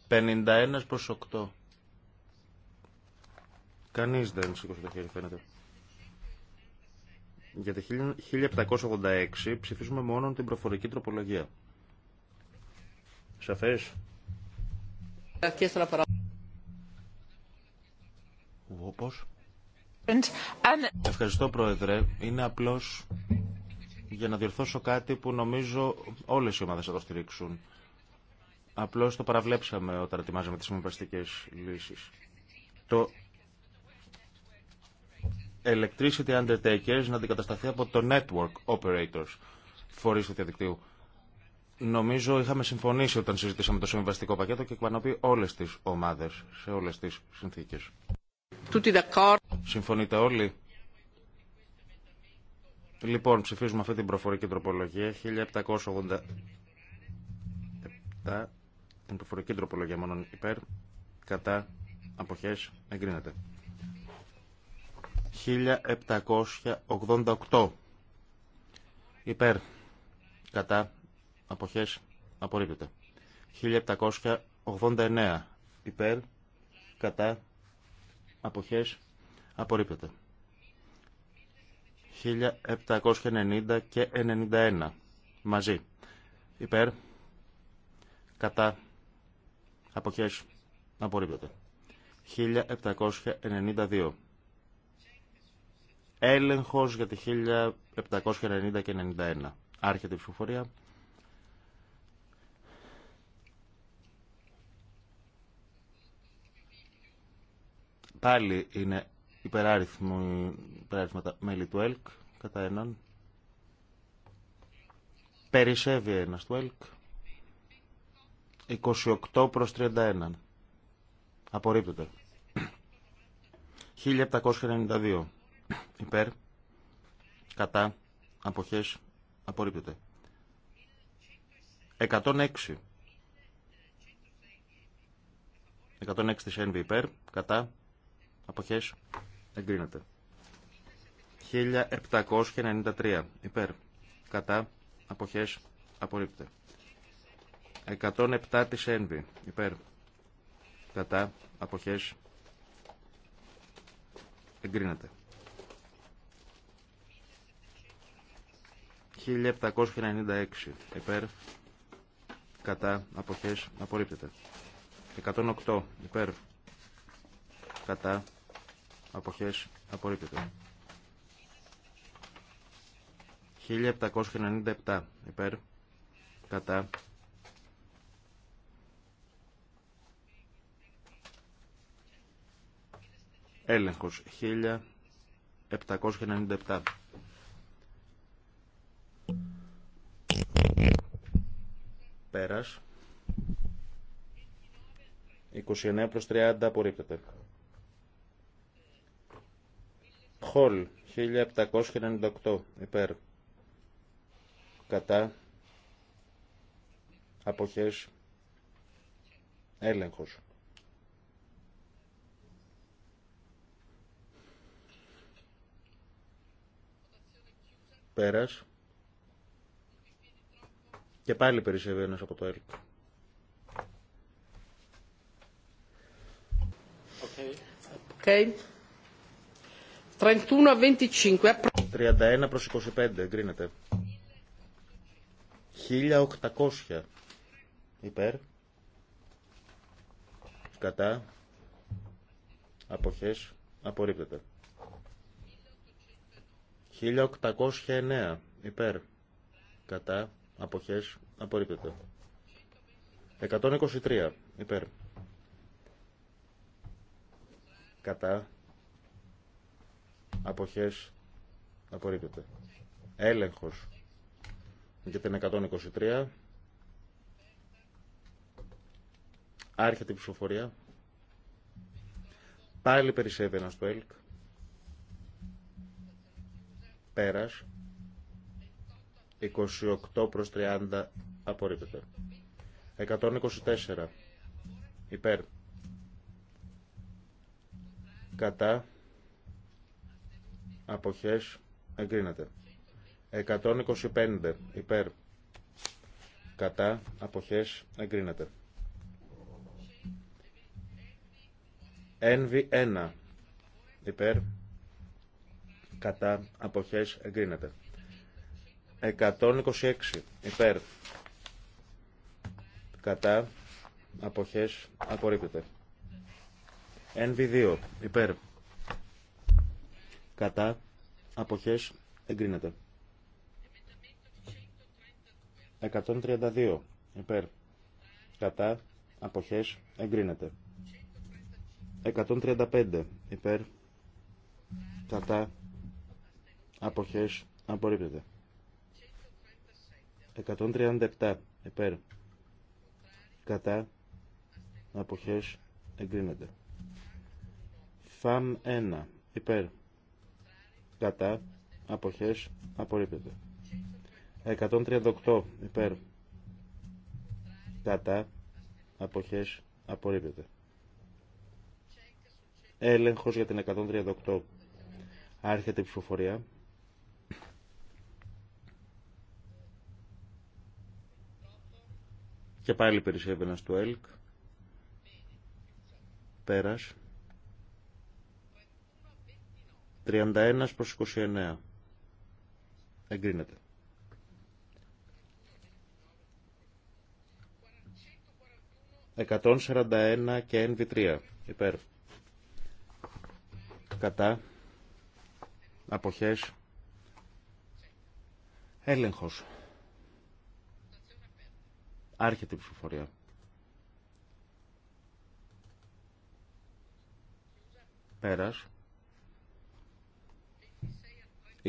Πενήντα ένας προς οκτώ. Κανείς δεν σήκωσε το χέρι φαίνεται. Για το 1786 ψηφίζουμε μόνο την προφορική τροπολογία. Σαφές. Όπως. Ευχαριστώ Πρόεδρε. Είναι απλώς για να διορθώσω κάτι που νομίζω όλες οι ομάδες θα το στηρίξουν. Απλώς το παραβλέψαμε όταν ετοιμάζαμε τις συμβαστικές λύσεις. Το electricity undertakers να αντικατασταθεί από το network operators, φορείς του διαδικτύου. Νομίζω είχαμε συμφωνήσει όταν συζητήσαμε το συμβαστικό πακέτο και εκπανοποιεί όλες τις ομάδες, σε όλες τις συνθήκες. Συμφωνείτε όλοι. Λοιπόν, ψηφίζουμε αυτή την προφορική τροπολογία 1787. Την προφορική τροπολογία μόνο, υπέρ, κατά, αποχές, εγκρίνεται. 1788. Υπέρ, κατά, αποχές, απορρίπτεται. 1789. Υπέρ, κατά, αποχές, απορρίπτεται. 1790 και 91 μαζί. Υπέρ, κατά, αποχές, απορρίπτεται. 1792. Έλεγχος για τη 1790 και 91. Άρχεται η ψηφοφορία. Πάλι είναι υπεράριθμα μέλη του ΕΛΚ κατά έναν. Περισσεύει ένας του ΕΛΚ. 28 προς 31. Απορρίπτεται. 1792. Υπέρ. Κατά. Αποχές. Απορρίπτεται. 106. 106 της ΕΝΒ υπέρ. Κατά. Αποχές. Εγκρίνεται. 1793. Υπέρ. Κατά. Αποχές. Απορρίπτε. 107 της ένβη. Υπέρ. Κατά. Αποχές. Εγκρίνεται. 1796. Υπέρ. Κατά. Αποχές. Απορρίπτεται. 108. Υπέρ. Κατά αποχές απορρίπτεται. 1797 υπέρ κατά έλεγχος 1797 πέρας 29 προς 30 απορρίπτεται Χολ 1798 υπέρ κατά αποχές έλεγχος. Πέρας και πάλι περισσεύει ένας από το έλεγχο. Okay. 31 a 25. 31 προς 25 εγκρίνεται. 1800 υπέρ. Κατά. Αποχές. Απορρίπτεται. 1809 υπέρ. Κατά. Αποχές. Απορρίπτεται. 123 υπέρ. Κατά αποχές απορρίπτεται. Έλεγχος για την 123. Άρχεται η ψηφοφορία. Πάλι περισσεύει ένα στο ΕΛΚ. Πέρας. 28 προς 30 απορρίπτεται. 124 υπέρ. Κατά αποχές εγκρίνεται. 125 υπέρ κατά αποχές εγκρίνεται. NV1 υπέρ κατά αποχές εγκρίνεται. 126 υπέρ κατά αποχές απορρίπτεται. NV2 υπέρ κατά αποχές εγκρίνεται. 132 υπέρ κατά αποχές εγκρίνεται. 135 υπέρ κατά αποχές απορρίπτεται. 137 υπέρ κατά αποχές εγκρίνεται. ΦΑΜ 1 υπέρ κατά αποχές απορρίπτεται 138 υπέρ κατά αποχές απορρίπτεται έλεγχος για την 138 άρχεται η ψηφοφορία και πάλι περισσεύει ένας του ΕΛΚ πέρας 31 προς 29. Εγκρίνεται. 141 και NV3. Υπέρ. Κατά. Αποχές. Έλεγχος. Άρχεται η ψηφοφορία. Πέρας.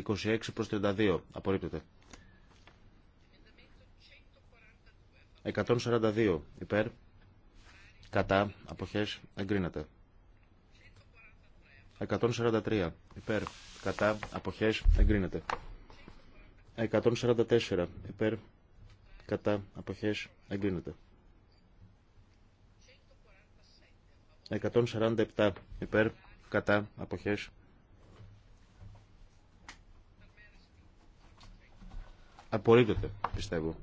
26 προς 32. Απορρίπτεται. 142 υπέρ. Κατά. Αποχές. Εγκρίνεται. 143 υπέρ. Κατά. Αποχές. Εγκρίνεται. 144 υπέρ. Κατά. Αποχές. Εγκρίνεται. 147 υπέρ. Κατά. Αποχές. Απορρίπτεται, πιστεύω.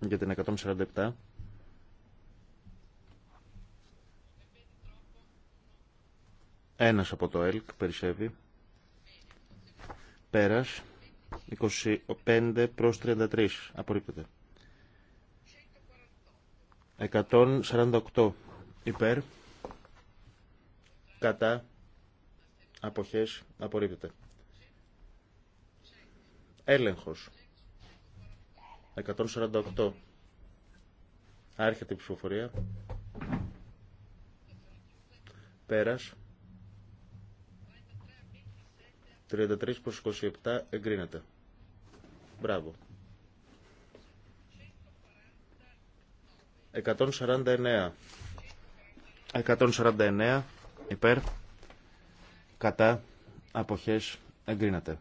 Για την 147. Ένας από το ΕΛΚ περισσεύει. Πέρας. 25 προς 33. Απορρίπτεται. 148 υπέρ. Κατά. Αποχές. Απορρίπτεται. Έλεγχος. 148. Άρχεται η ψηφοφορία. Πέρας. 33 προς 27 εγκρίνεται. Μπράβο. 149. 149 υπέρ κατά αποχές εγκρίνεται.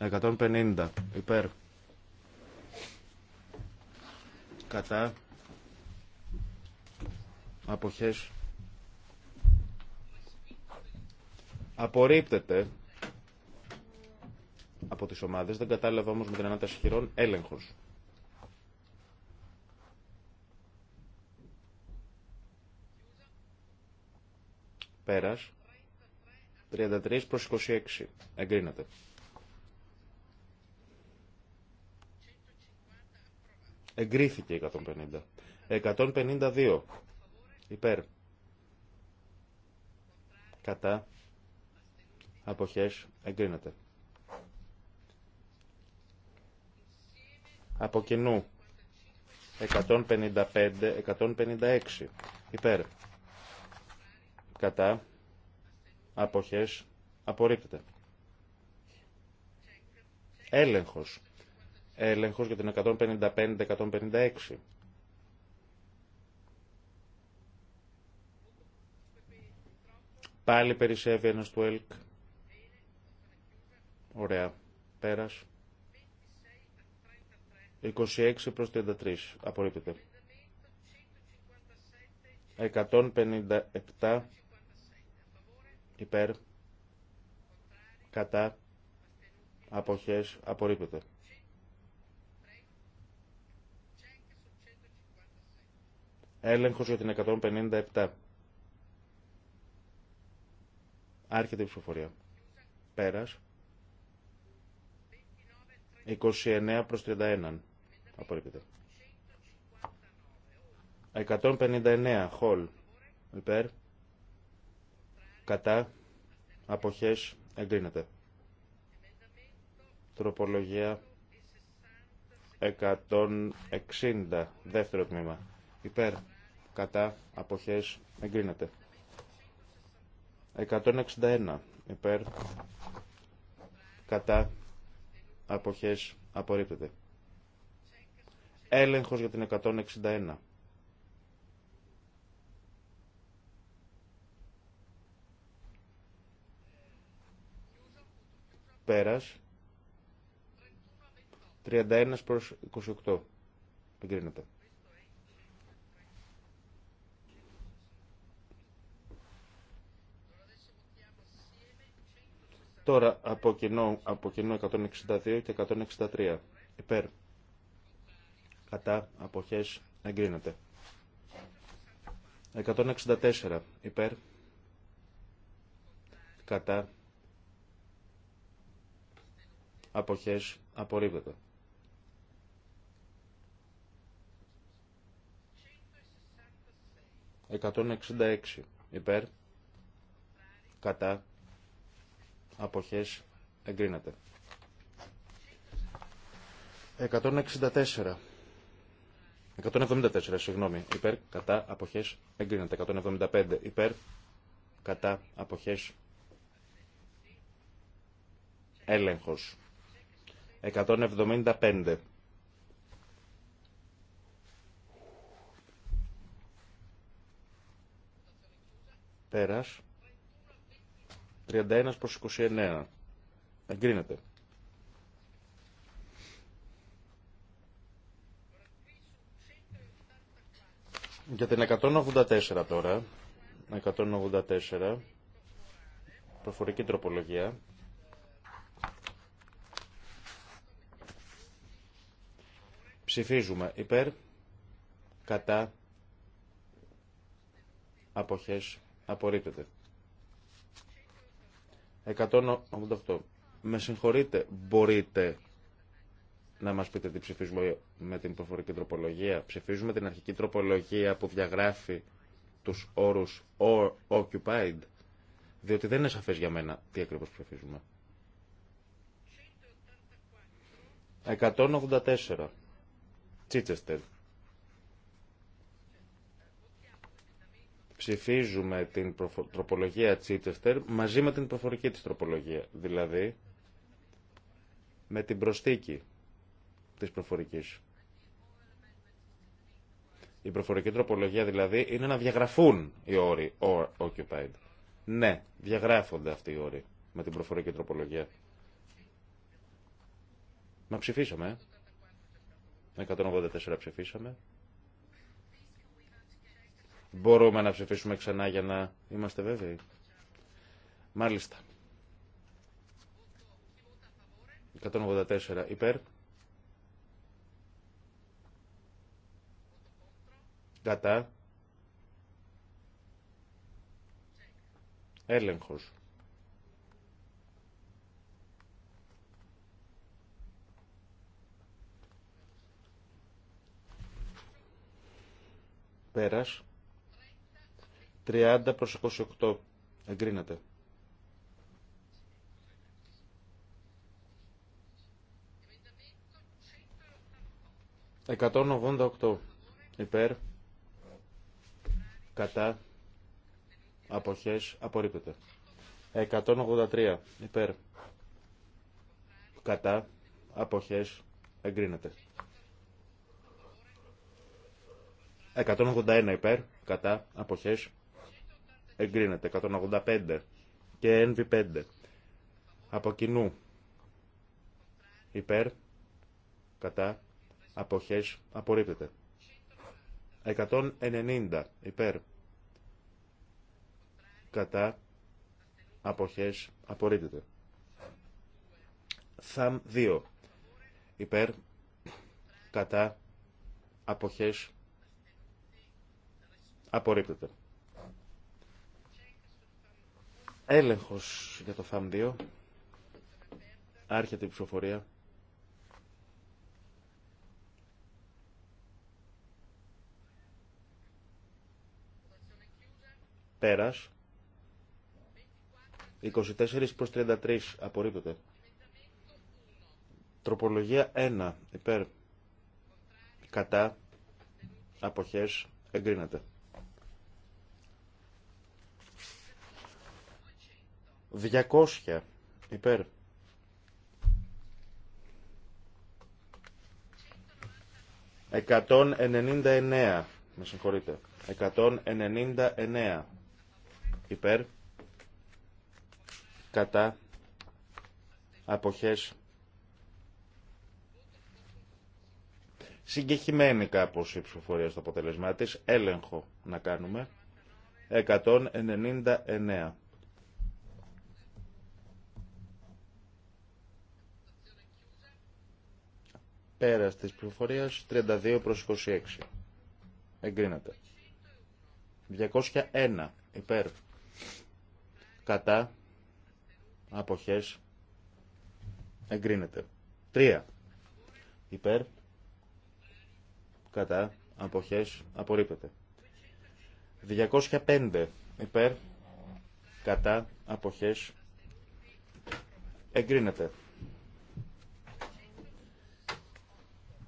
150 υπέρ κατά αποχές απορρίπτεται από τις ομάδες, δεν κατάλαβα όμως με την ανάταση χειρών έλεγχος. Πέρας, 33 προς 26, εγκρίνεται. Εγκρίθηκε 150. 152. Υπέρ. Κατά. Αποχές. Εγκρίνεται. Από κοινού. 155, 156. Υπέρ. Κατά. Αποχές. Απορρίπτεται. Έλεγχος έλεγχος για την 155-156. Πάλι περισσεύει ένας του ΕΛΚ. Ωραία. Πέρας. 26 προς 33. Απορρίπτεται. 157 υπέρ κατά αποχές απορρίπτεται. Έλεγχος για την 157. Άρχεται η ψηφοφορία. Πέρας. 29 προς 31. Απορρίπτεται. 159. Χολ. Υπέρ. Κατά. Αποχές. Εγκρίνεται. Τροπολογία 160. Δεύτερο τμήμα υπέρ, κατά, αποχές, εγκρίνεται. 161 υπέρ, κατά, αποχές, απορρίπτεται. Έλεγχος για την 161. Πέρας, 31 προς 28. Εγκρίνεται. Τώρα από κοινό, 162 και 163 υπέρ κατά αποχές εγκρίνεται. 164 υπέρ κατά αποχές απορρίβεται. 166 υπέρ κατά αποχές εγκρίνεται. 164. 174, συγγνώμη, υπέρ, κατά, αποχές, εγκρίνεται. 175, υπέρ, κατά, αποχές, έλεγχος. 175. Πέρας. 31 προς 29. Εγκρίνεται. Για την 184 τώρα, 184, προφορική τροπολογία, ψηφίζουμε υπέρ, κατά, αποχές, απορρίπτεται. 188. Με συγχωρείτε, μπορείτε να μας πείτε τι ψηφίζουμε με την προφορική τροπολογία. Ψηφίζουμε την αρχική τροπολογία που διαγράφει τους όρους or occupied, διότι δεν είναι σαφές για μένα τι ακριβώς ψηφίζουμε. 184. Τσίτσεστερ. ψηφίζουμε την τροπολογία Τσίτσεστερ μαζί με την προφορική της τροπολογία, δηλαδή με την προστίκη της προφορικής. Η προφορική τροπολογία δηλαδή είναι να διαγραφούν οι όροι or occupied. Ναι, διαγράφονται αυτοί οι όροι με την προφορική τροπολογία. Μα ψηφίσαμε. 184 ψηφίσαμε. Μπορούμε να ψηφίσουμε ξανά για να είμαστε βέβαιοι. Μάλιστα. 184 υπέρ. Κατά. Έλεγχος. Πέρας. 30 προς 28. Εγκρίνεται. Εκατόν ογδόντα οκτώ. Υπέρ. Κατά. Αποχές. Απορρίπτεται. 183. Υπέρ. Κατά. Αποχές. Εγκρίνεται. 181 υπέρ. Κατά. Αποχές εγκρίνεται. 185 και NV5 από κοινού υπέρ, κατά, αποχές, απορρίπτεται. 190 υπέρ, κατά, αποχές, απορρίπτεται. Θαμ 2 υπέρ, κατά, αποχές, απορρίπτεται. Έλεγχος για το ΦΑΜ2. Άρχεται η ψηφοφορία. Πέρας. 24 προς 33 απορρίπτεται. Τροπολογία 1 υπέρ κατά αποχές εγκρίνεται. 200 υπέρ. Εκατόν ενενήντα Με συγχωρείτε. Εκατόν ενενήντα εννέα. Υπέρ. Κατά. Αποχές. Συγκεχημένη κάπως η ψηφοφορία στο αποτελεσμά της. Έλεγχο να κάνουμε. 199. Πέρας της πληροφορίας 32 προς 26. Εγκρίνεται. 201 υπέρ. Κατά. Αποχές. Εγκρίνεται. 3 υπέρ. Κατά. Αποχές. Απορρίπτεται. 205 υπέρ. Κατά. Αποχές. Εγκρίνεται.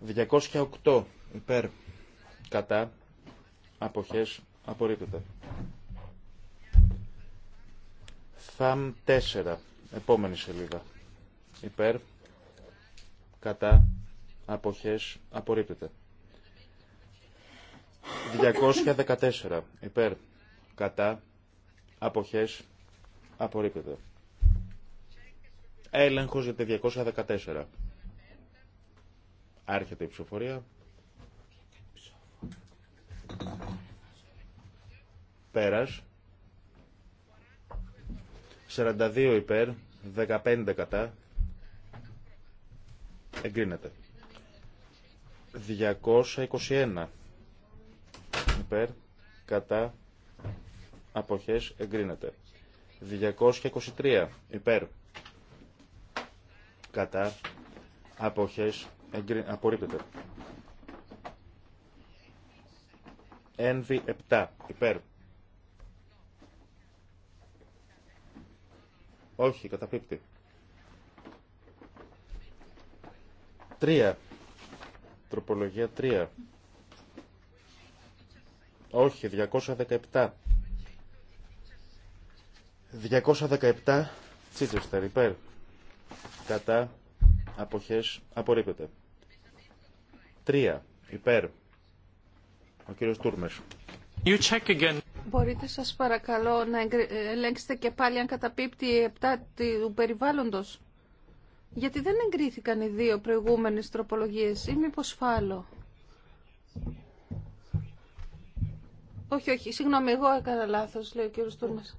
208 υπέρ κατά αποχές απορρίπτεται. ΘΑΜ 4 επόμενη σελίδα υπέρ κατά αποχές απορρίπτεται. 214 υπέρ κατά αποχές απορρίπτεται. Έλεγχος για τη 214. Άρχεται η ψηφοφορία. Πέρας. 42 υπέρ, 15 κατά. Εγκρίνεται. 221 υπέρ, κατά, αποχές, εγκρίνεται. 223 υπέρ, κατά, αποχές, Εγκρι... Απορρίπτεται. 7. Υπέρ. Όχι, καταπίπτει. 3. Τροπολογία 3. Όχι, 217. 217 τσίτσεστερ υπέρ. Κατά αποχές απορρίπτεται. Τρία Υπέρ. Ο κύριος Τούρμες. You check again. Μπορείτε σας παρακαλώ να ελέγξετε και πάλι αν καταπίπτει η επτά του περιβάλλοντος. Γιατί δεν εγκρίθηκαν οι δύο προηγούμενες τροπολογίες ή μήπως φάλω. Όχι, όχι, συγγνώμη, εγώ έκανα λάθος, λέει ο κύριος Τούρμας.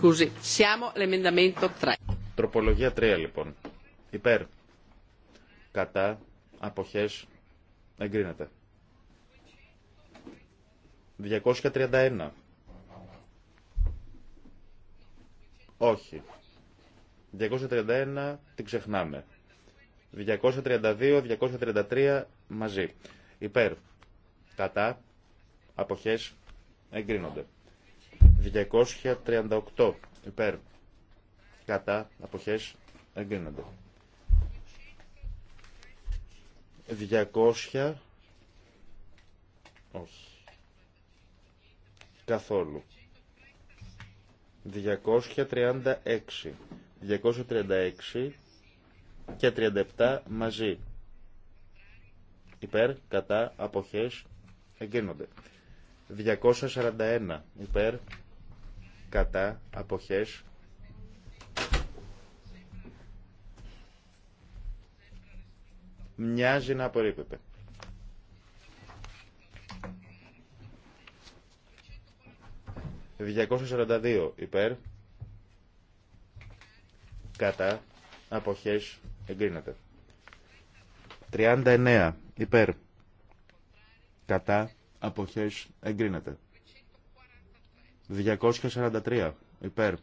Scusi, siamo l'emendamento 3. Τροπολογία 3 λοιπόν. Υπέρ. Κατά. Αποχές. Εγκρίνεται. 231. Όχι. 231 την ξεχνάμε. 232, 233 μαζί. Υπέρ. Κατά. Αποχές. Εγκρίνονται. 238 υπέρ κατά αποχές εγκρίνονται 200 όχι καθόλου 236 236 και 37 μαζί υπέρ κατά αποχές εγκρίνονται 241 υπέρ κατά αποχές μοιάζει να απορρίπτεται. 242 υπέρ κατά αποχές εγκρίνεται 39 υπέρ κατά αποχές εγκρίνεται 243 υπέρ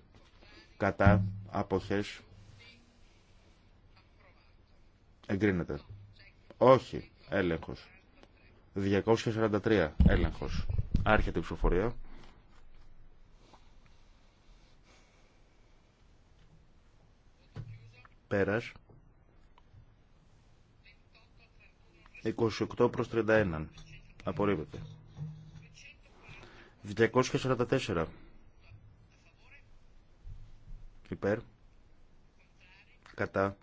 κατά αποχές εγκρίνεται. Όχι, έλεγχος. 243 έλεγχος. Άρχεται η ψηφοφορία. Πέρας. 28 προς 31. Απορρίβεται. 244. Υπέρ. Κατά.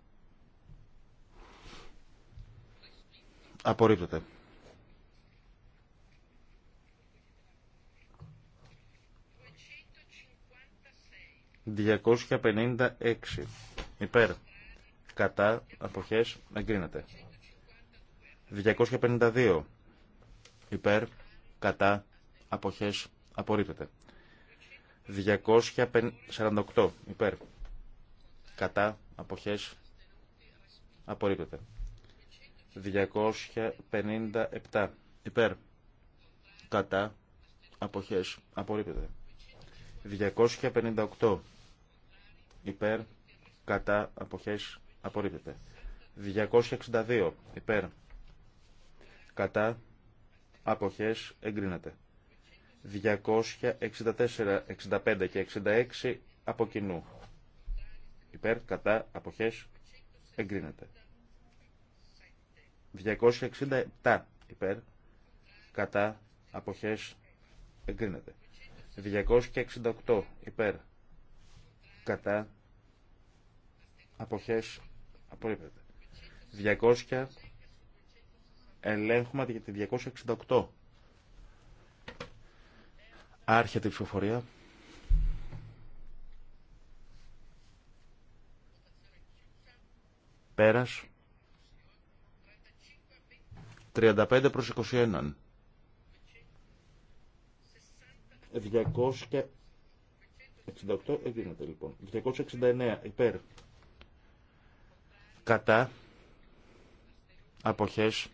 Απορρίπτεται. 256. Υπέρ. Κατά. Αποχές. Εγκρίνεται. 252. Υπέρ. Κατά. Αποχές. Απορρίπτεται. 248 υπέρ. Κατά αποχές απορρίπτεται. 257 υπέρ. Κατά αποχές απορρίπτεται. 258 υπέρ. Κατά αποχές απορρίπτεται. 262 υπέρ. Κατά αποχές εγκρίνεται. 264, 65 και 66 από κοινού. Υπέρ, κατά, αποχές, εγκρίνεται. 267 υπέρ, κατά, αποχές, εγκρίνεται. 268 υπέρ, κατά, αποχές, απορρίπτεται. 200 ελέγχουμε για τη 268. Άρχεται η ψηφοφορία. Πέρας. 35 προς 21. 268 εγκρίνεται λοιπόν. 269 υπέρ. Κατά. Αποχές.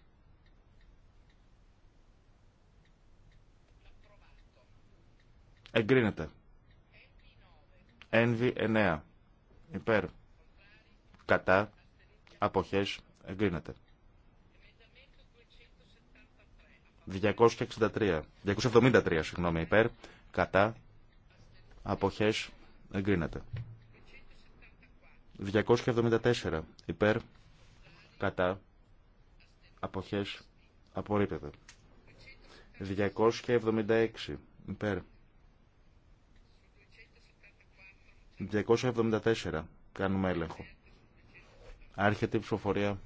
Εγκρίνεται. Ένβη 9. Υπέρ. Κατά. Αποχές. Εγκρίνεται. 263. 273, συγγνώμη, υπέρ. Κατά. Αποχές. Εγκρίνεται. 274. Υπέρ. Κατά. Αποχές. Απορρίπτεται. 276. Υπέρ. 274. Κάνουμε έλεγχο. Άρχεται η ψηφοφορία.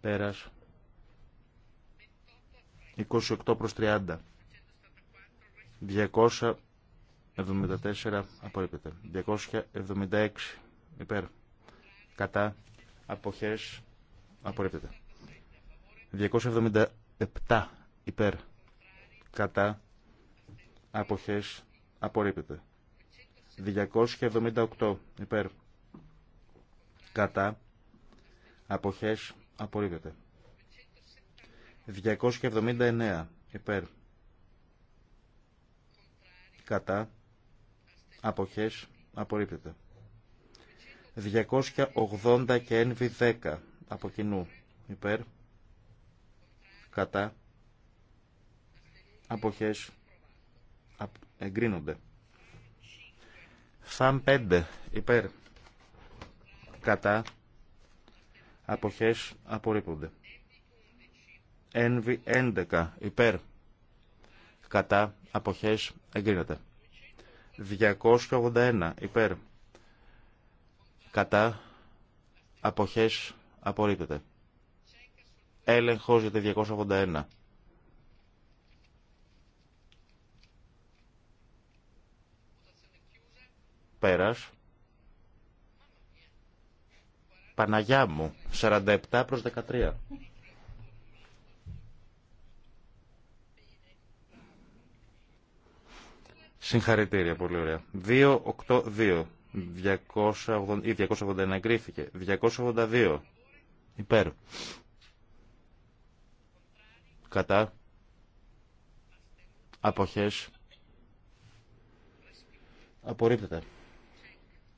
Πέρας. 28 προς 30. 274 απορρίπτεται. 276 υπέρ. Κατά. Αποχές απορρίπτεται. 277 υπέρ κατά αποχές απορρίπτεται 278 υπέρ κατά αποχές απορρίπτεται 279 υπέρ κατά αποχές απορρίπτεται 280 και NV10 από κοινού υπέρ κατά αποχές εγκρίνονται. Φάν 5 υπέρ κατά αποχές απορρίπτονται. Ένβι 11 υπέρ κατά αποχές εγκρίνεται. 281 υπέρ κατά αποχές απορρίπτονται. Έλεγχος για το 281. Πέρας. Παναγιά μου, 47 προς 13. Συγχαρητήρια, πολύ ωραία. 282. 280, ή 281 εγκρίθηκε. 282. Υπέρ. Κατά. Αποχές. Απορρίπτεται.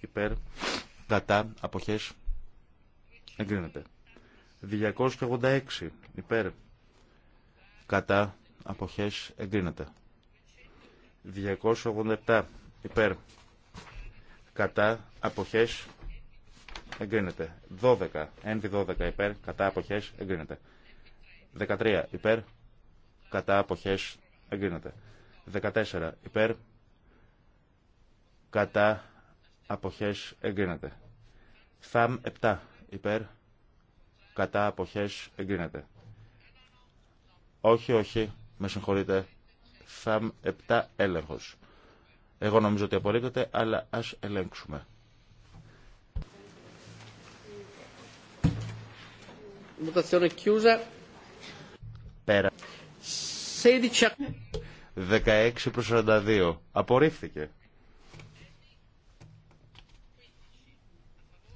υπέρ, κατά, αποχές, εγκρίνεται. 286 υπέρ, κατά, αποχές, εγκρίνεται. 287 υπέρ, κατά, αποχές, εγκρίνεται. 12, Έντι 12 υπέρ, κατά, αποχές, εγκρίνεται. 13 υπέρ, κατά, αποχές, εγκρίνεται. 14 υπέρ, κατά, αποχές εγκρίνεται. ΘΑΜ 7 υπέρ κατά αποχές εγκρίνεται. Όχι, όχι, με συγχωρείτε. ΘΑΜ 7 έλεγχος. Εγώ νομίζω ότι απορρίπτεται, αλλά ας ελέγξουμε. Πέρα. 16 προς 42. Απορρίφθηκε.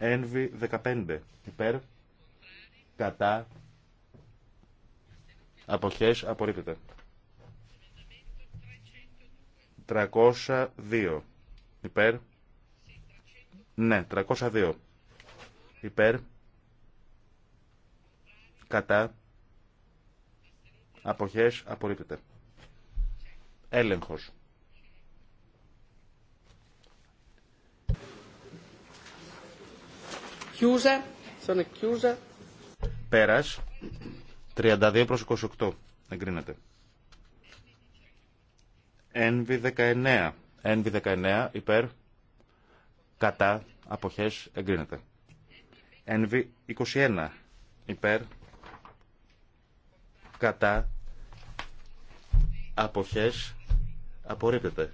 ΕΝΒΙ 15 υπέρ κατά αποχές απορρίπτεται. 302 υπέρ ναι 302 υπέρ κατά αποχές απορρίπτεται. Έλεγχος. Κιούζα. Πέρας. 32 προς 28. Εγκρίνεται. NV19. NV19 υπέρ. Κατά. Αποχές. Εγκρίνεται. NV21 υπέρ. Κατά. Αποχές. Απορρίπτεται.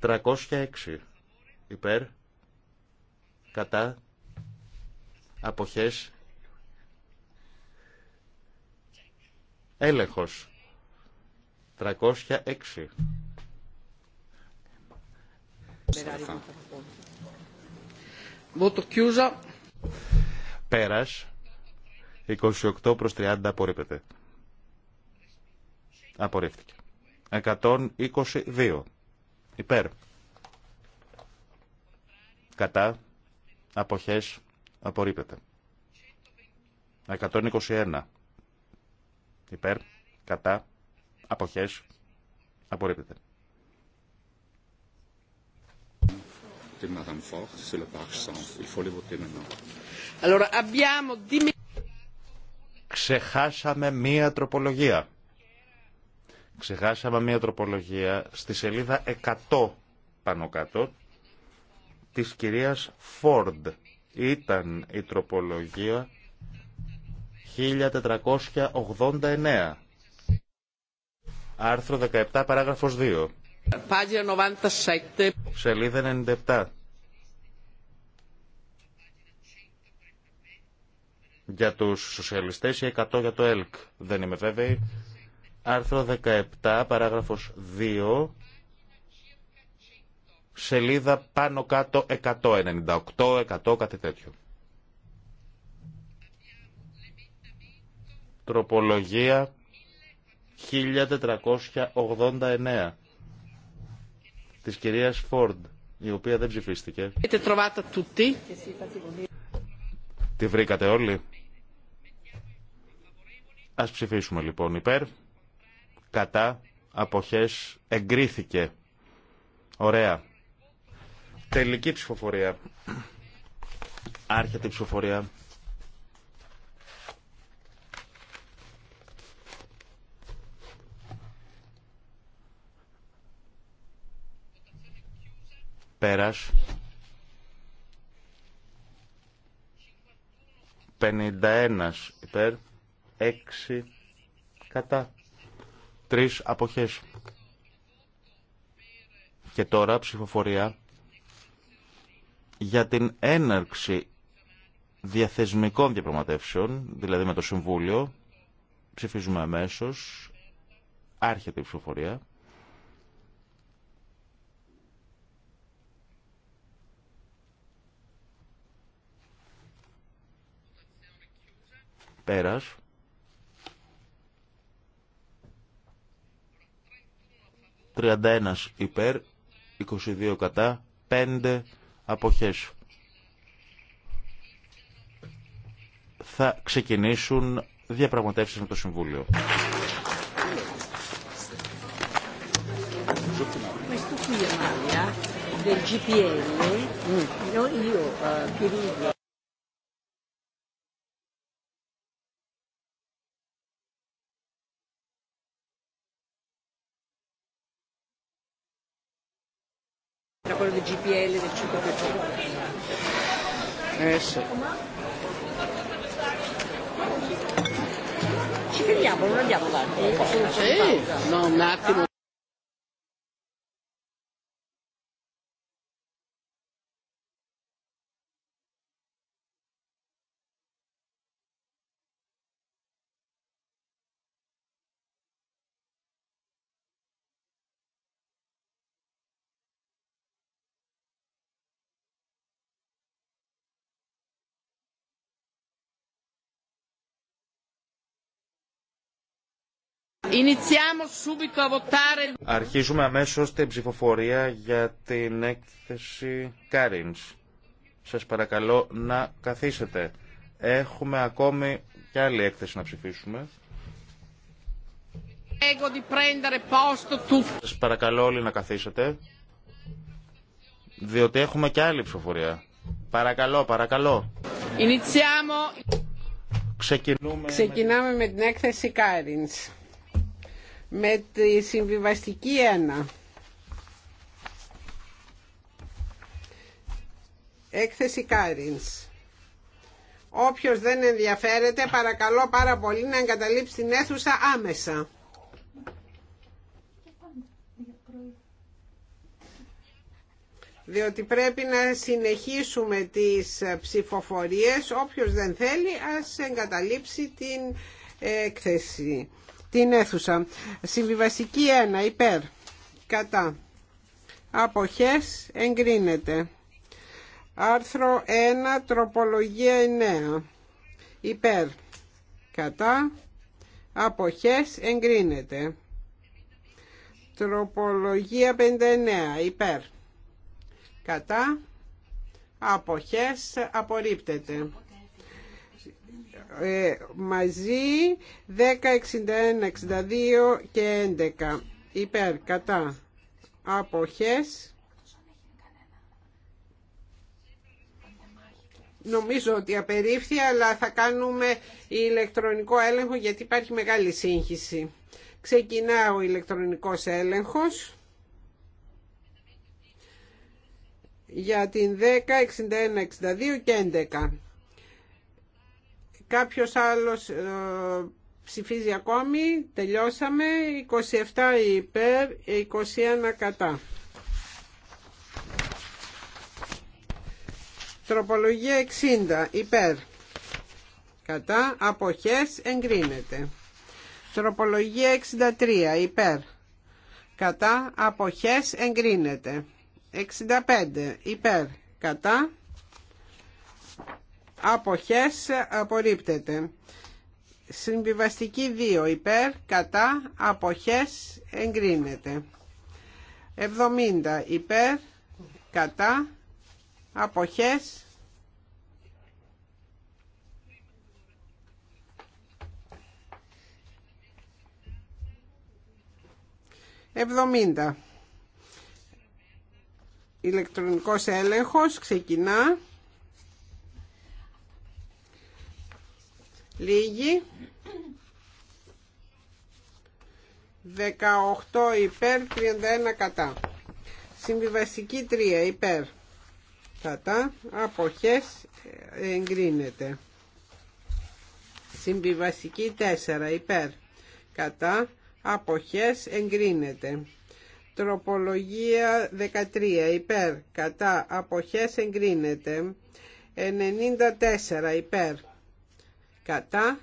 306 υπέρ κατά αποχές έλεγχος 306 Πέρας 28 προς 30 απορρίπτεται. Απορρίφθηκε. 122. Υπέρ. Κατά. Αποχές. Απορρίπτεται. 121. Υπέρ. Κατά. Αποχές. Απορρίπτεται. Ξεχάσαμε μία τροπολογία. Ξεχάσαμε μία τροπολογία στη σελίδα 100 πάνω κάτω της κυρίας Φόρντ. Ήταν η τροπολογία 1489. Άρθρο 17, παράγραφος 2. Σελίδα 97. Για τους σοσιαλιστές ή 100 για το ΕΛΚ. Δεν είμαι βέβαιη. Άρθρο 17, παράγραφος 2, σελίδα πάνω κάτω 198, 100, κάτι τέτοιο. Τροπολογία 1489 της κυρίας Φόρντ, η οποία δεν ψηφίστηκε. Τη βρήκατε όλοι. Ας ψηφίσουμε λοιπόν υπέρ. Κατά αποχές εγκρίθηκε. Ωραία. Τελική ψηφοφορία. Άρχεται η ψηφοφορία. Πέρας. 51 υπέρ, 6 κατά, 3 αποχές. Και τώρα ψηφοφορία για την έναρξη διαθεσμικών διαπραγματεύσεων, δηλαδή με το Συμβούλιο, ψηφίζουμε αμέσως, άρχεται η ψηφοφορία. Πέρας. 31 υπέρ, 22 κατά, 5 αποχές. Θα ξεκινήσουν διαπραγματεύσεις με το Συμβούλιο. Questo qui è del GPL, mm. io eh, Piriglia. PL del 5%. Eh sì. Ci fermiamo, non andiamo avanti. Sì, no, un attimo. Αρχίζουμε αμέσως την ψηφοφορία για την έκθεση Κάριν. Σας παρακαλώ να καθίσετε. Έχουμε ακόμη και άλλη έκθεση να ψηφίσουμε. Σας παρακαλώ όλοι να καθίσετε. Διότι έχουμε και άλλη ψηφοφορία. Παρακαλώ, παρακαλώ. Ξεκινούμε, Ξεκινάμε με... με την έκθεση Κάριν με τη συμβιβαστική ένα Έκθεση Κάρινς. Όποιος δεν ενδιαφέρεται παρακαλώ πάρα πολύ να εγκαταλείψει την αίθουσα άμεσα. διότι πρέπει να συνεχίσουμε τις ψηφοφορίες. Όποιος δεν θέλει ας εγκαταλείψει την έκθεση την αίθουσα. Συμβιβαστική 1 υπέρ κατά αποχές εγκρίνεται. Άρθρο 1 τροπολογία 9 υπέρ κατά αποχές εγκρίνεται. Τροπολογία 59 υπέρ κατά αποχές απορρίπτεται. Ε, μαζί 10, 61, 62 και 11 υπέρ κατά αποχές Νομίζω ότι απερίφθη, αλλά θα κάνουμε ηλεκτρονικό έλεγχο γιατί υπάρχει μεγάλη σύγχυση. Ξεκινά ο ηλεκτρονικός έλεγχος για την 10, 61, 62 και 11. Κάποιος άλλος ε, ψηφίζει ακόμη. Τελειώσαμε. 27 υπέρ, 21 κατά. Τροπολογία 60 υπέρ. Κατά. Αποχές εγκρίνεται. Τροπολογία 63 υπέρ. Κατά. Αποχές εγκρίνεται. 65 υπέρ. Κατά αποχές απορρίπτεται. Συμβιβαστική 2 υπέρ, κατά, αποχές εγκρίνεται. 70 υπέρ, κατά, αποχές Εβδομήντα. Ηλεκτρονικός έλεγχος ξεκινά. Λίγοι. 18 υπέρ, 31 κατά. Συμβιβαστική 3 υπέρ. Κατά. Αποχές ε, εγκρίνεται. Συμβιβαστική 4 υπέρ. Κατά. Αποχές εγκρίνεται. Τροπολογία 13 υπέρ. Κατά. Αποχές εγκρίνεται. 94 υπέρ κατά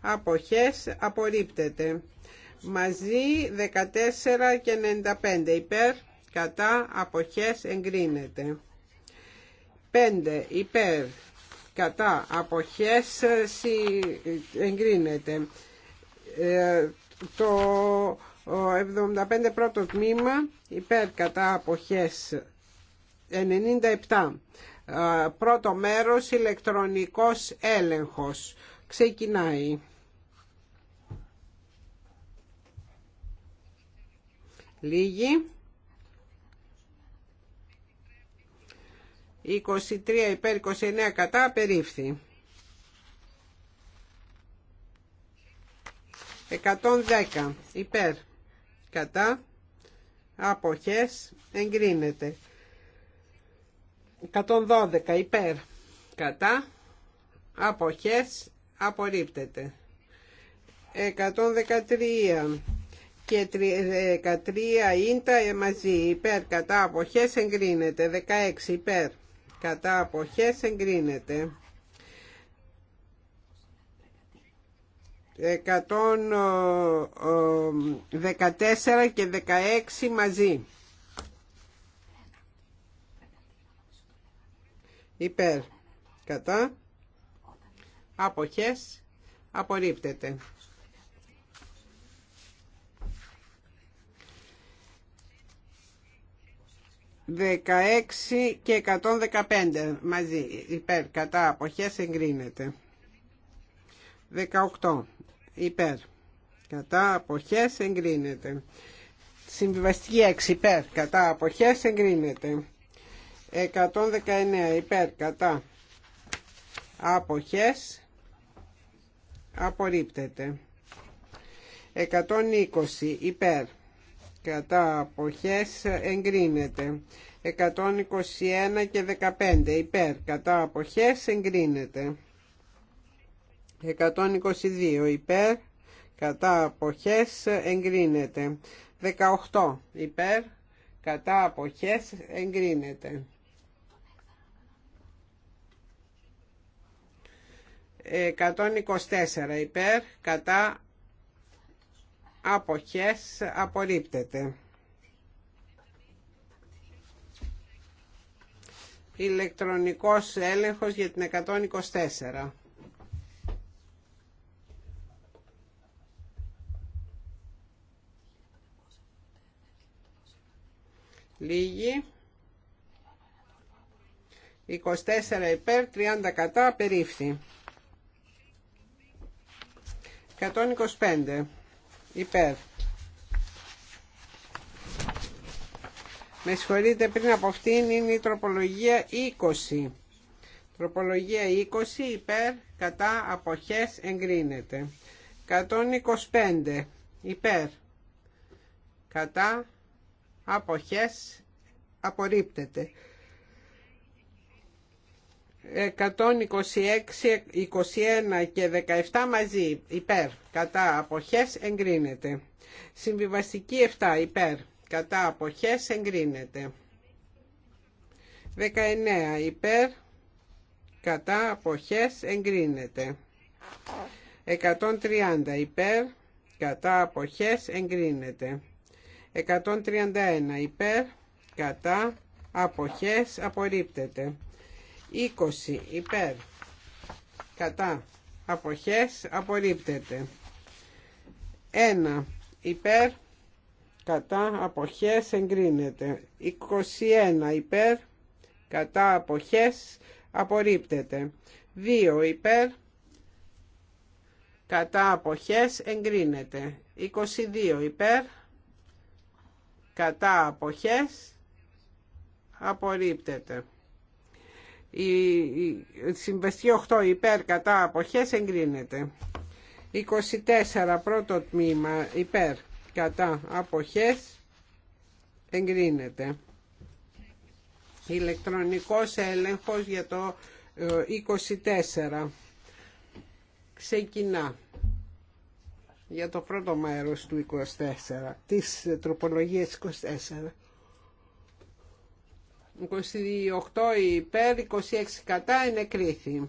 αποχές απορρίπτεται μαζί 14 και 95 υπέρ κατά αποχές εγκρίνεται 5 υπέρ κατά αποχές εγκρίνεται ε, το 75 πρώτο τμήμα υπέρ κατά αποχές 97 πρώτο μέρος ηλεκτρονικός έλεγχος ξεκινάει. Λίγη. 23 υπέρ 29 κατά απερίφθη. 110 υπέρ κατά αποχές εγκρίνεται. 112 υπέρ κατά αποχές απορρίπτεται. 113 και 13 ίντα ε, μαζί υπέρ κατά αποχές εγκρίνεται 16 υπέρ κατά αποχές εγκρίνεται 114 και 16 μαζί υπέρ κατά αποχές απορρίπτεται. 16 και 115 μαζί υπέρ κατά αποχές εγκρίνεται. 18 υπέρ κατά αποχές εγκρίνεται. Συμβιβαστική 6 υπέρ κατά αποχές εγκρίνεται. 119 υπέρ κατά αποχές απορρίπτεται 120 υπέρ κατά αποχές εγκρίνεται 121 και 15 υπέρ κατά αποχές εγκρίνεται 122 υπέρ κατά αποχές εγκρίνεται 18 υπέρ κατά αποχές εγκρίνεται 124 υπέρ κατά αποχές απορρίπτεται. Ηλεκτρονικός έλεγχος για την 124. Λίγη. 24 υπέρ, 30 κατά, περίφθη. 125 υπέρ με συγχωρείτε πριν από αυτήν είναι η τροπολογία 20 τροπολογία 20 υπέρ κατά αποχές εγκρίνεται 125 υπέρ κατά αποχές απορρίπτεται 126, 21 και 17 μαζί υπέρ κατά αποχές εγκρίνεται. Συμβιβαστική 7 υπέρ κατά αποχές εγκρίνεται. 19 υπέρ κατά αποχές εγκρίνεται. 130 υπέρ κατά αποχές εγκρίνεται. 131 υπέρ κατά αποχές απορρίπτεται. 20 υπέρ κατά αποχές απορρίπτεται 1 υπέρ κατά αποχές εγκρίνεται 21 υπέρ κατά αποχές απορρίπτεται 2 υπέρ κατά αποχές εγκρίνεται 22 υπέρ κατά αποχές απορρίπτεται η συμβεστή 8 υπέρ κατά αποχές εγκρίνεται. 24 πρώτο τμήμα υπέρ κατά αποχές εγκρίνεται. Ηλεκτρονικός έλεγχος για το 24. Ε, Ξεκινά για το πρώτο μέρος του 24, της τροπολογίας 24. 28 υπέρ, 26 κατά, ενεκρίθη.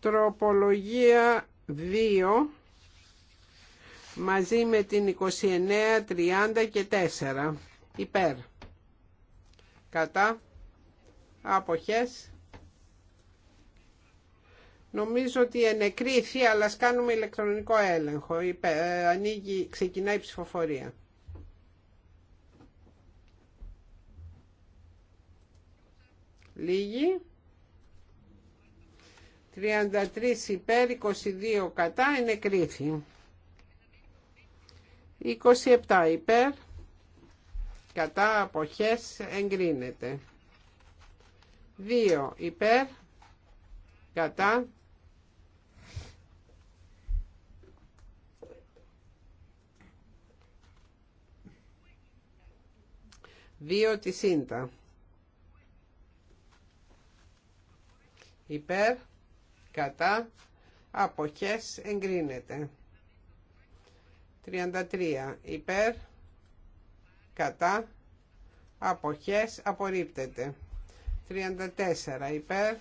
Τροπολογία 2 μαζί με την 29, 30 και 4 υπέρ. Κατά. Αποχές. Νομίζω ότι ενεκρίθη, αλλά κάνουμε ηλεκτρονικό έλεγχο. Ε, ανοίγει, ξεκινάει η ψηφοφορία. Λίγοι. 33 υπέρ, 22 κατά, είναι κρίθη. 27 υπέρ, κατά αποχές εγκρίνεται. 2 υπέρ, κατά 2 τη ΣΥΝΤΑ. υπέρ, κατά, αποχές εγκρίνεται. 33. Υπέρ, κατά, αποχές απορρίπτεται. 34. Υπέρ,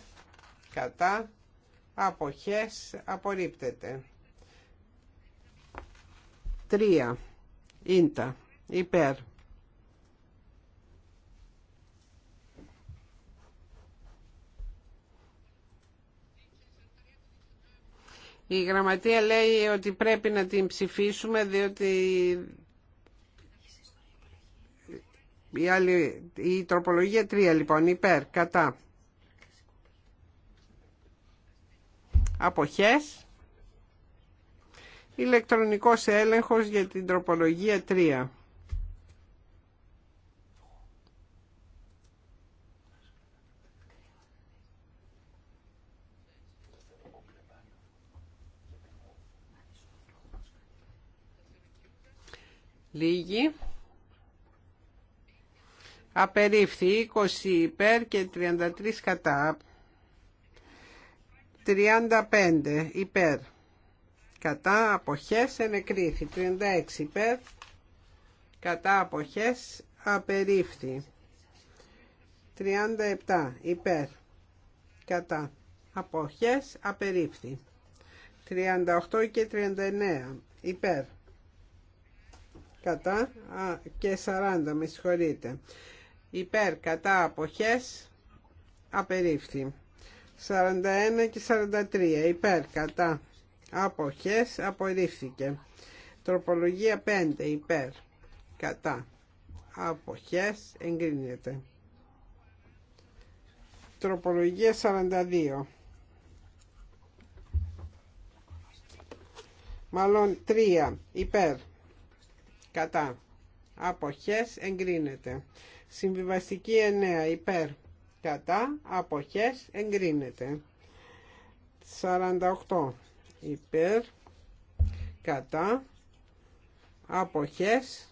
κατά, αποχές απορρίπτεται. 3. Ίντα. Υπέρ, Η γραμματεία λέει ότι πρέπει να την ψηφίσουμε διότι η, η τροπολογία 3 λοιπόν υπέρ κατά αποχές ηλεκτρονικός έλεγχος για την τροπολογία 3 λίγοι. Απερίφθη 20 υπέρ και 33 κατά. 35 υπέρ. Κατά αποχές ενεκρίθη. 36 υπέρ. Κατά αποχές απερίφθη. 37 υπέρ. Κατά αποχές απερίφθη. 38 και 39 υπέρ κατά α, και 40 με συγχωρείτε υπέρ κατά αποχές απερίφθη 41 και 43 υπέρ κατά αποχές απορρίφθηκε τροπολογία 5 υπέρ κατά αποχές εγκρίνεται τροπολογία 42 μάλλον 3 υπέρ κατά αποχές εγκρίνεται συμβιβαστική 9 υπέρ κατά αποχές εγκρίνεται 48 υπέρ κατά αποχές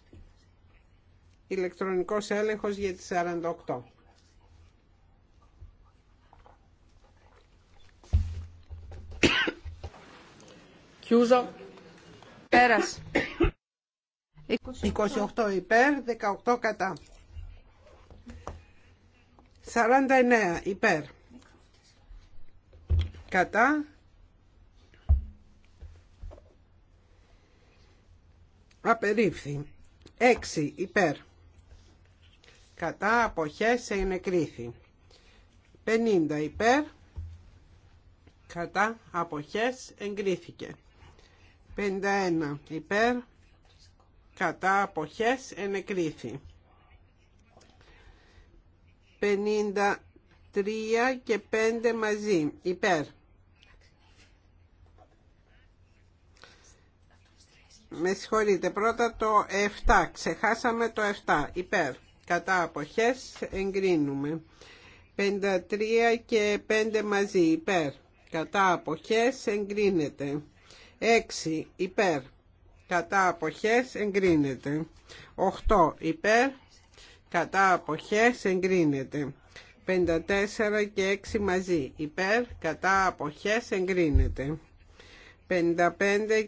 ηλεκτρονικός έλεγχος για τις 48 Κιούζο, Πέρας. 28 υπέρ, 18 κατά. 49 υπέρ. Κατά. Απερίφθη. 6 υπέρ. Κατά αποχές ενεκρίθη. 50 υπέρ. Κατά αποχές εγκρίθηκε. 51 υπέρ κατά αποχές ενεκρίθη. 53 και 5 μαζί υπέρ. Με συγχωρείτε, πρώτα το 7, ξεχάσαμε το 7, υπέρ. Κατά αποχές εγκρίνουμε. 53 και 5 μαζί υπέρ. Κατά αποχές εγκρίνεται. 6 υπέρ κατά αποχές εγκρίνεται 8 υπέρ κατά αποχές εγκρίνεται 54 και 6 μαζί υπέρ κατά αποχές εγκρίνεται 55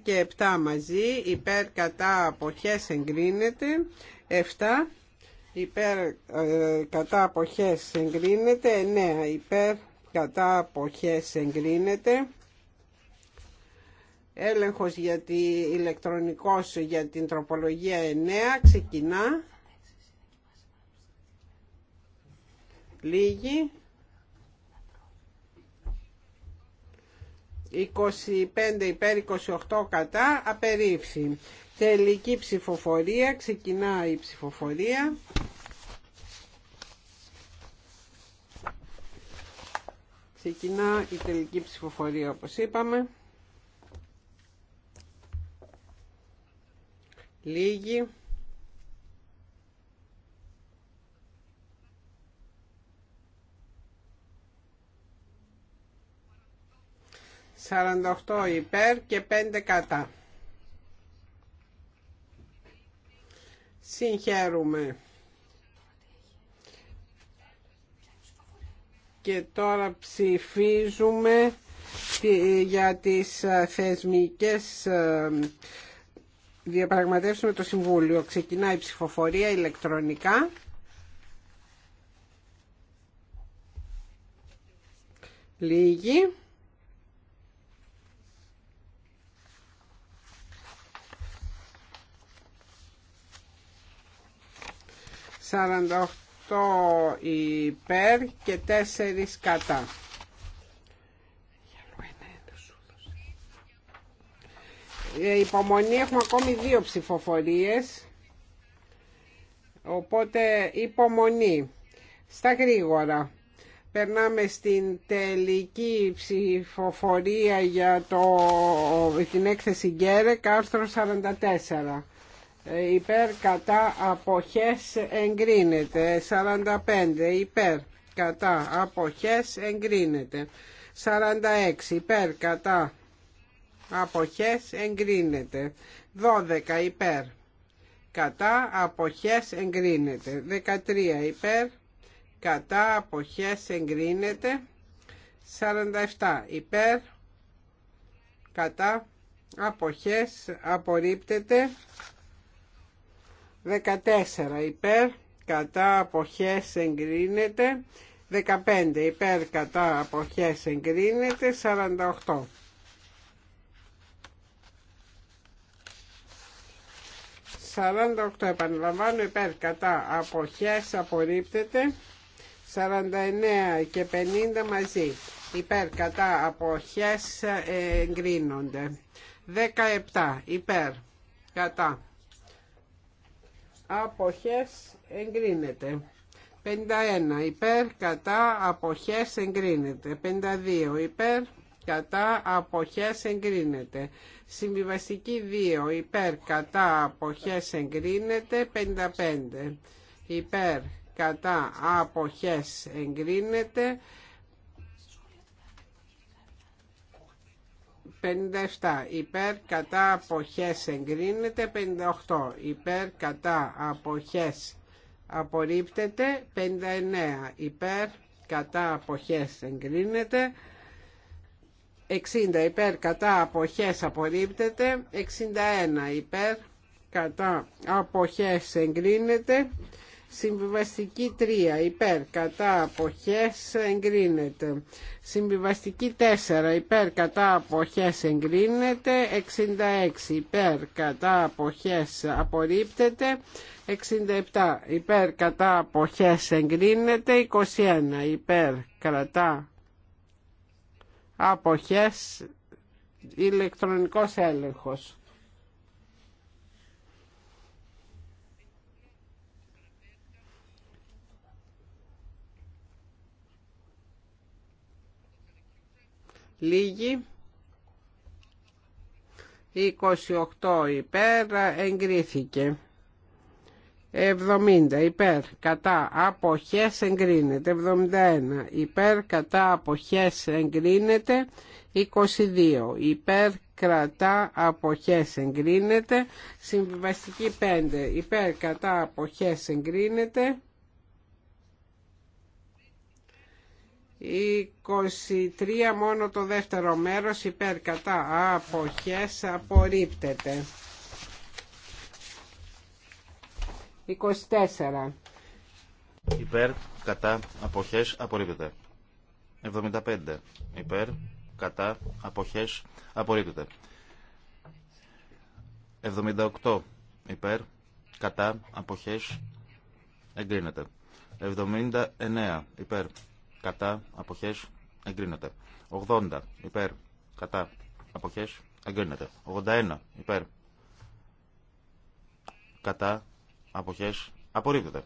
και 7 μαζί υπέρ κατά αποχές εγκρίνεται 7 υπέρ ε, κατά αποχές εγκρίνεται 9 υπέρ κατά αποχές εγκρίνεται έλεγχος για τη, ηλεκτρονικός για την τροπολογία 9 ξεκινά λίγη 25 υπέρ 28 κατά απερίφθη τελική ψηφοφορία ξεκινά η ψηφοφορία ξεκινά η τελική ψηφοφορία όπως είπαμε Λίγοι. 48 υπέρ και πέντε κατά. Συγχαίρουμε. Και τώρα ψηφίζουμε για τις ε, θεσμικές ε, διαπραγματεύσουμε το Συμβούλιο. Ξεκινάει η ψηφοφορία ηλεκτρονικά. Λίγη. Σαράντα υπέρ και τέσσερις κατά. Ε, υπομονή έχουμε ακόμη δύο ψηφοφορίες οπότε υπομονή στα γρήγορα περνάμε στην τελική ψηφοφορία για το, την έκθεση Γκέρεκ άρθρο 44 ε, υπέρ κατά αποχές εγκρίνεται 45 υπέρ κατά αποχές εγκρίνεται 46 υπέρ κατά αποχές εγκρίνεται 12 υπέρ κατά αποχές εγκρίνεται 13 υπέρ κατά αποχές εγκρίνεται 47 υπέρ κατά αποχές απορρίπτεται 14 υπέρ κατά αποχές εγκρίνεται 15 υπέρ κατά αποχές εγκρίνεται 48 48 επαναλαμβάνω υπέρ κατά αποχές απορρίπτεται 49 και 50 μαζί υπέρ κατά αποχές εγκρίνονται 17 υπέρ κατά αποχές εγκρίνεται 51 υπέρ κατά αποχές εγκρίνεται 52 υπέρ κατά αποχές εγκρίνεται Συμβιβαστική 2. Υπέρ κατά αποχές εγκρίνεται 55. Υπέρ κατά αποχές εγκρίνεται 57. Υπέρ κατά αποχές εγκρίνεται 58. Υπέρ κατά αποχές απορρίπτεται 59. Υπέρ κατά αποχές εγκρίνεται 60 υπέρ κατά αποχές απορρίπτεται 61 υπέρ κατά αποχές εγκρίνεται Συμβιβαστική 3 υπέρ κατά αποχές εγκρίνεται. Συμβιβαστική 4 υπέρ κατά αποχές εγκρίνεται. 66 υπέρ κατά αποχές απορρίπτεται. 67 υπέρ κατά αποχές εγκρίνεται. 21 υπέρ κατά αποχές ηλεκτρονικός έλεγχος. Λίγοι. 28 υπέρ εγκρίθηκε. 70 υπέρ κατά αποχές εγκρίνεται 71 υπέρ κατά αποχές εγκρίνεται 22 υπέρ κατά αποχές εγκρίνεται συμβιβαστική 5 υπέρ κατά αποχές εγκρίνεται 23 μόνο το δεύτερο μέρος υπέρ κατά αποχές απορρίπτεται 24. Υπέρ, κατά, αποχές, απορρίπτεται. 75. Υπέρ, κατά, αποχές, απορρίπτεται. 78. Υπέρ, κατά, αποχές, εγκρίνεται. 79. Υπέρ, κατά, αποχές, εγκρίνεται. 80. Υπέρ, κατά, αποχές, εγκρίνεται. 81. Υπέρ, κατά, αποχές απορρίπτεται.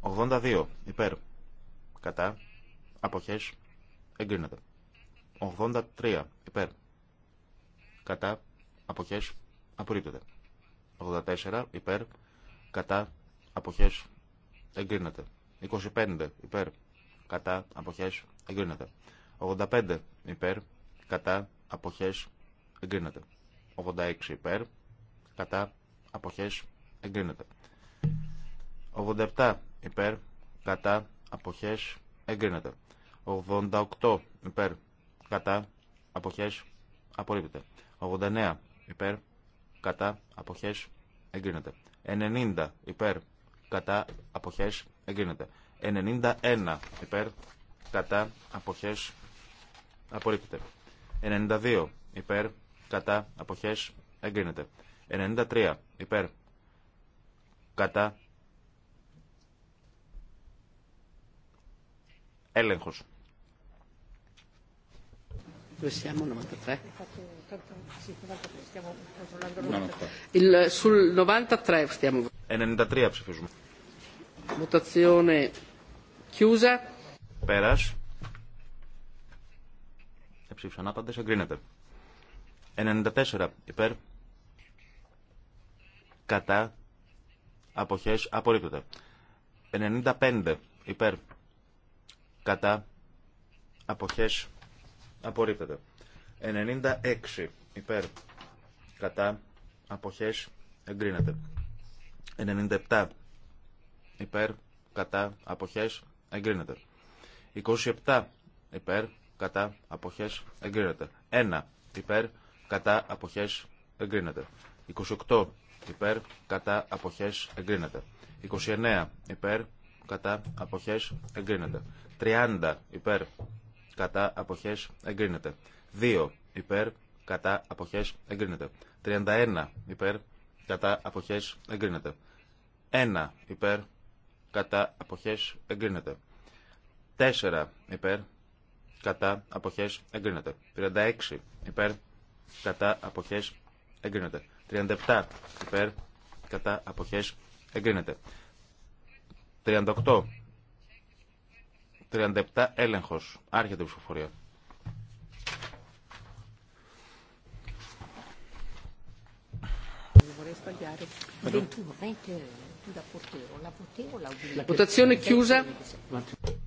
82 υπέρ κατά αποχές εγκρίνεται. 83 υπέρ κατά αποχές απορρίπτεται. 84 υπέρ κατά αποχές εγκρίνεται. 25 υπέρ κατά αποχές εγκρίνεται. 85 υπέρ κατά αποχές εγκρίνεται. 86 υπέρ κατά αποχές εγκρίνεται. 87 υπέρ, κατά, αποχές, εγκρίνεται. 88 υπέρ, κατά, αποχές, απορρίπτεται. 89 υπέρ, κατά, αποχές, εγκρίνεται. 90 υπέρ, κατά, αποχές, εγκρίνεται. 91 υπέρ, κατά, αποχές, απορρίπτεται. 92 υπέρ, κατά, αποχές, εγκρίνεται. 93 υπέρ, κατά, έλεγχος. Sul 93 stiamo 93 ψηφίζουμε. Votazione chiusa. Πέρας. Εψήφισαν άπαντες, εγκρίνεται. 94 υπέρ. Κατά. Αποχές, απορρίπτεται. 95 υπέρ κατά αποχές απορρίπτεται. 96 υπέρ κατά αποχές εγκρίνεται. 97 υπέρ κατά αποχές εγκρίνεται. 27 υπέρ κατά αποχές εγκρίνεται. 1 υπέρ κατά αποχές εγκρίνεται. 28 υπέρ κατά αποχές εγκρίνεται. 29 υπέρ κατά αποχές εγκρίνεται. 30 υπέρ κατά απόχέ εγκρίνεται. 2 υπέρ κατά Αποχέ. εγκρίνεται. 31 υπέρ κατά Αποχέ. εγκρίνεται. 1 υπέρ κατά απόχέ εγκρίνεται. 4 υπέρ κατά Αποχέ. εγκρίνεται. 36 υπέρ κατά Αποχέ. εγκρίνεται. 37 υπέρ κατά απόχέ εγκρίνεται. 38 37 έλεγχο. Άρχεται η ψηφοφορία.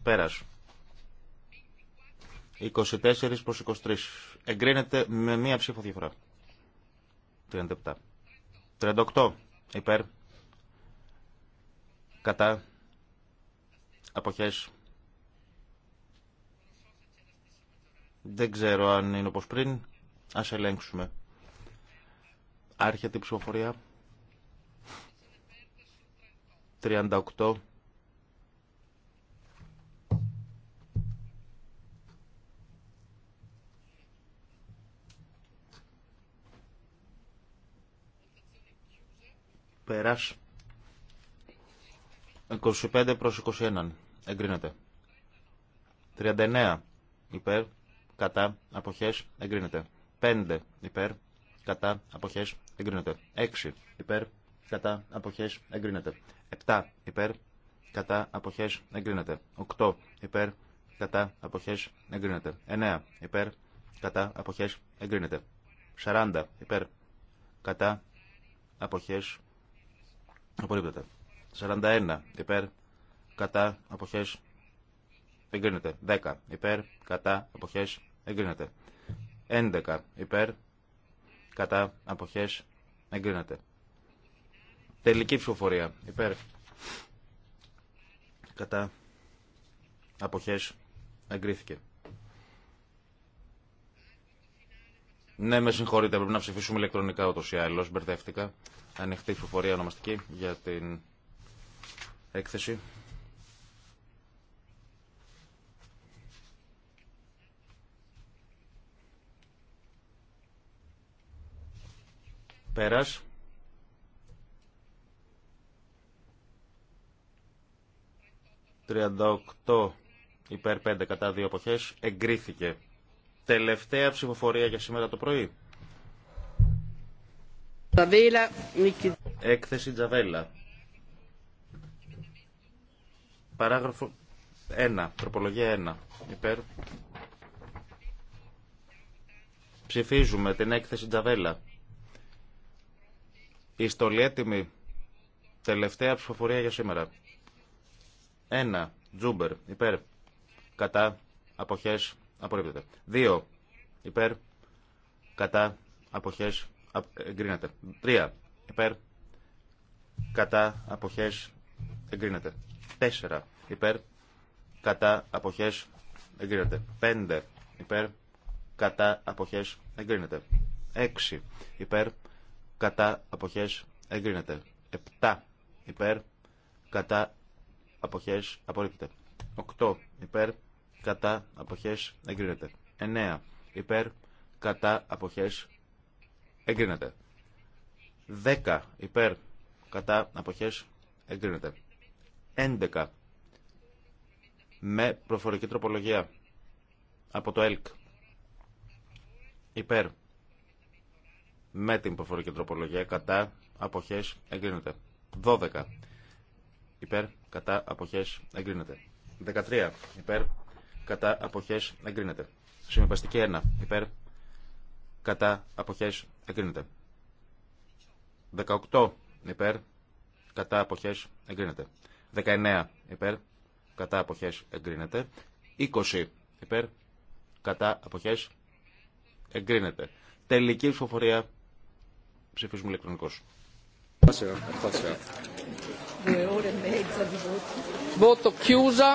Πέρας. 24 προς 23. Εγκρίνεται με μία ψήφο διαφορά. 37. 38. Υπέρ. Κατά. Αποχές. Δεν ξέρω αν είναι όπως πριν. Ας ελέγξουμε. Άρχεται η ψηφοφορία. 38. Πέρας. 25 προς 21. Εγκρίνεται. 39 υπέρ κατά, απόχέ εγκρίνεται. 5 υπέρ, κατά, απόχέ, εγκρίνεται. 6 υπέρ, κατά, αποχέ, εγκρίνεται. 7 υπέρ, κατά, αποχέ, εγκρίνεται. 8 υπέρ, κατά, αποχέ, εγκρίνεται. 9 υπέρ, κατά, αποχέ, εγκρίνεται. 40 υπέρ, κατά, απόχέ απορρίπτεται. 41 υπέρ, κατά, αποχέ, εγκρίνεται. 10 υπέρ, κατά, αποχές, εγκρίνεται. 11 υπέρ, κατά, αποχές, εγκρίνεται. Τελική ψηφοφορία υπέρ, κατά, αποχές, εγκρίθηκε. Ναι, με συγχωρείτε, πρέπει να ψηφίσουμε ηλεκτρονικά ούτω ή άλλω. Μπερδεύτηκα. Ανοιχτή ψηφοφορία ονομαστική για την έκθεση. Πέρας. ...38 υπέρ 5 κατά 2 εποχές εγκρίθηκε. Τελευταία ψηφοφορία για σήμερα το πρωί. Έκθεση Τζαβέλα. Παράγραφο 1. Τροπολογία 1. Υπέρ. Ψηφίζουμε την έκθεση Τζαβέλα. Η στολή έτοιμη. Τελευταία ψηφοφορία για σήμερα. 1. Τζούμπερ. Υπέρ. Κατά. Αποχές. Απορρίπτεται. 2. Υπέρ. Κατά. Αποχές. Εγκρίνεται. 3. Υπέρ. Κατά. Αποχές. Εγκρίνεται. 4. Υπέρ. Κατά. Αποχές. Εγκρίνεται. 5. Υπέρ. Κατά. Αποχές. Εγκρίνεται. 6. Υπέρ κατά αποχές εγκρίνεται. 7 υπέρ κατά αποχές απορρίπτεται. 8 υπέρ κατά αποχές εγκρίνεται. 9 υπέρ κατά αποχές εγκρίνεται. 10 υπέρ κατά αποχές εγκρίνεται. 11 με προφορική τροπολογία από το ΕΛΚ υπέρ με την προφορική τροπολογία κατά αποχέ, εγκρίνεται. 12 υπέρ κατά αποχέ, εγκρίνεται. 13 υπέρ κατά αποχέ, εγκρίνεται. Συμβαστική 1 υπέρ κατά αποχέ, εγκρίνεται. 18 υπέρ κατά αποχέ, εγκρίνεται. 19 υπέρ κατά αποχέ, εγκρίνεται. 20 υπέρ κατά αποχέ, εγκρίνεται. Τελική ψηφοφορία Ψηφίζουμε ηλεκτρονικώς. E voto chiusa.